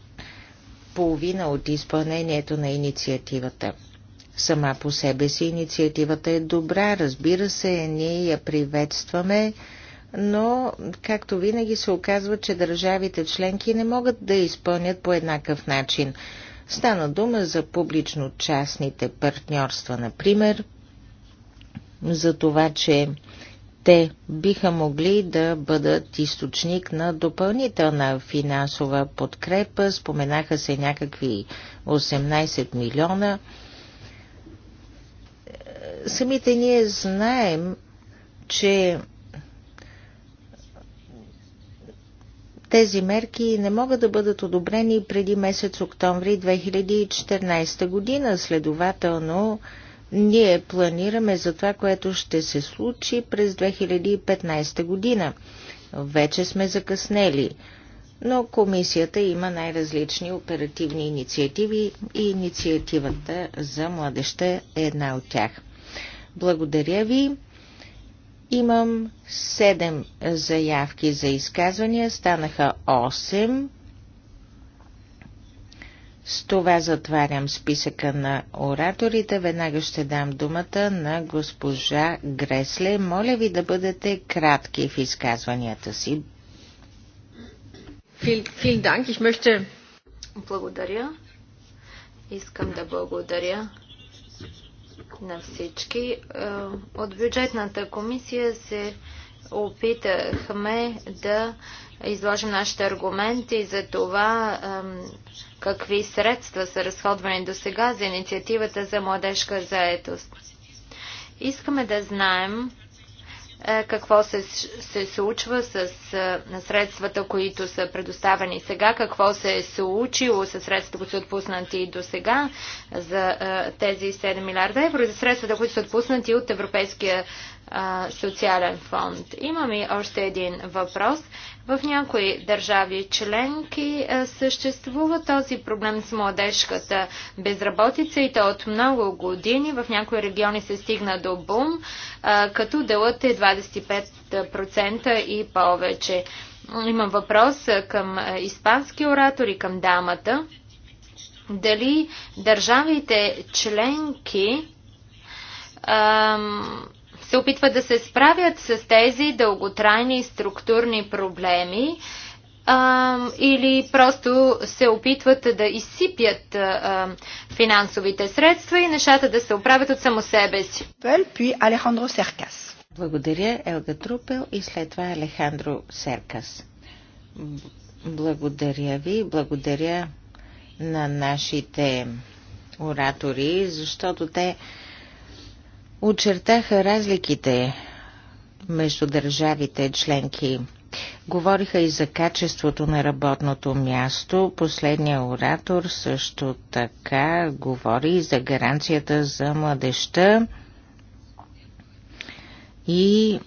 половина от изпълнението на инициативата – Сама по себе си инициативата е добра, разбира се, ние я приветстваме, но както винаги се оказва, че държавите членки не могат да изпълнят по еднакъв начин. Стана дума за публично-частните партньорства, например, за това, че те биха могли да бъдат източник на допълнителна финансова подкрепа. Споменаха се някакви 18 милиона самите ние знаем, че тези мерки не могат да бъдат одобрени преди месец октомври 2014 година. Следователно, ние планираме за това, което ще се случи през 2015 година. Вече сме закъснели, но комисията има най-различни оперативни инициативи и инициативата за младеща е една от тях. Благодаря ви. Имам 7 заявки за изказвания, станаха 8. С това затварям списъка на ораторите. Веднага ще дам думата на госпожа Гресле. Моля ви да бъдете кратки в изказванията си. Благодаря. Искам да благодаря на всички. Е, от бюджетната комисия се опитахме да изложим нашите аргументи за това какви средства са разходвани до сега за инициативата за младежка заетост. Искаме да знаем е, какво се, се случва с е, средствата, които са предоставени сега, какво се е случило с средствата, които са отпуснати до сега за е, тези 7 милиарда евро и за средствата, които са отпуснати от Европейския социален фонд. Имам и още един въпрос. В някои държави членки е, съществува този проблем с младежката безработица и то от много години. В някои региони се стигна до бум, е, като делът е 25% и повече. Имам въпрос е, към испански оратор и към дамата. Дали държавите членки се опитват да се справят с тези дълготрайни структурни проблеми а, или просто се опитват да изсипят а, финансовите средства и нещата да се оправят от само себе си. Благодаря, Елга Трупел и след това Алехандро Серкас. Благодаря ви, благодаря на нашите оратори, защото те очертаха разликите между държавите членки. Говориха и за качеството на работното място. Последния оратор също така говори и за гаранцията за младеща и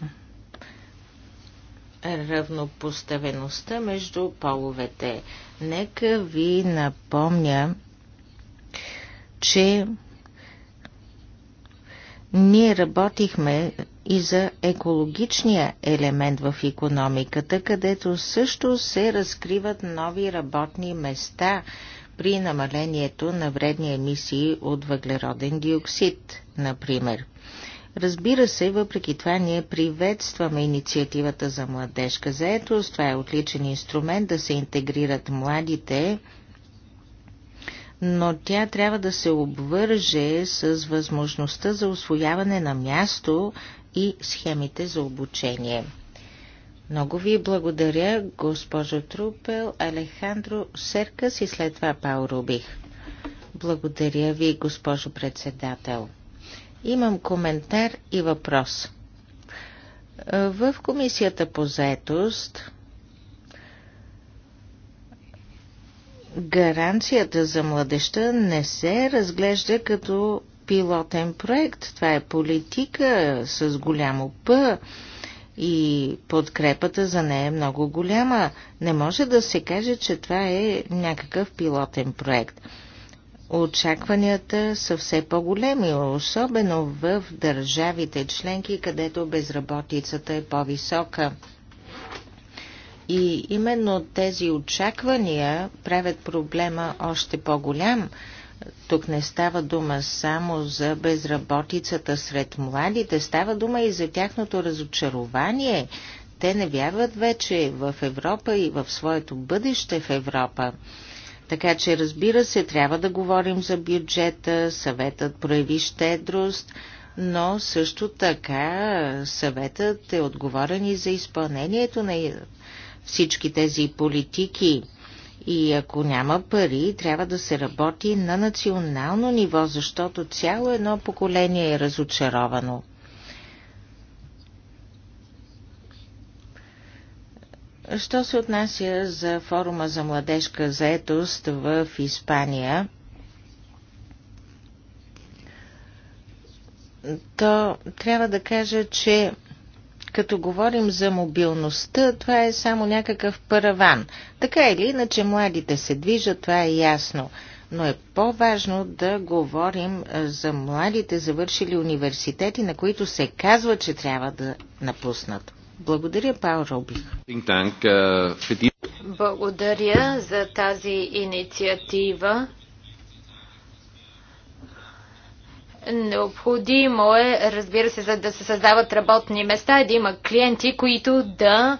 равнопоставеността между половете. Нека ви напомня, че ние работихме и за екологичния елемент в економиката, където също се разкриват нови работни места при намалението на вредни емисии от въглероден диоксид, например. Разбира се, въпреки това ние приветстваме инициативата за младежка заетост. Това е отличен инструмент да се интегрират младите но тя трябва да се обвърже с възможността за освояване на място и схемите за обучение. Много ви благодаря, госпожо Трупел, Алехандро Серкас и след това Пао Рубих. Благодаря ви, госпожо председател. Имам коментар и въпрос. В комисията по заетост гаранцията за младеща не се разглежда като пилотен проект. Това е политика с голямо П и подкрепата за нея е много голяма. Не може да се каже, че това е някакъв пилотен проект. Очакванията са все по-големи, особено в държавите членки, където безработицата е по-висока. И именно тези очаквания правят проблема още по-голям. Тук не става дума само за безработицата сред младите, става дума и за тяхното разочарование. Те не вярват вече в Европа и в своето бъдеще в Европа. Така че, разбира се, трябва да говорим за бюджета, съветът прояви щедрост, но също така съветът е отговорен и за изпълнението на всички тези политики. И ако няма пари, трябва да се работи на национално ниво, защото цяло едно поколение е разочаровано. Що се отнася за форума за младежка заетост в Испания, то трябва да кажа, че като говорим за мобилността, това е само някакъв параван. Така или иначе, младите се движат, това е ясно. Но е по-важно да говорим за младите завършили университети, на които се казва, че трябва да напуснат. Благодаря, Пао Роби. Благодаря за тази инициатива. Необходимо е, разбира се, за да се създават работни места, да има клиенти, които да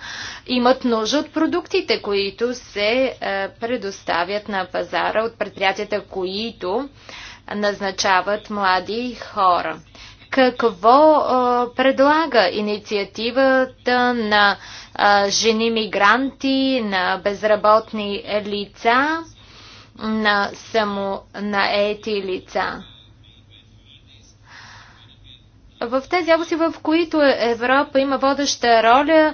имат нужда от продуктите, които се е, предоставят на пазара от предприятията, които е, назначават млади хора. Какво е, предлага инициативата на жени мигранти, на безработни лица, на самонаети лица? В тези области, в които Европа има водеща роля,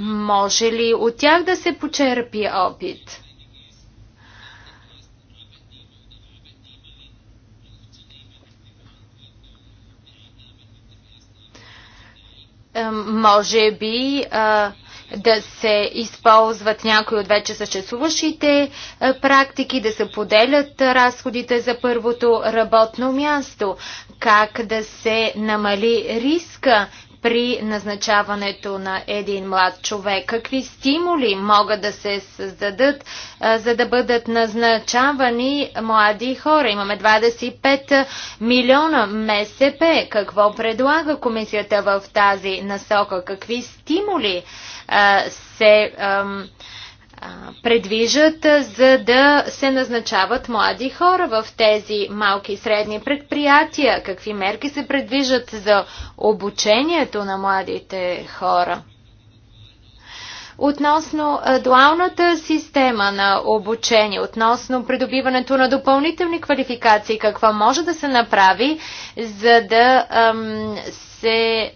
може ли от тях да се почерпи опит? Може би а, да се използват някои от вече съществуващите е, практики, да се поделят разходите за първото работно място, как да се намали риска при назначаването на един млад човек? Какви стимули могат да се създадат, за да бъдат назначавани млади хора? Имаме 25 милиона МСП. Какво предлага комисията в тази насока? Какви стимули се предвижат, за да се назначават млади хора в тези малки и средни предприятия? Какви мерки се предвижат за обучението на младите хора? Относно дуалната система на обучение, относно придобиването на допълнителни квалификации, какво може да се направи, за да ам, се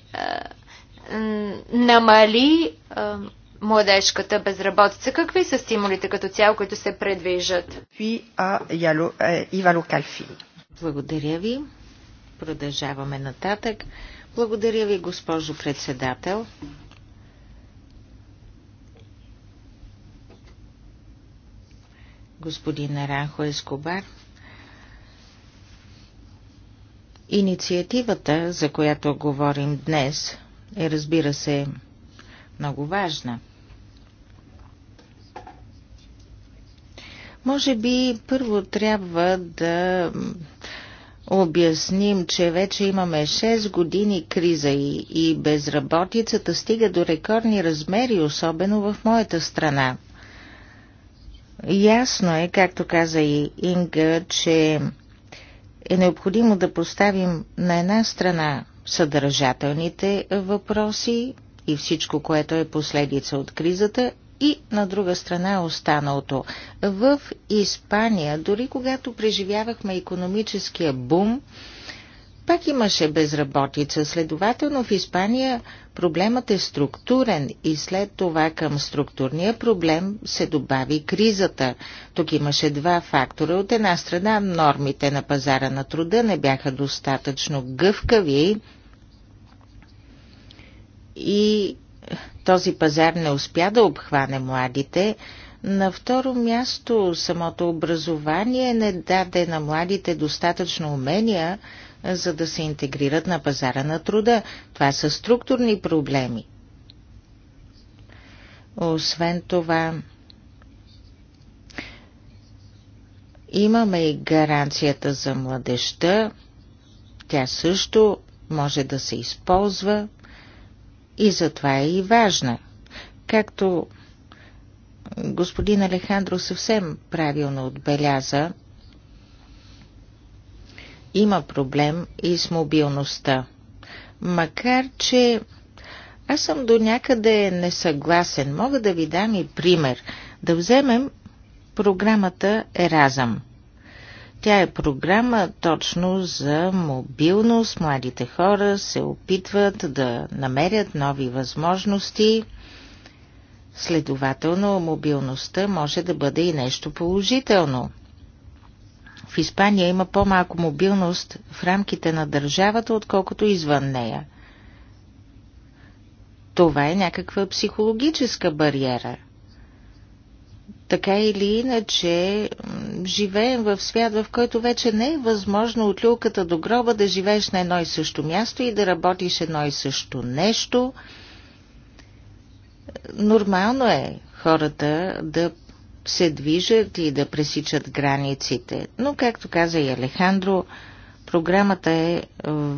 ам, намали ам, младежката безработица. Какви са стимулите като цяло, които се предвижат? Е, Благодаря ви. Продължаваме нататък. Благодаря ви, госпожо председател. Господин Наранхо Ескобар. Инициативата, за която говорим днес, е разбира се много важна – Може би първо трябва да обясним, че вече имаме 6 години криза и, и безработицата стига до рекордни размери, особено в моята страна. Ясно е, както каза и Инга, че е необходимо да поставим на една страна съдържателните въпроси и всичко, което е последица от кризата, и на друга страна е останалото. В Испания, дори когато преживявахме економическия бум, пак имаше безработица. Следователно в Испания проблемът е структурен и след това към структурния проблем се добави кризата. Тук имаше два фактора. От една страна нормите на пазара на труда не бяха достатъчно гъвкави и този пазар не успя да обхване младите. На второ място, самото образование не даде на младите достатъчно умения, за да се интегрират на пазара на труда. Това са структурни проблеми. Освен това, имаме и гаранцията за младеща. Тя също може да се използва и затова е и важна. Както господин Алехандро съвсем правилно отбеляза, има проблем и с мобилността. Макар, че аз съм до някъде несъгласен. Мога да ви дам и пример. Да вземем програмата Еразъм – тя е програма точно за мобилност. Младите хора се опитват да намерят нови възможности. Следователно, мобилността може да бъде и нещо положително. В Испания има по-малко мобилност в рамките на държавата, отколкото извън нея. Това е някаква психологическа бариера – така или иначе, живеем в свят, в който вече не е възможно от люлката до гроба да живееш на едно и също място и да работиш едно и също нещо. Нормално е хората да се движат и да пресичат границите. Но, както каза и Алехандро, програмата е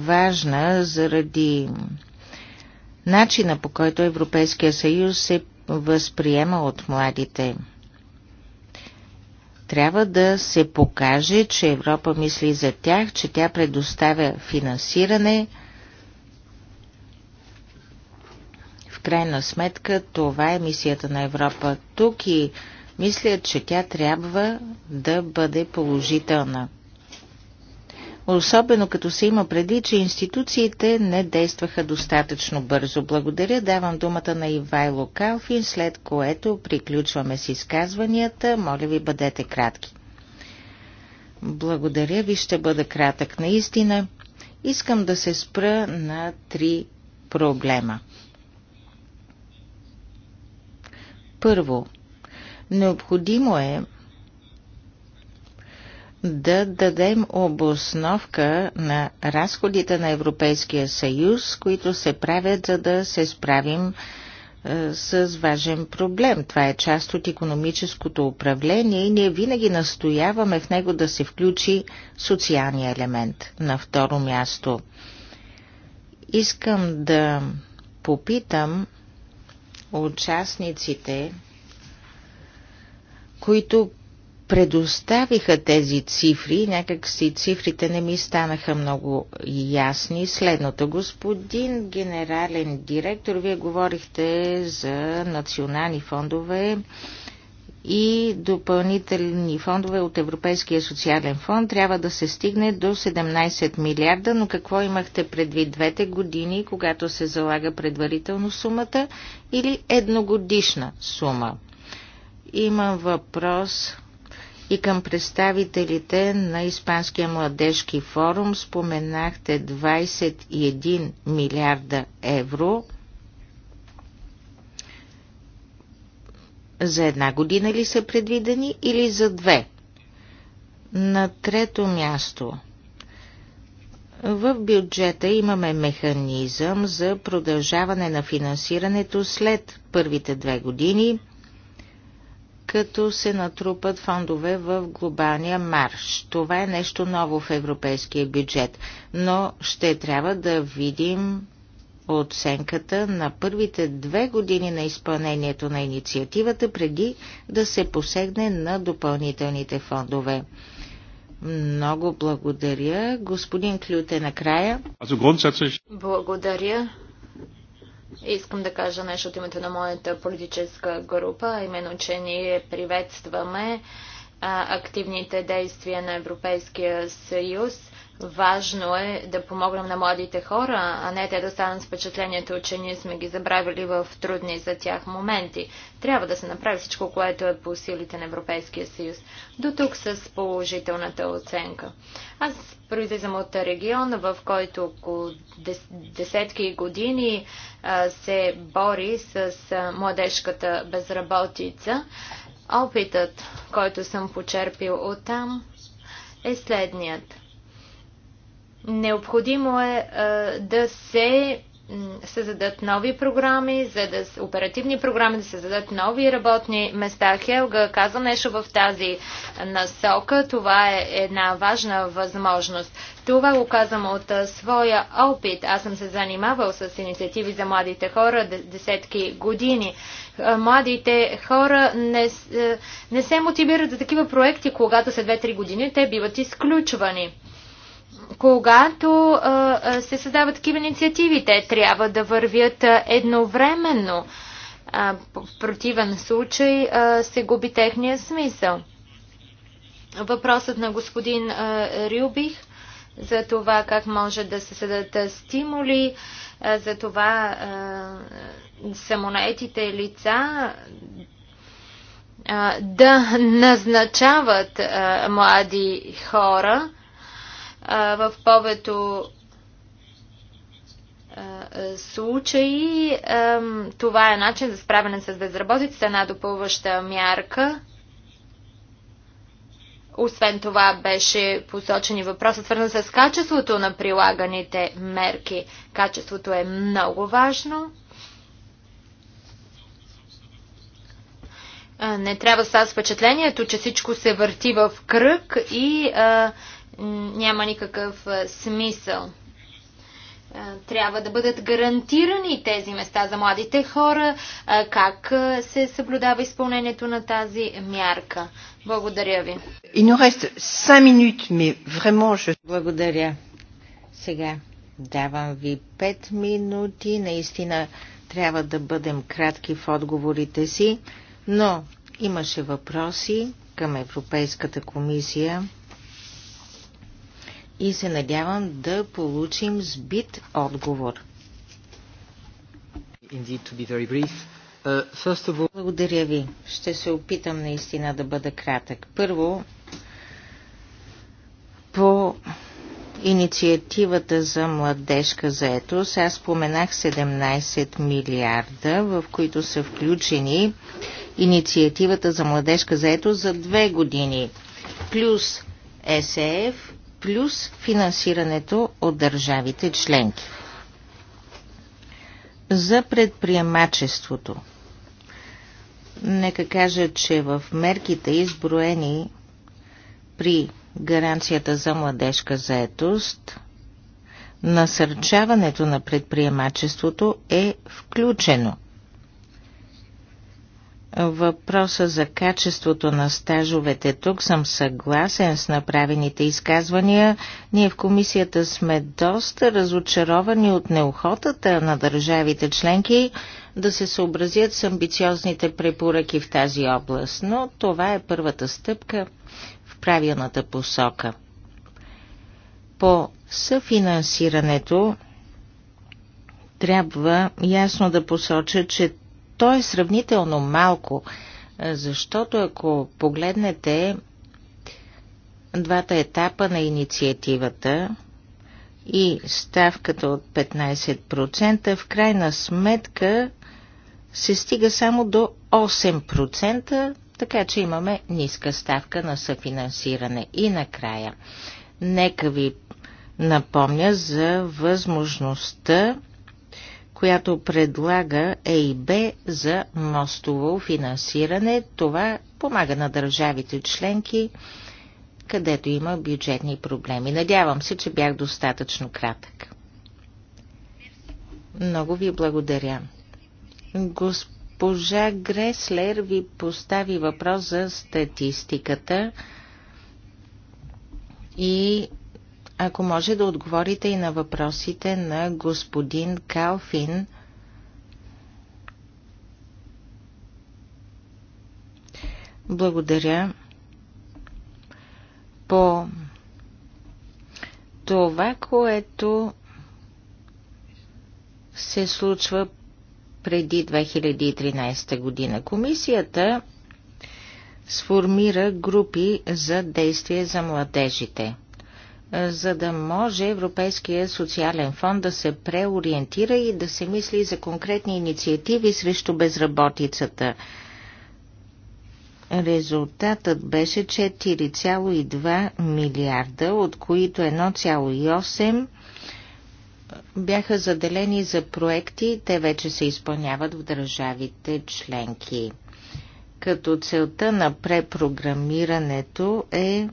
важна заради начина по който Европейския съюз се възприема от младите. Трябва да се покаже, че Европа мисли за тях, че тя предоставя финансиране. В крайна сметка това е мисията на Европа тук и мисля, че тя трябва да бъде положителна особено като се има преди, че институциите не действаха достатъчно бързо. Благодаря, давам думата на Ивайло Калфин, след което приключваме с изказванията. Моля ви, бъдете кратки. Благодаря ви, ще бъда кратък наистина. Искам да се спра на три проблема. Първо, необходимо е да дадем обосновка на разходите на Европейския съюз, които се правят, за да се справим е, с важен проблем. Това е част от економическото управление и ние винаги настояваме в него да се включи социалния елемент. На второ място искам да попитам участниците, които предоставиха тези цифри, някак си цифрите не ми станаха много ясни. Следното, господин генерален директор, вие говорихте за национални фондове и допълнителни фондове от Европейския социален фонд трябва да се стигне до 17 милиарда, но какво имахте предвид двете години, когато се залага предварително сумата или едногодишна сума? Имам въпрос и към представителите на Испанския младежки форум. Споменахте 21 милиарда евро За една година ли са предвидени или за две? На трето място. В бюджета имаме механизъм за продължаване на финансирането след първите две години – като се натрупат фондове в глобалния марш. Това е нещо ново в европейския бюджет, но ще трябва да видим оценката на първите две години на изпълнението на инициативата, преди да се посегне на допълнителните фондове. Много благодаря. Господин Клюте, накрая. Благодаря. Искам да кажа нещо от името на моята политическа група, именно, че ние приветстваме активните действия на Европейския съюз Важно е да помогнем на младите хора, а не те да станат с впечатлението, че ние сме ги забравили в трудни за тях моменти. Трябва да се направи всичко, което е по силите на Европейския съюз. До тук с положителната оценка. Аз произлизам от регион, в който около десетки години се бори с младежката безработица. Опитът, който съм почерпил оттам, е следният – Необходимо е, е да се създадат нови програми, за да оперативни програми, да се създадат нови работни места. Хелга каза нещо в тази насока. Това е една важна възможност. Това го казвам от е, своя опит. Аз съм се занимавал с инициативи за младите хора десетки години. Е, младите хора не, не се мотивират за такива проекти, когато след 2-3 години те биват изключвани когато се създават такива инициативи, те трябва да вървят едновременно. В противен случай се губи техния смисъл. Въпросът на господин Рюбих за това как може да се съдат стимули, за това самонаетите лица да назначават млади хора в повето случаи това е начин за справяне с безработицата, една допълваща мярка. Освен това беше посочен и въпросът свързан с качеството на прилаганите мерки. Качеството е много важно. Не трябва да с впечатлението, че всичко се върти в кръг и а, няма никакъв смисъл. Трябва да бъдат гарантирани тези места за младите хора, как се съблюдава изпълнението на тази мярка. Благодаря ви. Благодаря. Сега давам ви 5 минути. Наистина трябва да бъдем кратки в отговорите си, но имаше въпроси към Европейската комисия и се надявам да получим сбит отговор. Uh, Благодаря ви. Ще се опитам наистина да бъда кратък. Първо, по инициативата за младежка заетост, аз споменах 17 милиарда, в които са включени инициативата за младежка заетост за две години, плюс СЕФ плюс финансирането от държавите членки. За предприемачеството. Нека кажа, че в мерките изброени при гаранцията за младежка заетост, насърчаването на предприемачеството е включено – въпроса за качеството на стажовете. Тук съм съгласен с направените изказвания. Ние в комисията сме доста разочаровани от неохотата на държавите членки да се съобразят с амбициозните препоръки в тази област, но това е първата стъпка в правилната посока. По съфинансирането трябва ясно да посоча, че то е сравнително малко, е, защото ако погледнете двата етапа на инициативата и ставката от 15%, в крайна сметка се стига само до 8%, така че имаме ниска ставка на съфинансиране. И накрая, нека ви напомня за възможността която предлага ЕИБ за мостово финансиране. Това помага на държавите членки, където има бюджетни проблеми. Надявам се, че бях достатъчно кратък. Много ви благодаря. Госпожа Греслер ви постави въпрос за статистиката и ако може да отговорите и на въпросите на господин Калфин, Благодаря. По това, което се случва преди 2013 година. Комисията сформира групи за действие за младежите – е, за да може Европейския социален фонд да се преориентира и да се мисли за конкретни инициативи срещу безработицата. Резултатът беше 4,2 милиарда, от които 1,8 бяха заделени за проекти, те вече се изпълняват в държавите членки. Като целта на препрограмирането е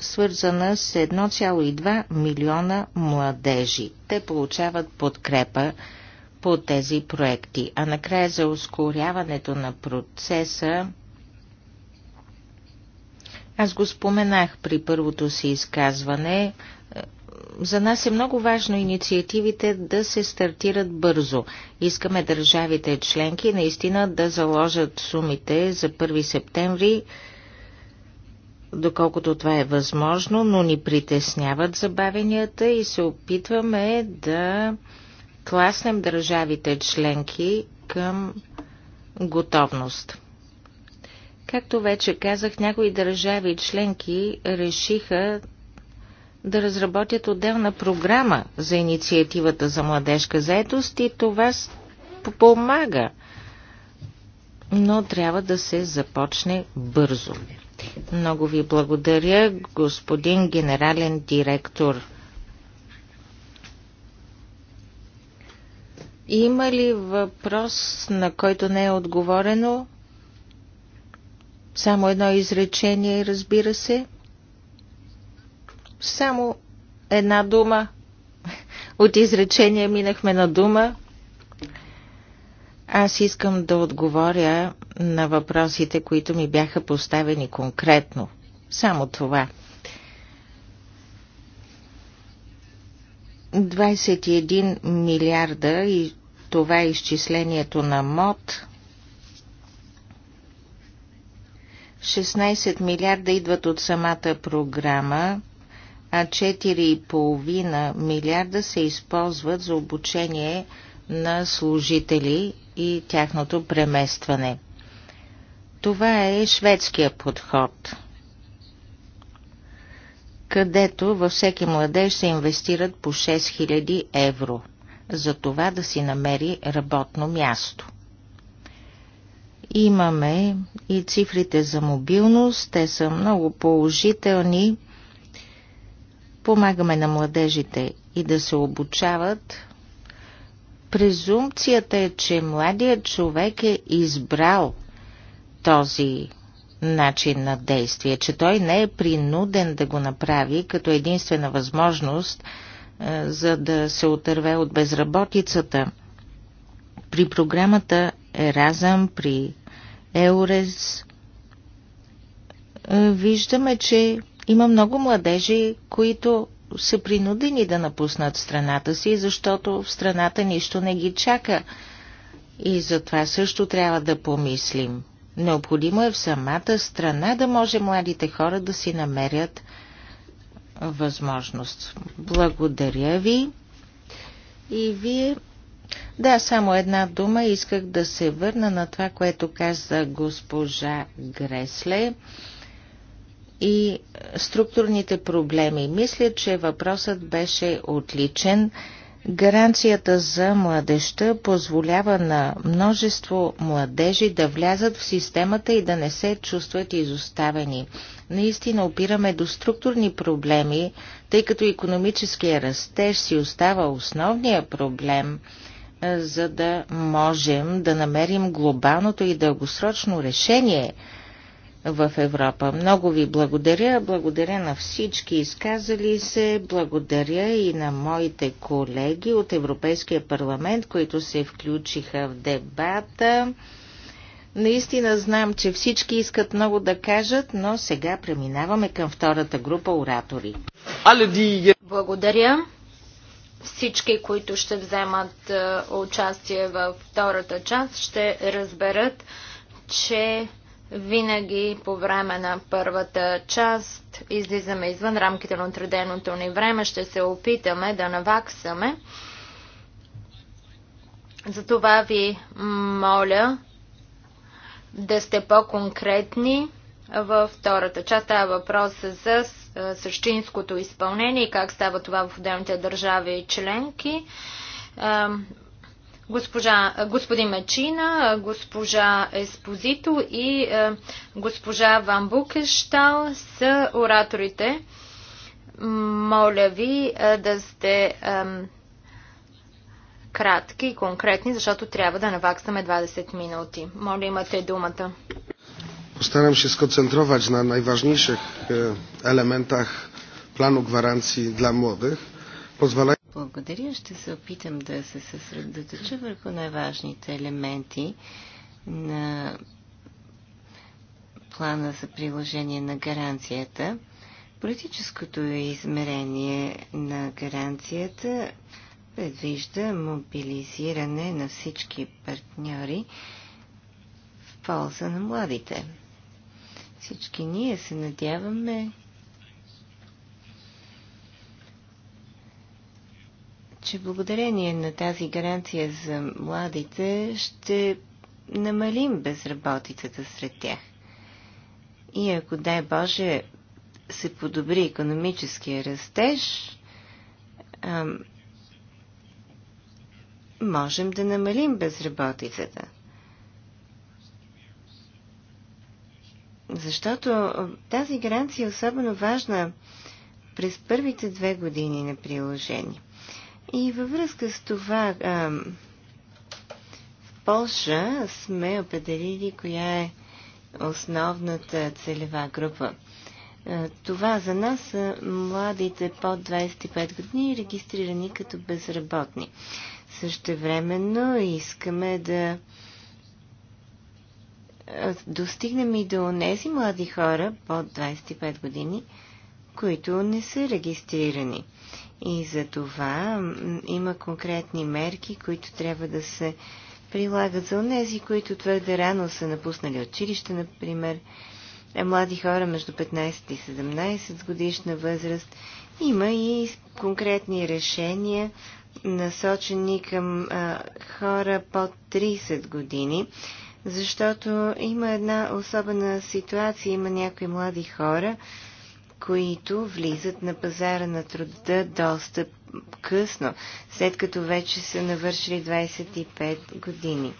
свързана с 1,2 милиона младежи. Те получават подкрепа по тези проекти. А накрая за ускоряването на процеса, аз го споменах при първото си изказване, за нас е много важно инициативите да се стартират бързо. Искаме държавите членки наистина да заложат сумите за 1 септември доколкото това е възможно, но ни притесняват забавенията и се опитваме да класнем държавите членки към готовност. Както вече казах, някои държави членки решиха да разработят отделна програма за инициативата за младежка заетост и това помага. Но трябва да се започне бързо. Много ви благодаря, господин генерален директор. Има ли въпрос, на който не е отговорено? Само едно изречение, разбира се. Само една дума. От изречение минахме на дума. Аз искам да отговоря на въпросите, които ми бяха поставени конкретно. Само това. 21 милиарда и това е изчислението на МОД. 16 милиарда идват от самата програма, а 4,5 милиарда се използват за обучение на служители и тяхното преместване. Това е шведския подход, където във всеки младеж се инвестират по 6000 евро за това да си намери работно място. Имаме и цифрите за мобилност, те са много положителни. Помагаме на младежите и да се обучават презумпцията е, че младият човек е избрал този начин на действие, че той не е принуден да го направи като единствена възможност, е, за да се отърве от безработицата. При програмата Еразъм, при Еурез, е, виждаме, че има много младежи, които са принудени да напуснат страната си, защото в страната нищо не ги чака. И за това също трябва да помислим. Необходимо е в самата страна да може младите хора да си намерят възможност. Благодаря ви. И вие. Да, само една дума. Исках да се върна на това, което каза госпожа Гресле и структурните проблеми. Мисля, че въпросът беше отличен. Гаранцията за младеща позволява на множество младежи да влязат в системата и да не се чувстват изоставени. Наистина опираме до структурни проблеми, тъй като економическия растеж си остава основния проблем, за да можем да намерим глобалното и дългосрочно решение – в Европа. Много ви благодаря, благодаря на всички изказали се, благодаря и на моите колеги от Европейския парламент, които се включиха в дебата. Наистина знам, че всички искат много да кажат, но сега преминаваме към втората група оратори. Благодаря всички, които ще вземат е, участие във втората част, ще разберат, че винаги по време на първата част излизаме извън рамките на отреденото ни време, ще се опитаме да наваксаме. Затова ви моля да сте по-конкретни във втората част. Това е въпрос за същинското изпълнение и как става това в отделните държави и членки госпожа, господин Мачина, госпожа Еспозито и е, госпожа Ван Букештал са ораторите. Моля ви е, да сте е, кратки и конкретни, защото трябва да наваксаме 20 минути. Моля, имате думата. Постарам се сконцентровать на най-важнейших елементах плану гаранции для младих. pozwalając благодаря. Ще се опитам да се съсредоточа върху най-важните елементи на плана за приложение на гаранцията. Политическото измерение на гаранцията предвижда мобилизиране на всички партньори в полза на младите. Всички ние се надяваме че благодарение на тази гаранция за младите ще намалим безработицата сред тях. И ако, дай Боже, се подобри економическия растеж, ам, можем да намалим безработицата. Защото тази гаранция е особено важна през първите две години на приложение – и във връзка с това, ам, в Польша сме определили коя е основната целева група. това за нас са младите под 25 години, регистрирани като безработни. Същевременно искаме да достигнем и до тези млади хора под 25 години, които не са регистрирани. И за това има конкретни мерки, които трябва да се прилагат за онези, които твърде рано са напуснали училище, например, е, млади хора между 15 и 17 годишна възраст. Има и конкретни решения, насочени към а, хора под 30 години, защото има една особена ситуация, има някои млади хора, които влизат на пазара на труда доста късно, след като вече са навършили 25 години.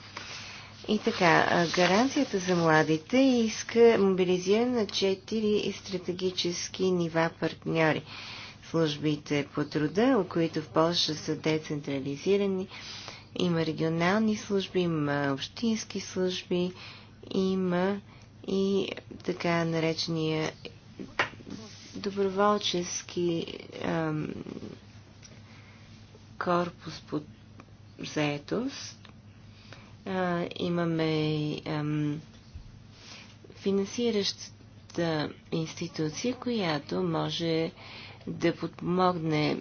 И така, гаранцията за младите иска мобилизиране на 4 стратегически нива партньори. Службите по труда, които в Польша са децентрализирани, има регионални служби, има общински служби, има и така наречения доброволчески ем, корпус под заетост. Е, имаме ем, финансиращата институция, която може да подпомогне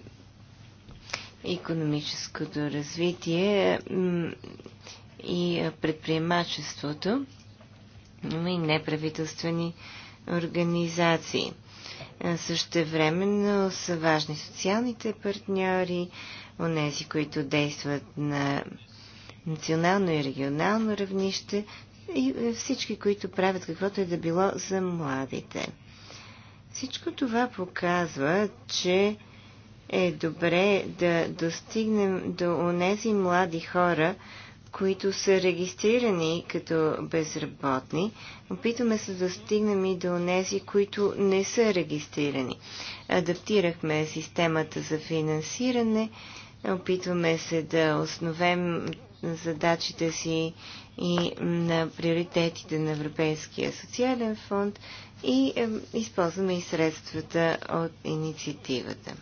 економическото развитие и предприемачеството, но и неправителствени организации. Е, същевременно са важни социалните партньори, онези, които действат на национално и регионално равнище и е, всички, които правят каквото е да било за младите. Всичко това показва, че е добре да достигнем до онези млади хора, които са регистрирани като безработни. Опитваме се да стигнем и до тези, които не са регистрирани. Адаптирахме системата за финансиране, опитваме се да основем задачите си и на приоритетите на Европейския социален фонд и използваме и средствата от инициативата.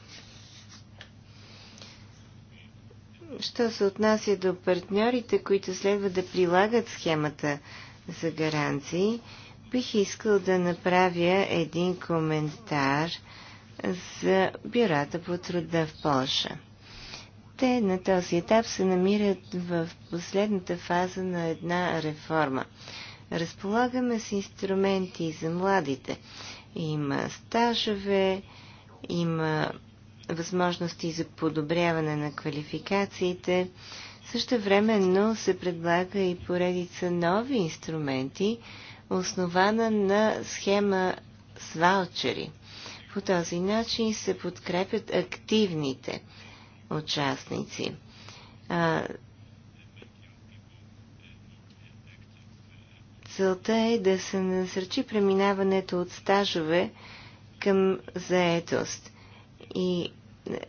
Що се отнася до партньорите, които следва да прилагат схемата за гаранции, бих искал да направя един коментар за бюрата по труда в Польша. Те на този етап се намират в последната фаза на една реформа. Разполагаме с инструменти за младите. Има стажове, има възможности за подобряване на квалификациите. Също времено се предлага и поредица нови инструменти, основана на схема с ваучери. По този начин се подкрепят активните участници. А, целта е да се насърчи преминаването от стажове към заетост и е,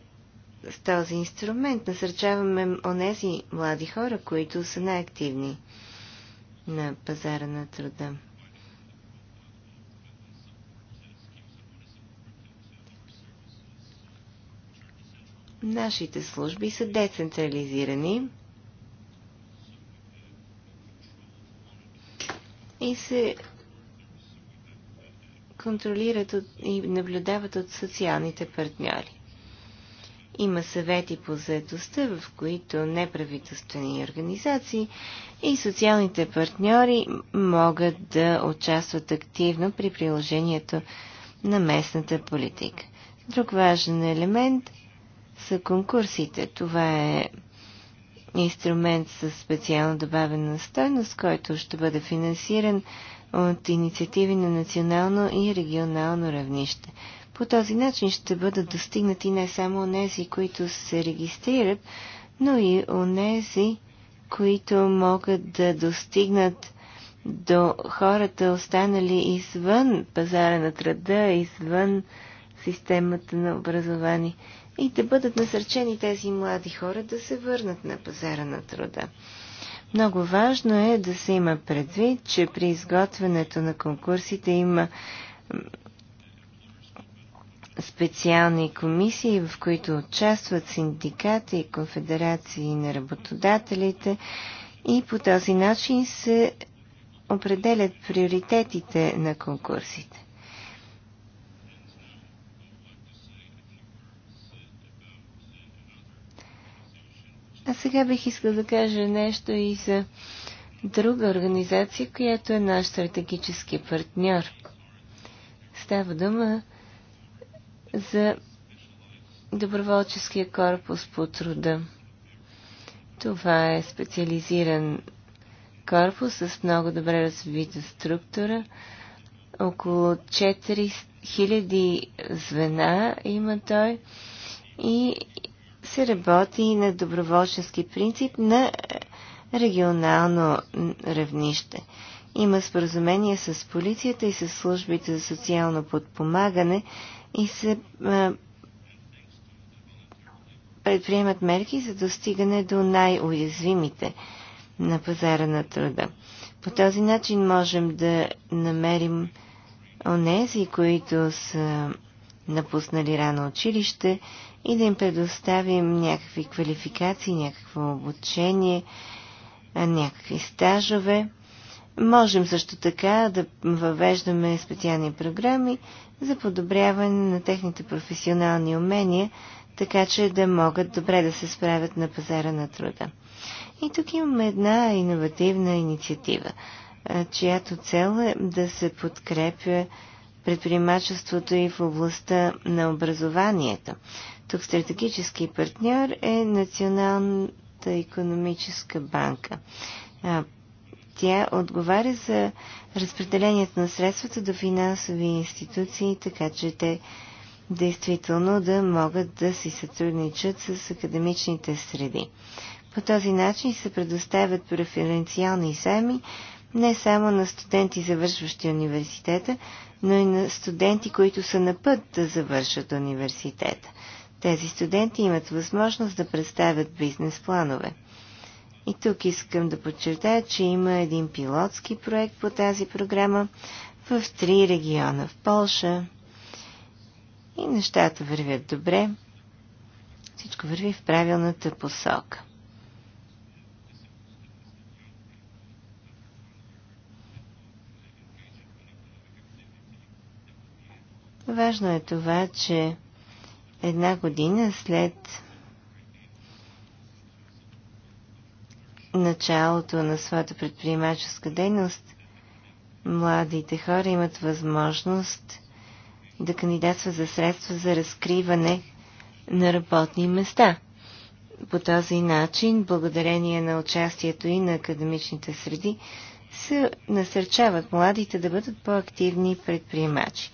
с този инструмент насърчаваме онези млади хора, които са най-активни на пазара на труда. Нашите служби са децентрализирани и се контролират от, и наблюдават от социалните партньори. Има съвети по заедостта, в които неправителствени организации и социалните партньори могат да участват активно при приложението на местната политика. Друг важен елемент са конкурсите. Това е инструмент с специално добавена стойност, който ще бъде финансиран от инициативи на национално и регионално равнище. По този начин ще бъдат достигнати не само онези, които се регистрират, но и онези, които могат да достигнат до хората, останали извън пазара на труда, извън системата на образование и да бъдат насърчени тези млади хора да се върнат на пазара на труда. Много важно е да се има предвид, че при изготвянето на конкурсите има специални комисии, в които участват синдикати и конфедерации на работодателите и по този начин се определят приоритетите на конкурсите. А сега бих искал да кажа нещо и за друга организация, която е наш стратегически партньор. Става дума за доброволческия корпус по труда. Това е специализиран корпус с много добре развита структура. Около 4000 звена има той и се работи на доброволчески принцип на регионално равнище. Има споразумение с полицията и с службите за социално подпомагане и се предприемат мерки за достигане до най-уязвимите на пазара на труда. По този начин можем да намерим онези, които са напуснали рано училище и да им предоставим някакви квалификации, някакво обучение, някакви стажове. Можем също така да въвеждаме специални програми за подобряване на техните професионални умения, така че да могат добре да се справят на пазара на труда. И тук имаме една иновативна инициатива, чиято цел е да се подкрепя предприемачеството и в областта на образованието. Тук стратегически партньор е Националната економическа банка. Тя отговаря за разпределението на средствата до финансови институции, така че те действително да могат да си сътрудничат с академичните среди. По този начин се предоставят преференциални заеми не само на студенти, завършващи университета, но и на студенти, които са на път да завършат университета. Тези студенти имат възможност да представят бизнес планове. И тук искам да подчертая, че има един пилотски проект по тази програма в три региона в Польша. И нещата вървят добре. Всичко върви в правилната посока. Важно е това, че една година след началото на своята предприемаческа дейност, младите хора имат възможност да кандидатстват за средства за разкриване на работни места. По този начин, благодарение на участието и на академичните среди, се насърчават младите да бъдат по-активни предприемачи.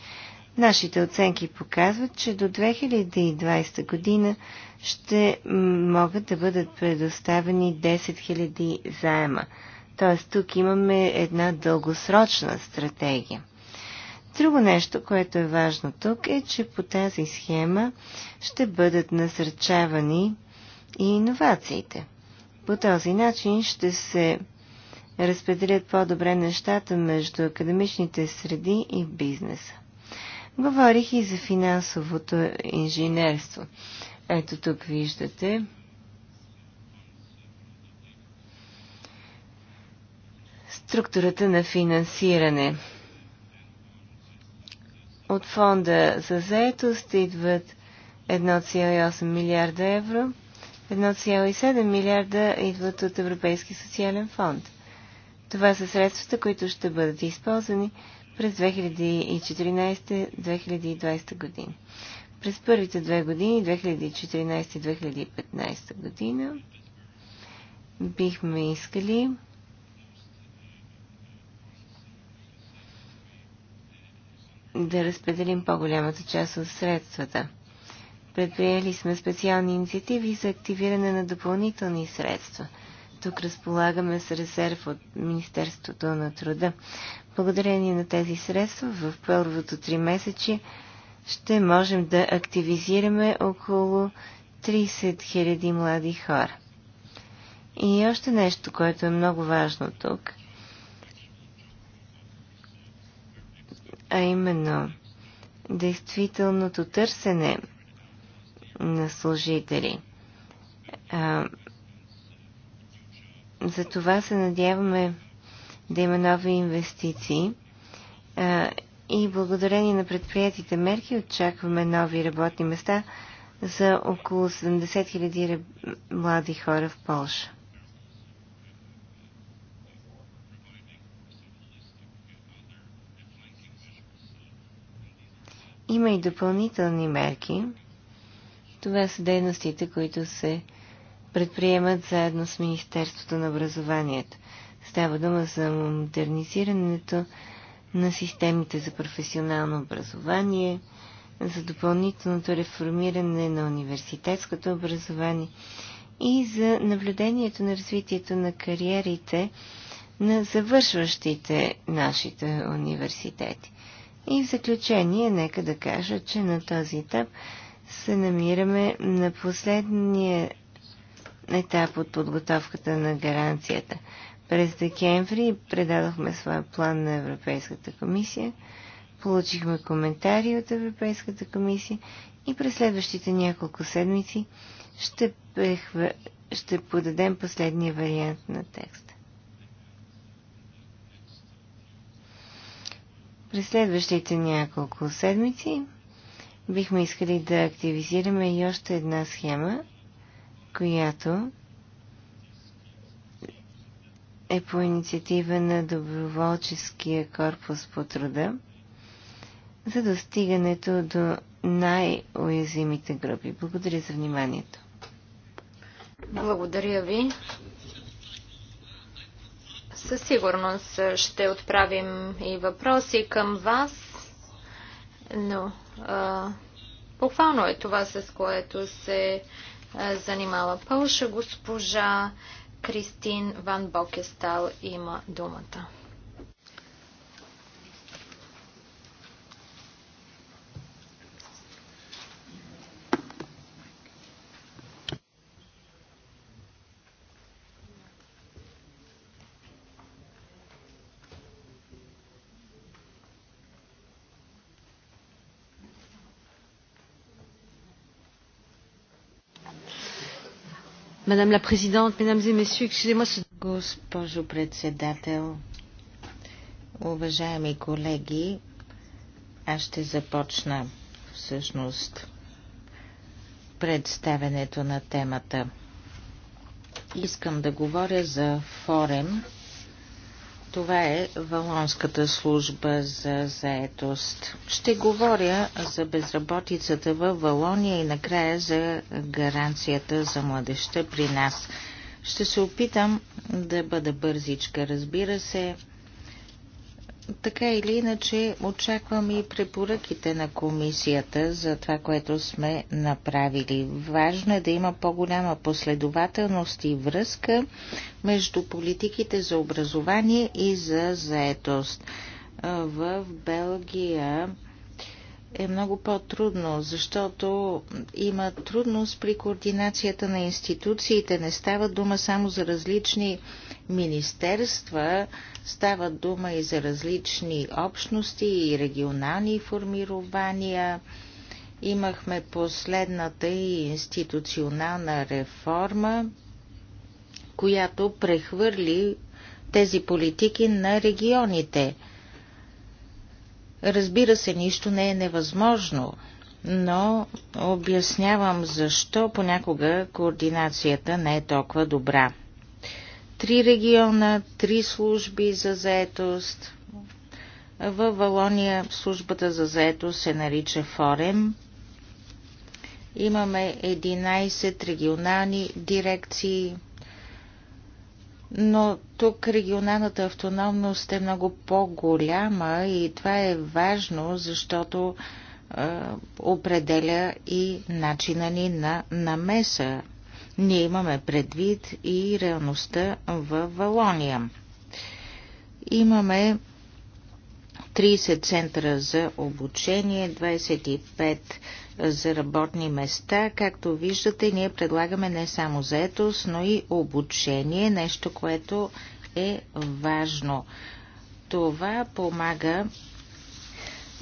Нашите оценки показват, че до 2020 година ще могат да бъдат предоставени 10 000 заема. Тоест тук имаме една дългосрочна стратегия. Друго нещо, което е важно тук е, че по тази схема ще бъдат насърчавани и иновациите. По този начин ще се разпределят по-добре нещата между академичните среди и бизнеса. Говорих и за финансовото инженерство. Ето тук виждате структурата на финансиране. От фонда за заетост идват 1,8 милиарда евро, 1,7 милиарда идват от Европейски социален фонд. Това са средствата, които ще бъдат използвани през 2014-2020 година. През първите две години, 2014-2015 година, бихме искали да разпределим по-голямата част от средствата. Предприели сме специални инициативи за активиране на допълнителни средства – тук разполагаме с резерв от Министерството на труда. Благодарение на тези средства в първото три месечи ще можем да активизираме около 30 000 млади хора. И още нещо, което е много важно тук, а именно действителното търсене на служители. За това се надяваме да има нови инвестиции а, и благодарение на предприятите мерки очакваме нови работни места за около 70 000 млади хора в Польша. Има и допълнителни мерки. Това са дейностите, които се предприемат заедно с Министерството на образованието. Става дума за модернизирането на системите за професионално образование, за допълнителното реформиране на университетското образование и за наблюдението на развитието на кариерите на завършващите нашите университети. И в заключение, нека да кажа, че на този етап се намираме на последния етап от подготовката на гаранцията. През декември предадохме своя план на Европейската комисия, получихме коментари от Европейската комисия и през следващите няколко седмици ще, прехва... ще подадем последния вариант на текста. През следващите няколко седмици бихме искали да активизираме и още една схема която е по инициатива на доброволческия корпус по труда за достигането до най-уязвимите групи. Благодаря за вниманието. Благодаря ви. Със сигурност ще отправим и въпроси към вас, но а, похвално е това, с което се е, занимава Пълша. Госпожа Кристин Ван Бокестал има думата. Madame la Présidente, Mesdames et Messieurs, excusez-moi ce... Госпожо председател, уважаеми колеги, аз ще започна всъщност представенето на темата. Искам да говоря за форем, това е Валонската служба за заетост. Ще говоря за безработицата в Валония и накрая за гаранцията за младеща при нас. Ще се опитам да бъда бързичка, разбира се. Така или иначе, очаквам и препоръките на комисията за това, което сме направили. Важно е да има по-голяма последователност и връзка между политиките за образование и за заетост. В Белгия е много по-трудно, защото има трудност при координацията на институциите. Не става дума само за различни министерства, става дума и за различни общности и регионални формирования. Имахме последната и институционална реформа, която прехвърли тези политики на регионите – Разбира се, нищо не е невъзможно, но обяснявам защо понякога координацията не е толкова добра. Три региона, три служби за заетост. В Валония службата за заетост се нарича Форем. Имаме 11 регионални дирекции – но тук регионалната автономност е много по-голяма и това е важно, защото е, определя и начина ни на намеса. Ние имаме предвид и реалността в Валония. Имаме 30 центъра за обучение, 25 за работни места. Както виждате, ние предлагаме не само заетост, но и обучение, нещо, което е важно. Това помага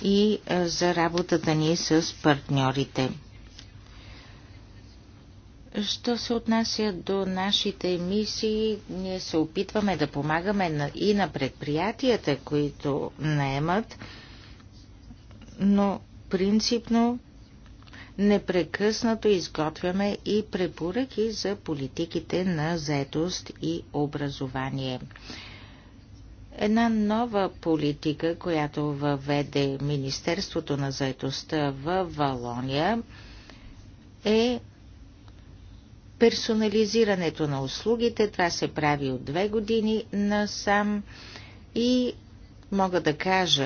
и за работата ни с партньорите. Що се отнася до нашите мисии, ние се опитваме да помагаме и на предприятията, които наемат, но принципно непрекъснато изготвяме и препоръки за политиките на заетост и образование. Една нова политика, която въведе Министерството на заетостта в Валония е персонализирането на услугите. Това се прави от две години насам и Мога да кажа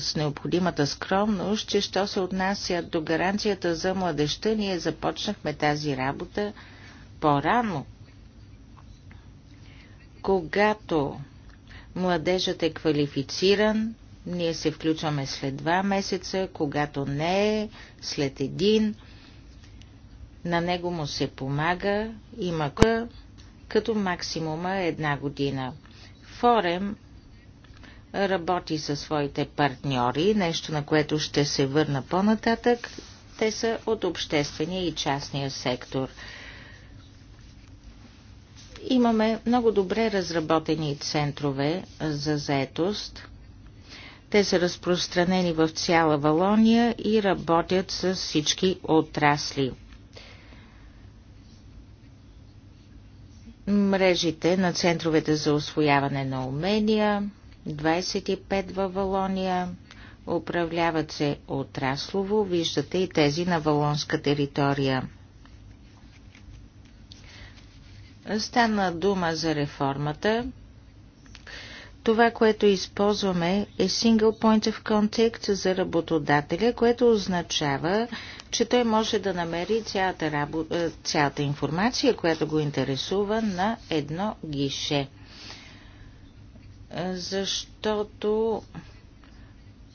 с необходимата скромност, че що се отнася до гаранцията за младеща, ние започнахме тази работа по-рано. Когато младежът е квалифициран, ние се включваме след два месеца, когато не е, след един. На него му се помага, има като максимума една година. Форем работи със своите партньори, нещо на което ще се върна по-нататък. Те са от обществения и частния сектор. Имаме много добре разработени центрове за заетост. Те са разпространени в цяла Валония и работят с всички отрасли. Мрежите на центровете за освояване на умения, 25 във Валония, управляват се отраслово, виждате и тези на Валонска територия. Стана дума за реформата. Това, което използваме е Single Point of Contact за работодателя, което означава, че той може да намери цялата, работа, е, цялата информация, която го интересува на едно гише – защото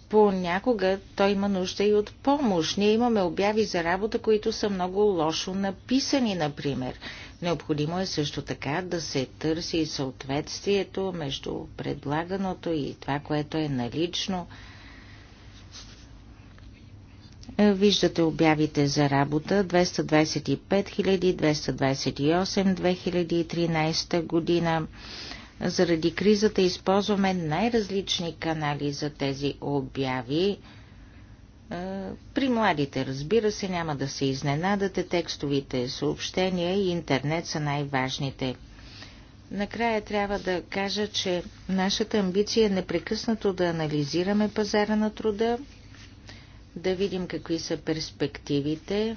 понякога той има нужда и от помощ. Ние имаме обяви за работа, които са много лошо написани, например. Необходимо е също така да се търси съответствието между предлаганото и това, което е налично. Виждате обявите за работа 225 228 2013 година. Заради кризата използваме най-различни канали за тези обяви. Е, при младите, разбира се, няма да се изненадате, текстовите съобщения и интернет са най-важните. Накрая трябва да кажа, че нашата амбиция е непрекъснато да анализираме пазара на труда, да видим какви са перспективите,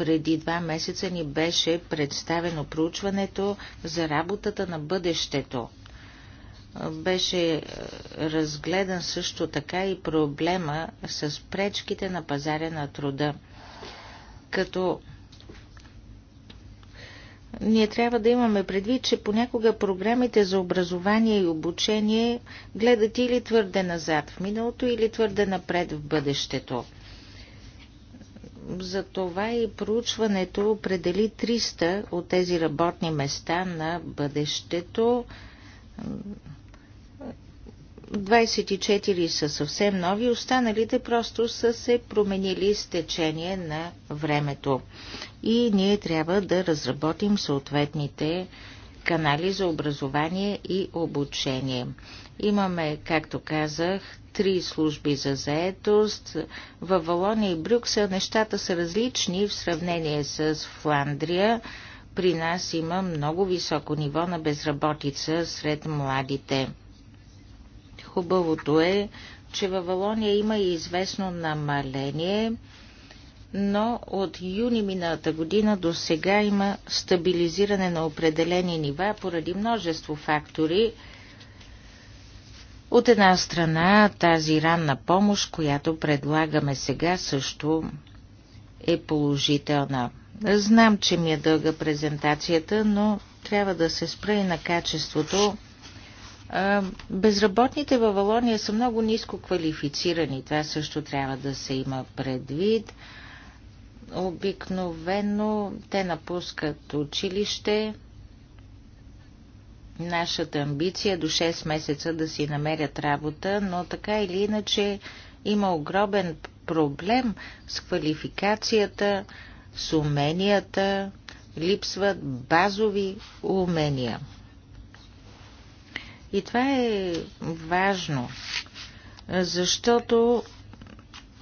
преди два месеца ни беше представено проучването за работата на бъдещето. Беше е, разгледан също така и проблема с пречките на пазаря на труда. Като ние трябва да имаме предвид, че понякога програмите за образование и обучение гледат или твърде назад в миналото, или твърде напред в бъдещето. За това и проучването определи 300 от тези работни места на бъдещето. 24 са съвсем нови, останалите просто са се променили с течение на времето. И ние трябва да разработим съответните канали за образование и обучение. Имаме, както казах, три служби за заетост. В Валония и Брюксел нещата са различни в сравнение с Фландрия. При нас има много високо ниво на безработица сред младите. Хубавото е, че във Валония има и известно намаление, но от юни миналата година до сега има стабилизиране на определени нива поради множество фактори – от една страна, тази ранна помощ, която предлагаме сега, също е положителна. Знам, че ми е дълга презентацията, но трябва да се спра и на качеството. Безработните във Валония са много ниско квалифицирани. Това също трябва да се има предвид. Обикновено те напускат училище, Нашата амбиция до 6 месеца да си намерят работа, но така или иначе има огромен проблем с квалификацията, с уменията, липсват базови умения. И това е важно, защото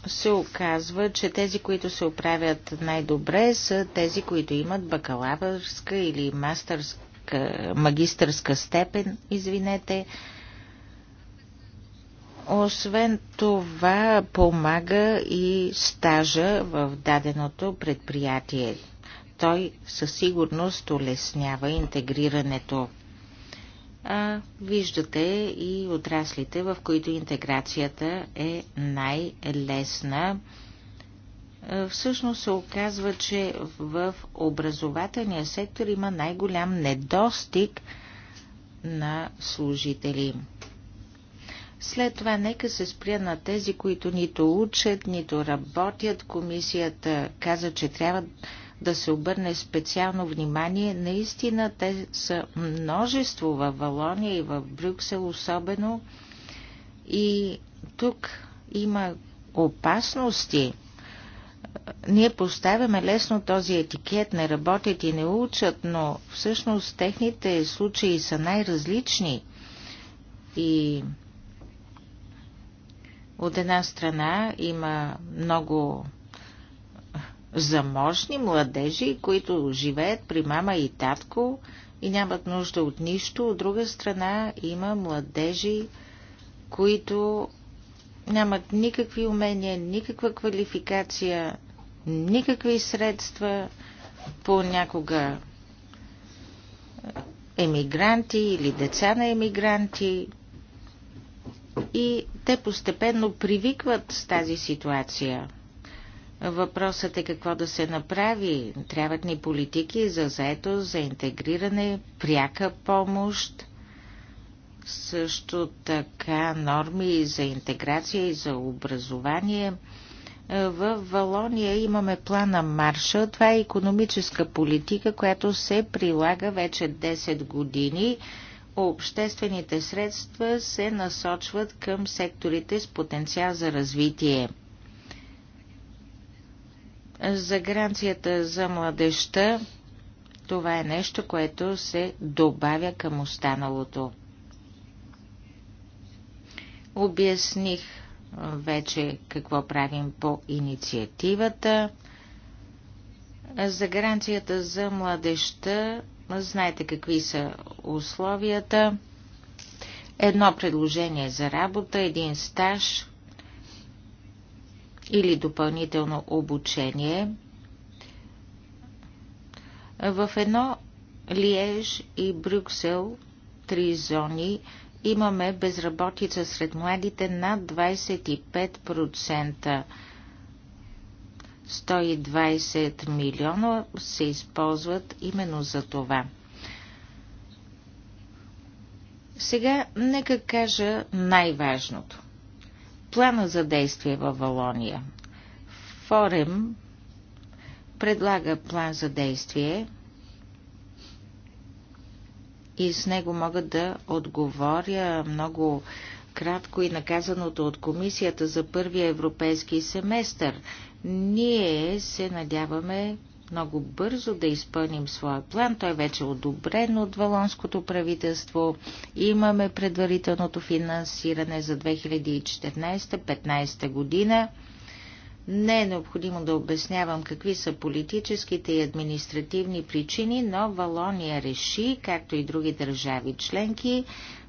се оказва, че тези, които се оправят най-добре, са тези, които имат бакалавърска или мастърска магистърска, е, магистърска степен, извинете. Освен това, помага и стажа в даденото предприятие. Той със сигурност улеснява интегрирането. А, виждате и отраслите, в които интеграцията е най-лесна. Е, всъщност се оказва, че в образователния сектор има най-голям недостиг на служители. След това нека се спря на тези, които нито учат, нито работят. Комисията каза, че трябва да се обърне специално внимание. Наистина те са множество в Валония и в Брюксел особено. И тук има опасности ние поставяме лесно този етикет, не работят и не учат, но всъщност техните случаи са най-различни. И от една страна има много заможни младежи, които живеят при мама и татко и нямат нужда от нищо. От друга страна има младежи, които нямат никакви умения, никаква квалификация, никакви средства, понякога емигранти или деца на емигранти. И те постепенно привикват с тази ситуация. Въпросът е какво да се направи. Трябват ни политики за заето, за интегриране, пряка помощ също така норми за интеграция и за образование. В Валония имаме плана Маршал. Това е економическа политика, която се прилага вече 10 години. Обществените средства се насочват към секторите с потенциал за развитие. За гаранцията за младеща това е нещо, което се добавя към останалото. Обясних вече какво правим по инициативата. За гаранцията за младеща знаете какви са условията. Едно предложение за работа, един стаж или допълнително обучение. В едно Лиеж и Брюксел три зони имаме безработица сред младите над 25%. 120 милиона се използват именно за това. Сега нека кажа най-важното. Плана за действие във Валония. Форем предлага план за действие и с него мога да отговоря много кратко и наказаното от комисията за първия европейски семестър. Ние се надяваме много бързо да изпълним своя план. Той вече е одобрен от Валонското правителство. Имаме предварителното финансиране за 2014-15 година. Не е необходимо да обяснявам какви са политическите и административни причини, но Валония реши, както и други държави членки,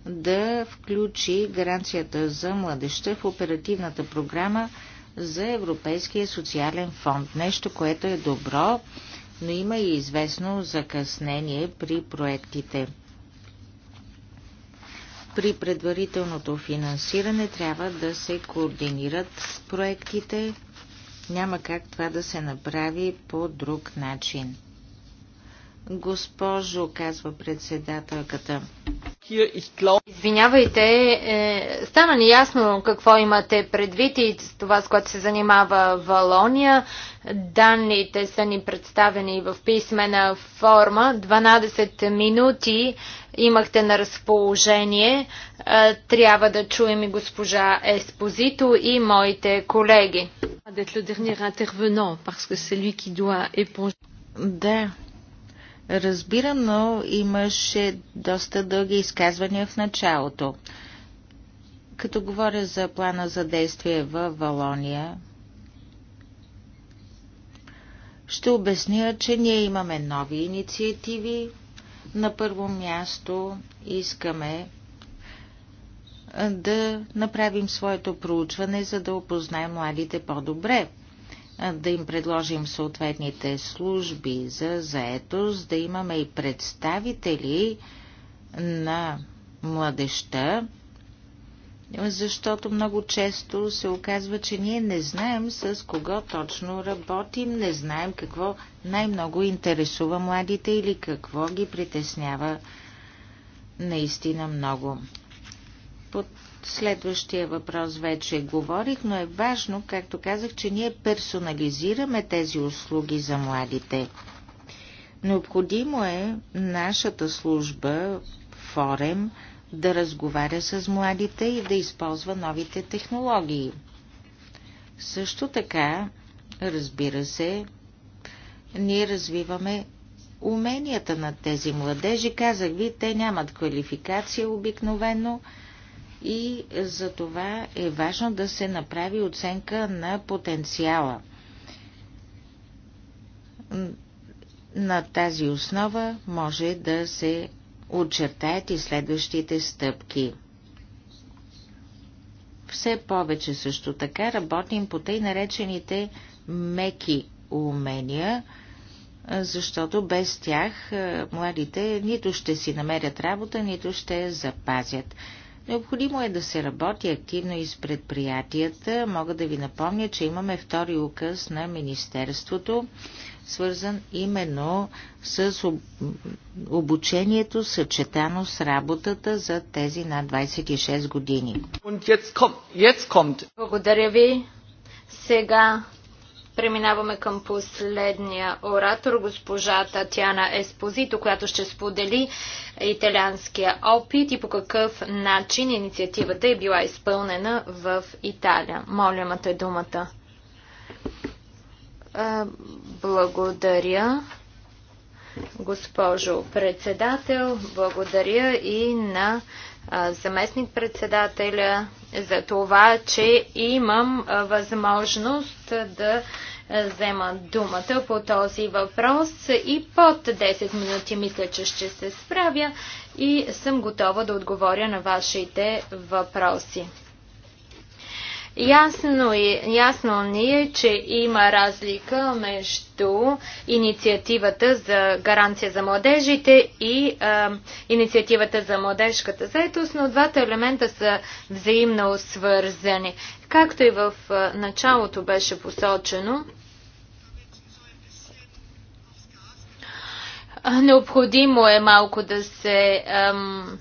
да включи гаранцията за младеща в оперативната програма за Европейския социален фонд. Нещо, което е добро, но има и известно закъснение при проектите. При предварителното финансиране трябва да се координират проектите, няма как това да се направи по друг начин. Госпожо, казва председателката. Извинявайте, е, стана ни ясно какво имате предвид и това, с което се занимава Валония. Данните са ни представени в писмена форма. 12 минути имахте на разположение. Е, трябва да чуем и госпожа Еспозито и моите колеги. Да, разбира, но имаше доста дълги изказвания в началото. Като говоря за плана за действие в Валония, ще обясня, че ние имаме нови инициативи. На първо място искаме да направим своето проучване, за да опознаем младите по-добре да им предложим съответните служби за заетост, да имаме и представители на младеща, защото много често се оказва, че ние не знаем с кого точно работим, не знаем какво най-много интересува младите или какво ги притеснява наистина много. Под следващия въпрос вече говорих, но е важно, както казах, че ние персонализираме тези услуги за младите. Необходимо е нашата служба Форем да разговаря с младите и да използва новите технологии. Също така, разбира се, ние развиваме уменията на тези младежи. Казах ви, те нямат квалификация обикновено, и за това е важно да се направи оценка на потенциала. На тази основа може да се очертаят и следващите стъпки. Все повече също така работим по тъй наречените меки умения, защото без тях младите нито ще си намерят работа, нито ще запазят. Необходимо е да се работи активно и с предприятията. Мога да ви напомня, че имаме втори указ на Министерството, свързан именно с обучението, съчетано с работата за тези над 26 години. Благодаря ви. Сега Преминаваме към последния оратор, госпожа Татьяна Еспозито, която ще сподели италианския опит и по какъв начин инициативата е била изпълнена в Италия. Моля, имате думата. Благодаря, госпожо председател. Благодаря и на заместник-председателя за това, че имам възможност да взема думата по този въпрос и под 10 минути мисля, че ще се справя и съм готова да отговоря на вашите въпроси. Ясно, е, ясно ни е, че има разлика между инициативата за гаранция за младежите и а, е, инициативата за младежката заетост, но двата елемента са взаимно свързани. Както и в началото беше посочено, Необходимо е малко да се ам,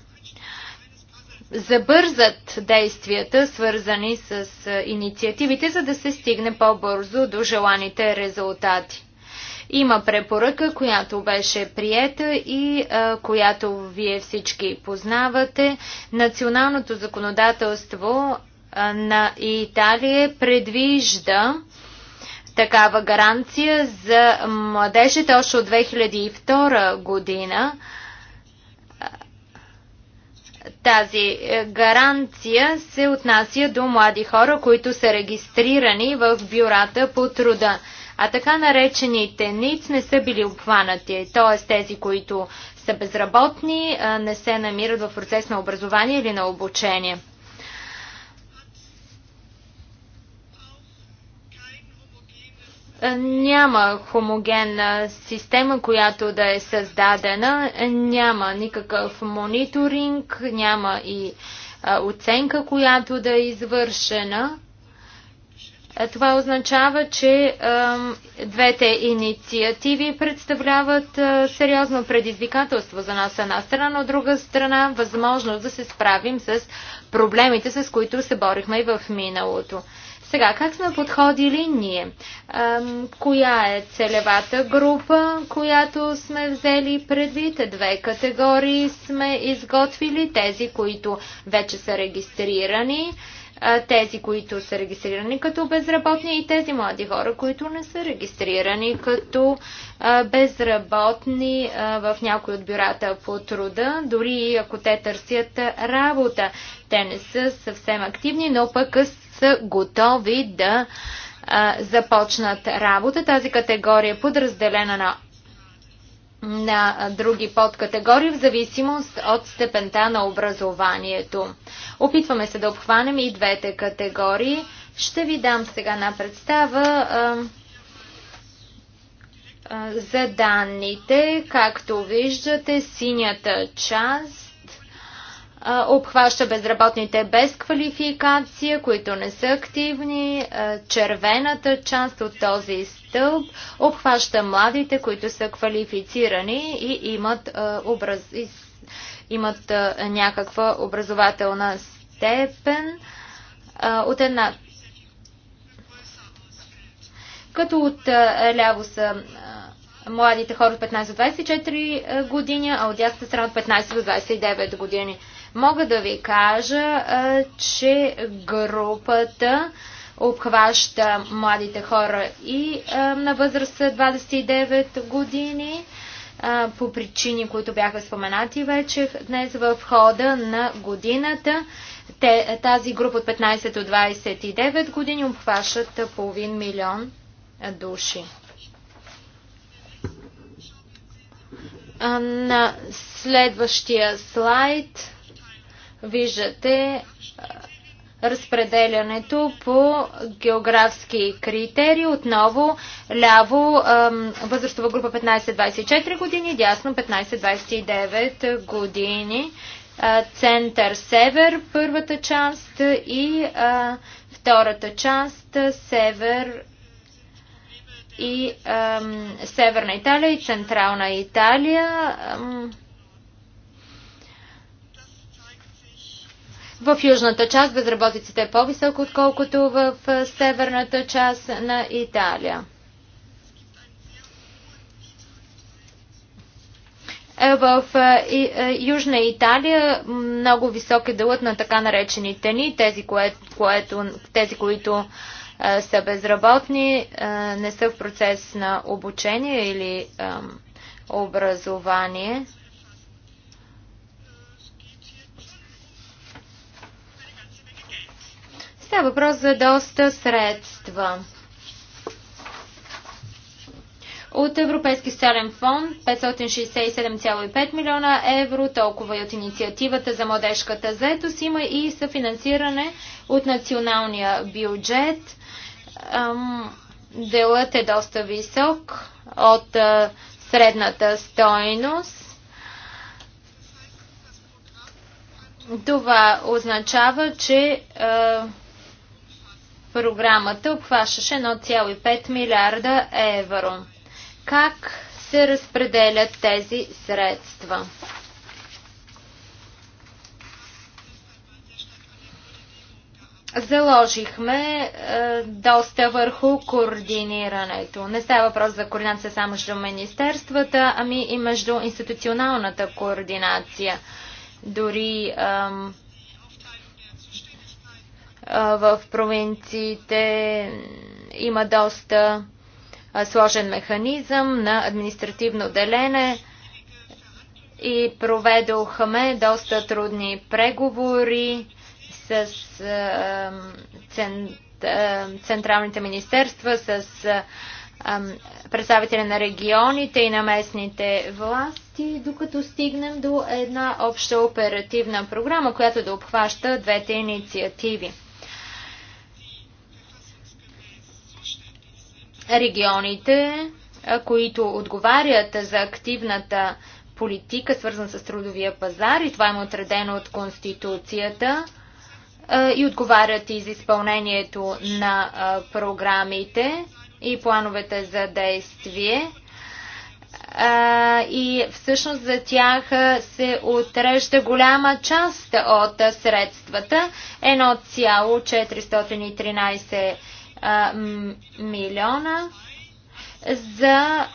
забързат действията, свързани с инициативите, за да се стигне по-бързо до желаните резултати. Има препоръка, която беше приета и а, която вие всички познавате. Националното законодателство а, на Италия предвижда такава гаранция за младежите още от 2002 година. Тази е, гаранция се отнася до млади хора, които са регистрирани в бюрата по труда. А така наречените ниц не са били обхванати, т.е. тези, които са безработни, не се намират в процес на образование или на обучение. Няма хомогенна система, която да е създадена, няма никакъв мониторинг, няма и оценка, която да е извършена. Това означава, че двете инициативи представляват сериозно предизвикателство за нас една страна, но друга страна възможност да се справим с проблемите, с които се борихме и в миналото. Сега, как сме подходили ние? Коя е целевата група, която сме взели предвид? Две категории сме изготвили. Тези, които вече са регистрирани, тези, които са регистрирани като безработни и тези млади хора, които не са регистрирани като безработни в някои от бюрата по труда, дори ако те търсят работа. Те не са съвсем активни, но пък са готови да а, започнат работа. Тази категория е подразделена на на други подкатегории в зависимост от степента на образованието. Опитваме се да обхванем и двете категории. Ще ви дам сега на представа а, а, за данните. Както виждате, синята част обхваща безработните без квалификация, които не са активни, червената част от този стълб обхваща младите, които са квалифицирани и имат, образ... имат някаква образователна степен. От една като от ляво са младите хора от 15 до 24 години, а от дясната страна от 15 до 29 години. Мога да ви кажа, че групата обхваща младите хора и на възраст 29 години по причини, които бяха споменати вече днес в хода на годината. Те, тази група от 15 до 29 години обхващат половин милион души. На следващия слайд Виждате разпределянето по географски критерии. Отново ляво възрастова група 15-24 години, дясно 15-29 години. Център-север първата част и а, втората част север и а, Северна Италия и Централна Италия. А, В южната част безработицата е по-висока, отколкото в северната част на Италия. Е, в е, е, Южна Италия много висок е делът на така наречените ни, тези, кое, което, тези които са безработни, не са в процес на обучение или образование. Става въпрос за доста средства. От Европейски социален фонд 567,5 милиона евро, толкова и от инициативата за младежката заетост има и съфинансиране от националния бюджет. Делът е доста висок от средната стойност. Това означава, че Програмата обхващаше 1,5 милиарда евро. Как се разпределят тези средства? заложихме е, доста върху координирането. Не става въпрос за координация само между министерствата, ами и между институционалната координация. Дори е, в провинциите има доста сложен механизъм на административно делене и проведохме доста трудни преговори с централните министерства, с представители на регионите и на местните власти, докато стигнем до една обща оперативна програма, която да обхваща двете инициативи. регионите, които отговарят за активната политика, свързана с трудовия пазар, и това е отредено от Конституцията, и отговарят и за изпълнението на програмите и плановете за действие. И всъщност за тях се отрежда голяма част от средствата 1,413 милиона. За,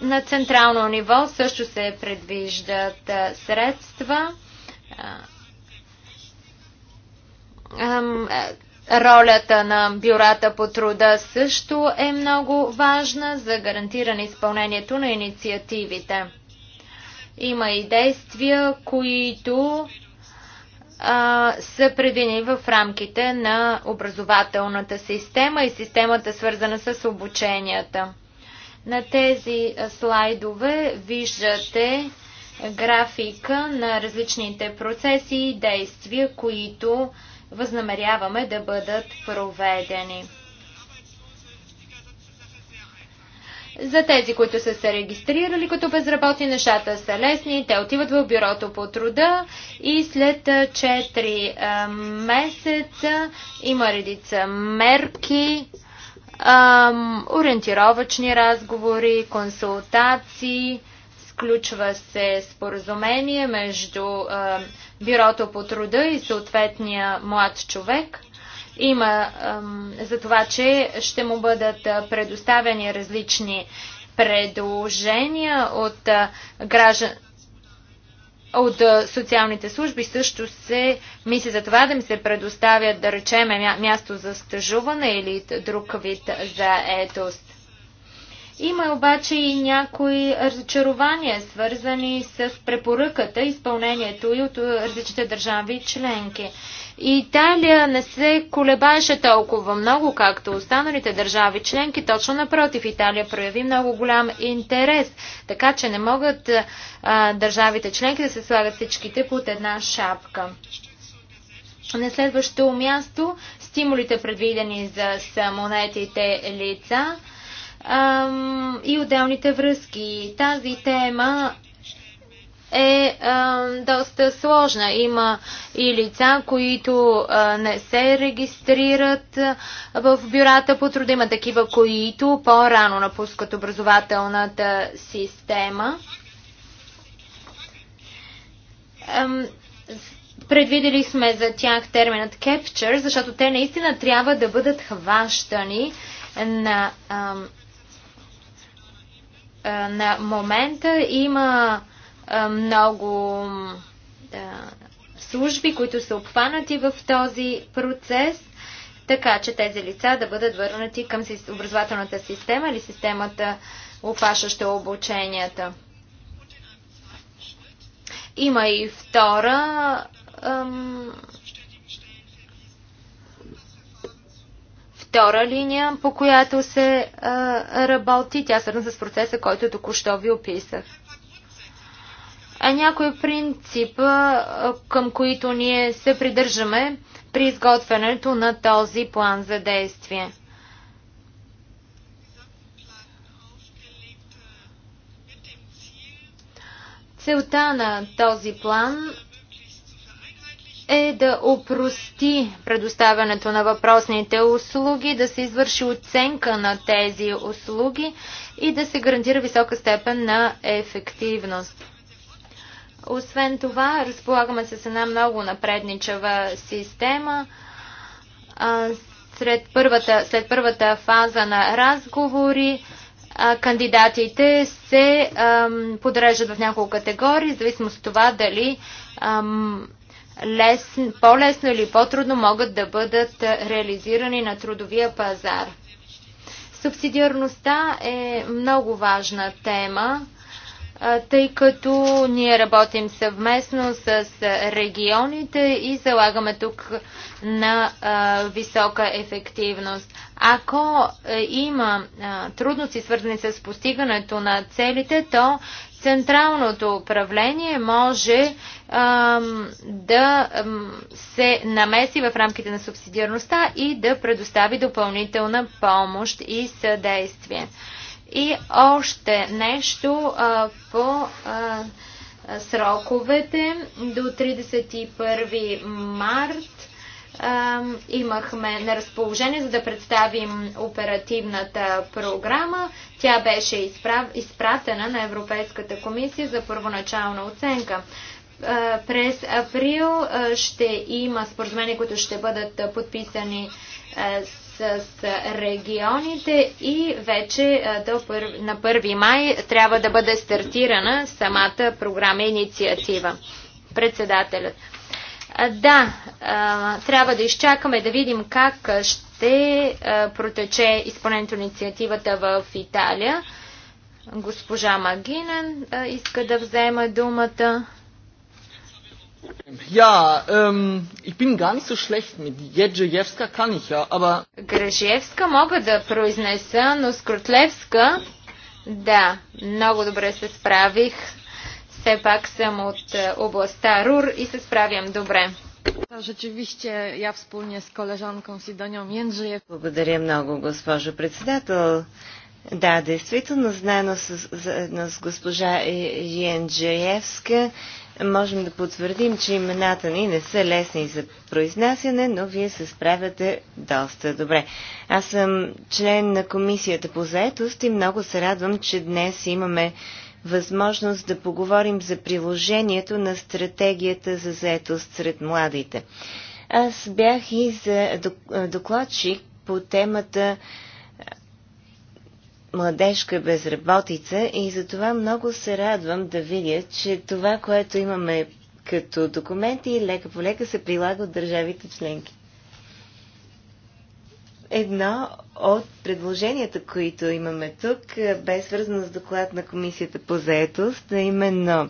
на централно ниво също се предвиждат средства ролята на бюрата по труда също е много важна за гарантиране изпълнението на инициативите. Има и действия, които а, са предвидени в рамките на образователната система и системата свързана с обученията. На тези слайдове виждате графика на различните процеси и действия, които възнамеряваме да бъдат проведени. За тези, които са се регистрирали като безработни, нещата са лесни. Те отиват в бюрото по труда и след 4 месеца има редица мерки, ориентировачни разговори, консултации, сключва се споразумение между бюрото по труда и съответния млад човек – има за това, че ще му бъдат предоставени различни предложения от граждан от социалните служби също се мисли за това да ми се предоставят, да речеме, място за стъжуване или друг вид за етост. Има обаче и някои разочарования, свързани с препоръката, изпълнението и от различните държави членки. Италия не се колебаеше толкова много, както останалите държави членки. Точно напротив, Италия прояви много голям интерес. Така че не могат а, държавите членки да се слагат всичките под една шапка. На следващото място стимулите предвидени за самонетите лица и отделните връзки. Тази тема е а, доста сложна. Има и лица, които а, не се регистрират в бюрата по труда. Има такива, които по-рано напускат образователната система. Ам, предвидели сме за тях терминът capture, защото те наистина трябва да бъдат хващани на, на момента. Има много служби, които са обхванати в този процес, така че тези лица да бъдат върнати към образователната система или системата опашаща обученията. Има и втора втора линия, по която се а, работи. Тя е свързана с процеса, който току-що ви описах а някои принципа, към които ние се придържаме при изготвянето на този план за действие. Целта на този план е да опрости предоставянето на въпросните услуги, да се извърши оценка на тези услуги и да се гарантира висока степен на ефективност. Освен това, разполагаме се с една много напредничава система. След първата, след първата фаза на разговори, кандидатите се подреждат в няколко категории, зависимо от това дали лесн, по-лесно или по-трудно могат да бъдат реализирани на трудовия пазар. Субсидиарността е много важна тема тъй като ние работим съвместно с регионите и залагаме тук на висока ефективност. Ако има трудности свързани с постигането на целите, то Централното управление може ам, да ам, се намеси в рамките на субсидиарността и да предостави допълнителна помощ и съдействие. И още нещо а, по а, сроковете до 31 март а, имахме на разположение, за да представим оперативната програма. Тя беше изправ... изпратена на Европейската комисия за първоначална оценка през април ще има споразумения, които ще бъдат подписани с регионите и вече на 1 май трябва да бъде стартирана самата програма инициатива. Председателят. Да, трябва да изчакаме да видим как ще протече изпълнението на инициативата в Италия. Госпожа Магинен иска да взема думата. Ja, ähm, ich bin gar nicht so schlecht mit Jedzejewska, kann ich ja, aber... Grzejewska мога da произнеса, но Skrutlewska, da, mnogo много se spravih. справих. Все пак съм от областта Рур и се справям добре. Rzeczywiście ja wspólnie z koleżanką Sidonią Jędrzejew. Благодаря много, госпожо председател. Да, действително, заедно с, с, с госпожа Янджеевска можем да потвърдим, че имената ни не са лесни за произнасяне, но вие се справяте доста добре. Аз съм член на Комисията по заетост и много се радвам, че днес имаме възможност да поговорим за приложението на стратегията за заетост сред младите. Аз бях и за докладчик по темата младежка безработица и затова много се радвам да видя, че това, което имаме като документи, лека по лека се прилага от държавите членки. Едно от предложенията, които имаме тук, е, бе свързано с доклад на Комисията по заетост, а именно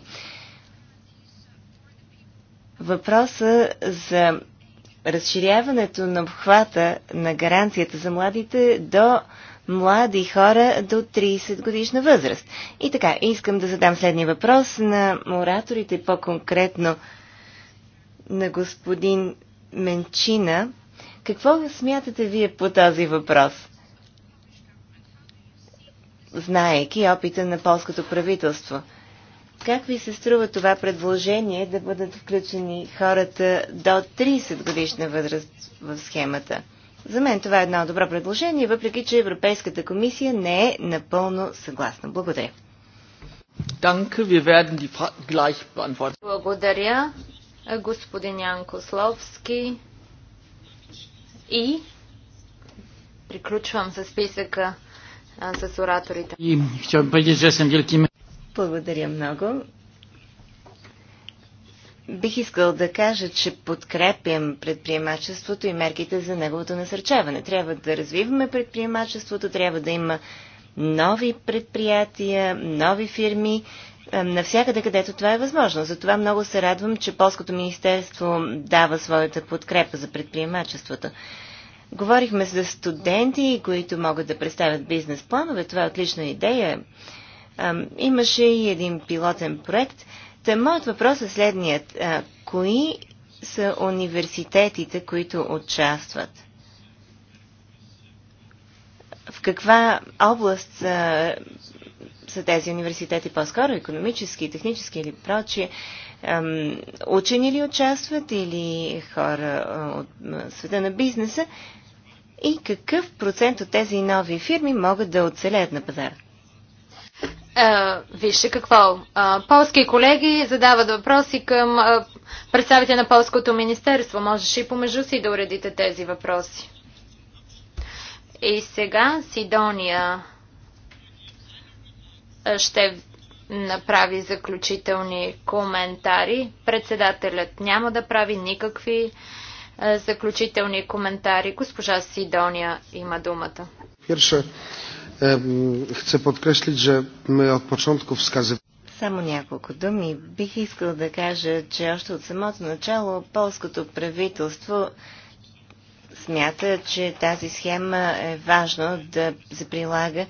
въпроса за разширяването на обхвата на гаранцията за младите до млади хора до 30 годишна възраст. И така, искам да задам следния въпрос на мораторите, по-конкретно на господин Менчина. Какво смятате вие по този въпрос? Знаеки опита на полското правителство. Как ви се струва това предложение да бъдат включени хората до 30 годишна възраст в схемата? За мен това е едно добро предложение, въпреки че Европейската комисия не е напълно съгласна. Благодаря. Благодаря, господин Янкословски. И приключвам с списъка а, с ораторите. И, Благодаря много. Бих искал да кажа, че подкрепям предприемачеството и мерките за неговото насърчаване. Трябва да развиваме предприемачеството, трябва да има нови предприятия, нови фирми, е, навсякъде, където това е възможно. Затова много се радвам, че Полското министерство дава своята подкрепа за предприемачеството. Говорихме за студенти, които могат да представят бизнес планове. Това е отлична идея. Имаше и един пилотен проект – Та моят въпрос е следният. А, кои са университетите, които участват? В каква област са, са тези университети по-скоро? Економически, технически или прочи, Учени ли участват или хора от света на бизнеса? И какъв процент от тези нови фирми могат да оцелеят на пазара? А, е, вижте какво. Е, полски колеги задават въпроси към е, представите на Полското министерство. Можеше и помежду си да уредите тези въпроси. И сега Сидония ще направи заключителни коментари. Председателят няма да прави никакви заключителни коментари. Госпожа Сидония има думата. Пирше. Chcę podkreślić, że my od początku wskazywaliśmy. Само няколко думи. Бих искал да кажа, че още от самото начало полското правителство смята, че тази схема е важно да се прилага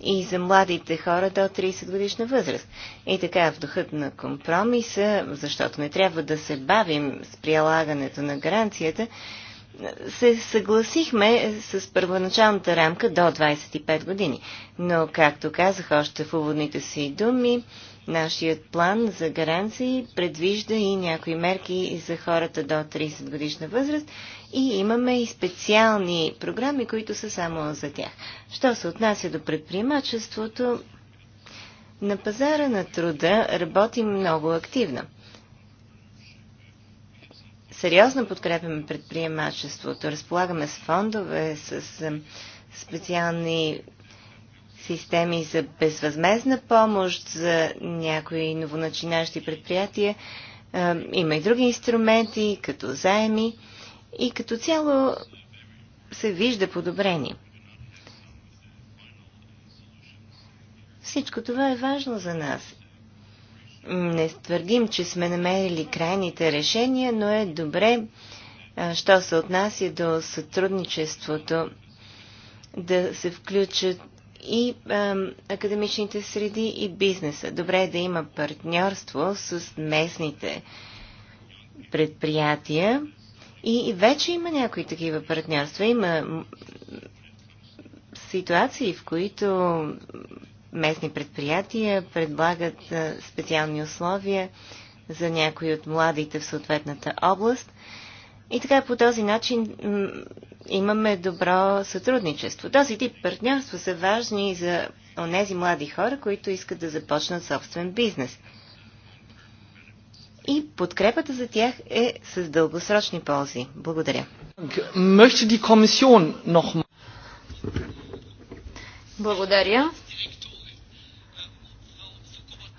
и за младите хора до 30 годишна възраст. И така, в духът на компромиса, защото не трябва да се бавим с прилагането на гаранцията, се съгласихме с първоначалната рамка до 25 години. Но, както казах още в уводните си думи, нашият план за гаранции предвижда и някои мерки за хората до 30 годишна възраст и имаме и специални програми, които са само за тях. Що се отнася до предприемачеството, на пазара на труда работим много активно – сериозно подкрепяме предприемачеството. Разполагаме с фондове, с специални системи за безвъзмезна помощ за някои новоначинащи предприятия. Има и други инструменти, като заеми и като цяло се вижда подобрение. Всичко това е важно за нас не твърдим, че сме намерили крайните решения, но е добре, що се отнася до сътрудничеството, да се включат и а, академичните среди и бизнеса. Добре е да има партньорство с местните предприятия. И вече има някои такива партньорства. Има ситуации, в които местни предприятия предлагат специални условия за някои от младите в съответната област. И така по този начин имаме добро сътрудничество. Този тип партньорства са важни и за онези млади хора, които искат да започнат собствен бизнес. И подкрепата за тях е с дългосрочни ползи. Благодаря. Благодаря.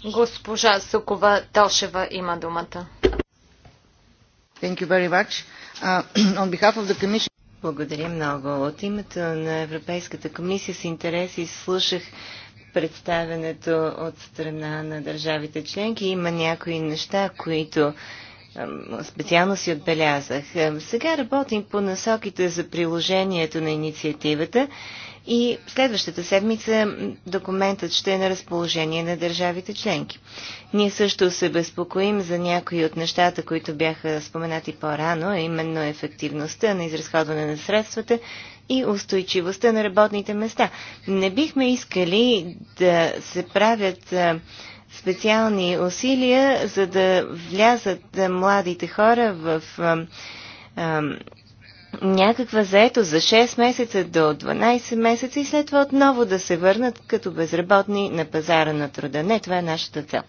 Госпожа Сукова Тошева има думата. Thank you very much. Uh, [CLEARS THROAT] on behalf of the commission... Благодаря много. От името на Европейската комисия с интерес изслушах представенето от страна на държавите членки. Има някои неща, които специално си отбелязах. Сега работим по насоките за приложението на инициативата и следващата седмица документът ще е на разположение на държавите членки. Ние също се безпокоим за някои от нещата, които бяха споменати по-рано, а именно ефективността на изразходване на средствата и устойчивостта на работните места. Не бихме искали да се правят специални усилия, за да влязат е, младите хора в а, е, а, е, някаква заето за 6 месеца до 12 месеца и след това отново да се върнат като безработни на пазара на труда. Не, това е нашата цел.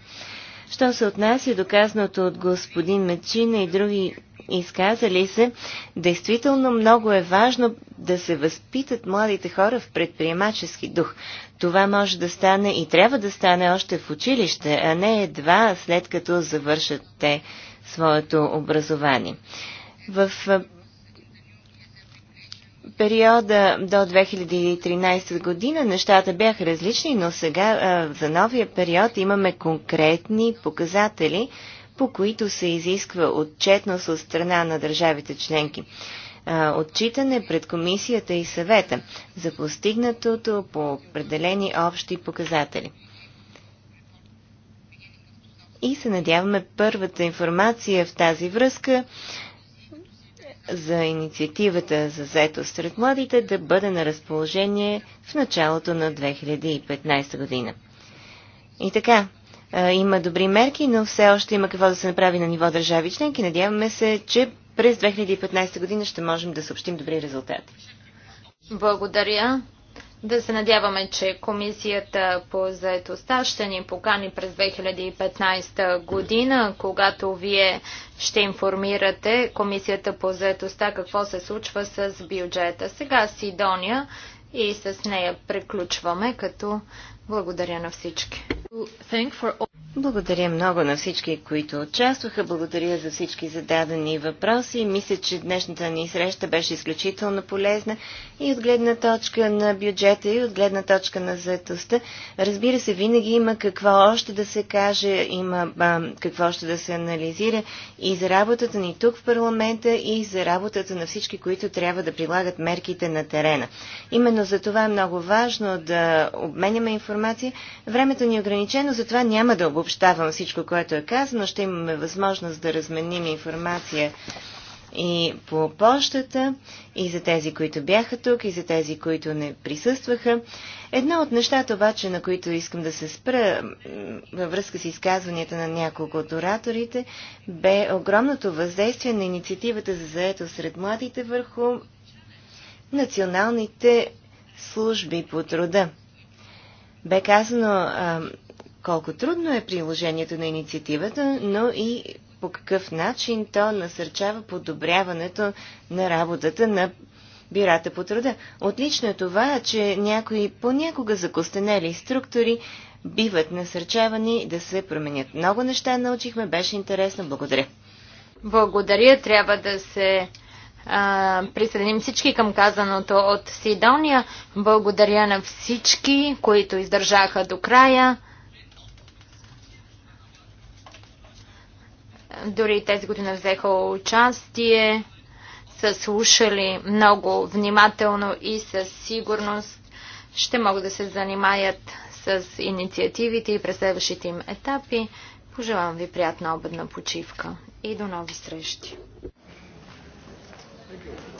Що се отнася до казаното от господин Мечина и други изказали се, действително много е важно да се възпитат младите хора в предприемачески дух. Това може да стане и трябва да стане още в училище, а не едва след като завършат те своето образование. В периода до 2013 година нещата бяха различни, но сега за новия период имаме конкретни показатели, по които се изисква отчетност от страна на държавите членки. Отчитане пред комисията и съвета за постигнатото по определени общи показатели. И се надяваме първата информация в тази връзка за инициативата за заето сред младите да бъде на разположение в началото на 2015 година. И така, е, има добри мерки, но все още има какво да се направи на ниво държави членки. Надяваме се, че през 2015 година ще можем да съобщим добри резултати. Благодаря. Да се надяваме, че комисията по заетостта ще ни покани през 2015 година, когато вие ще информирате комисията по заетостта какво се случва с бюджета. Сега Сидония и с нея приключваме, като благодаря на всички. Благодаря много на всички, които участваха. Благодаря за всички зададени въпроси. Мисля, че днешната ни среща беше изключително полезна и от гледна точка на бюджета, и от гледна точка на заетостта. Разбира се, винаги има какво още да се каже, има какво още да се анализира и за работата ни тук в парламента, и за работата на всички, които трябва да прилагат мерките на терена. Именно за това е много важно да обменяме информация информация. Времето ни е ограничено, затова няма да обобщавам всичко, което е казано. Ще имаме възможност да разменим информация и по почтата, и за тези, които бяха тук, и за тези, които не присъстваха. Едно от нещата обаче, на които искам да се спра във връзка с изказванията на няколко от ораторите, бе огромното въздействие на инициативата за заето сред младите върху националните служби по труда. Бе казано а, колко трудно е приложението на инициативата, но и по какъв начин то насърчава подобряването на работата на бирата по труда. Отлично е това, че някои понякога закостенели структури биват насърчавани да се променят. Много неща научихме, беше интересно. Благодаря. Благодаря. Трябва да се присъединим всички към казаното от Сидония. Благодаря на всички, които издържаха до края. Дори тези, които не взеха участие, са слушали много внимателно и със сигурност ще могат да се занимаят с инициативите и през следващите им етапи. Пожелавам ви приятна обедна почивка и до нови срещи! Thank you.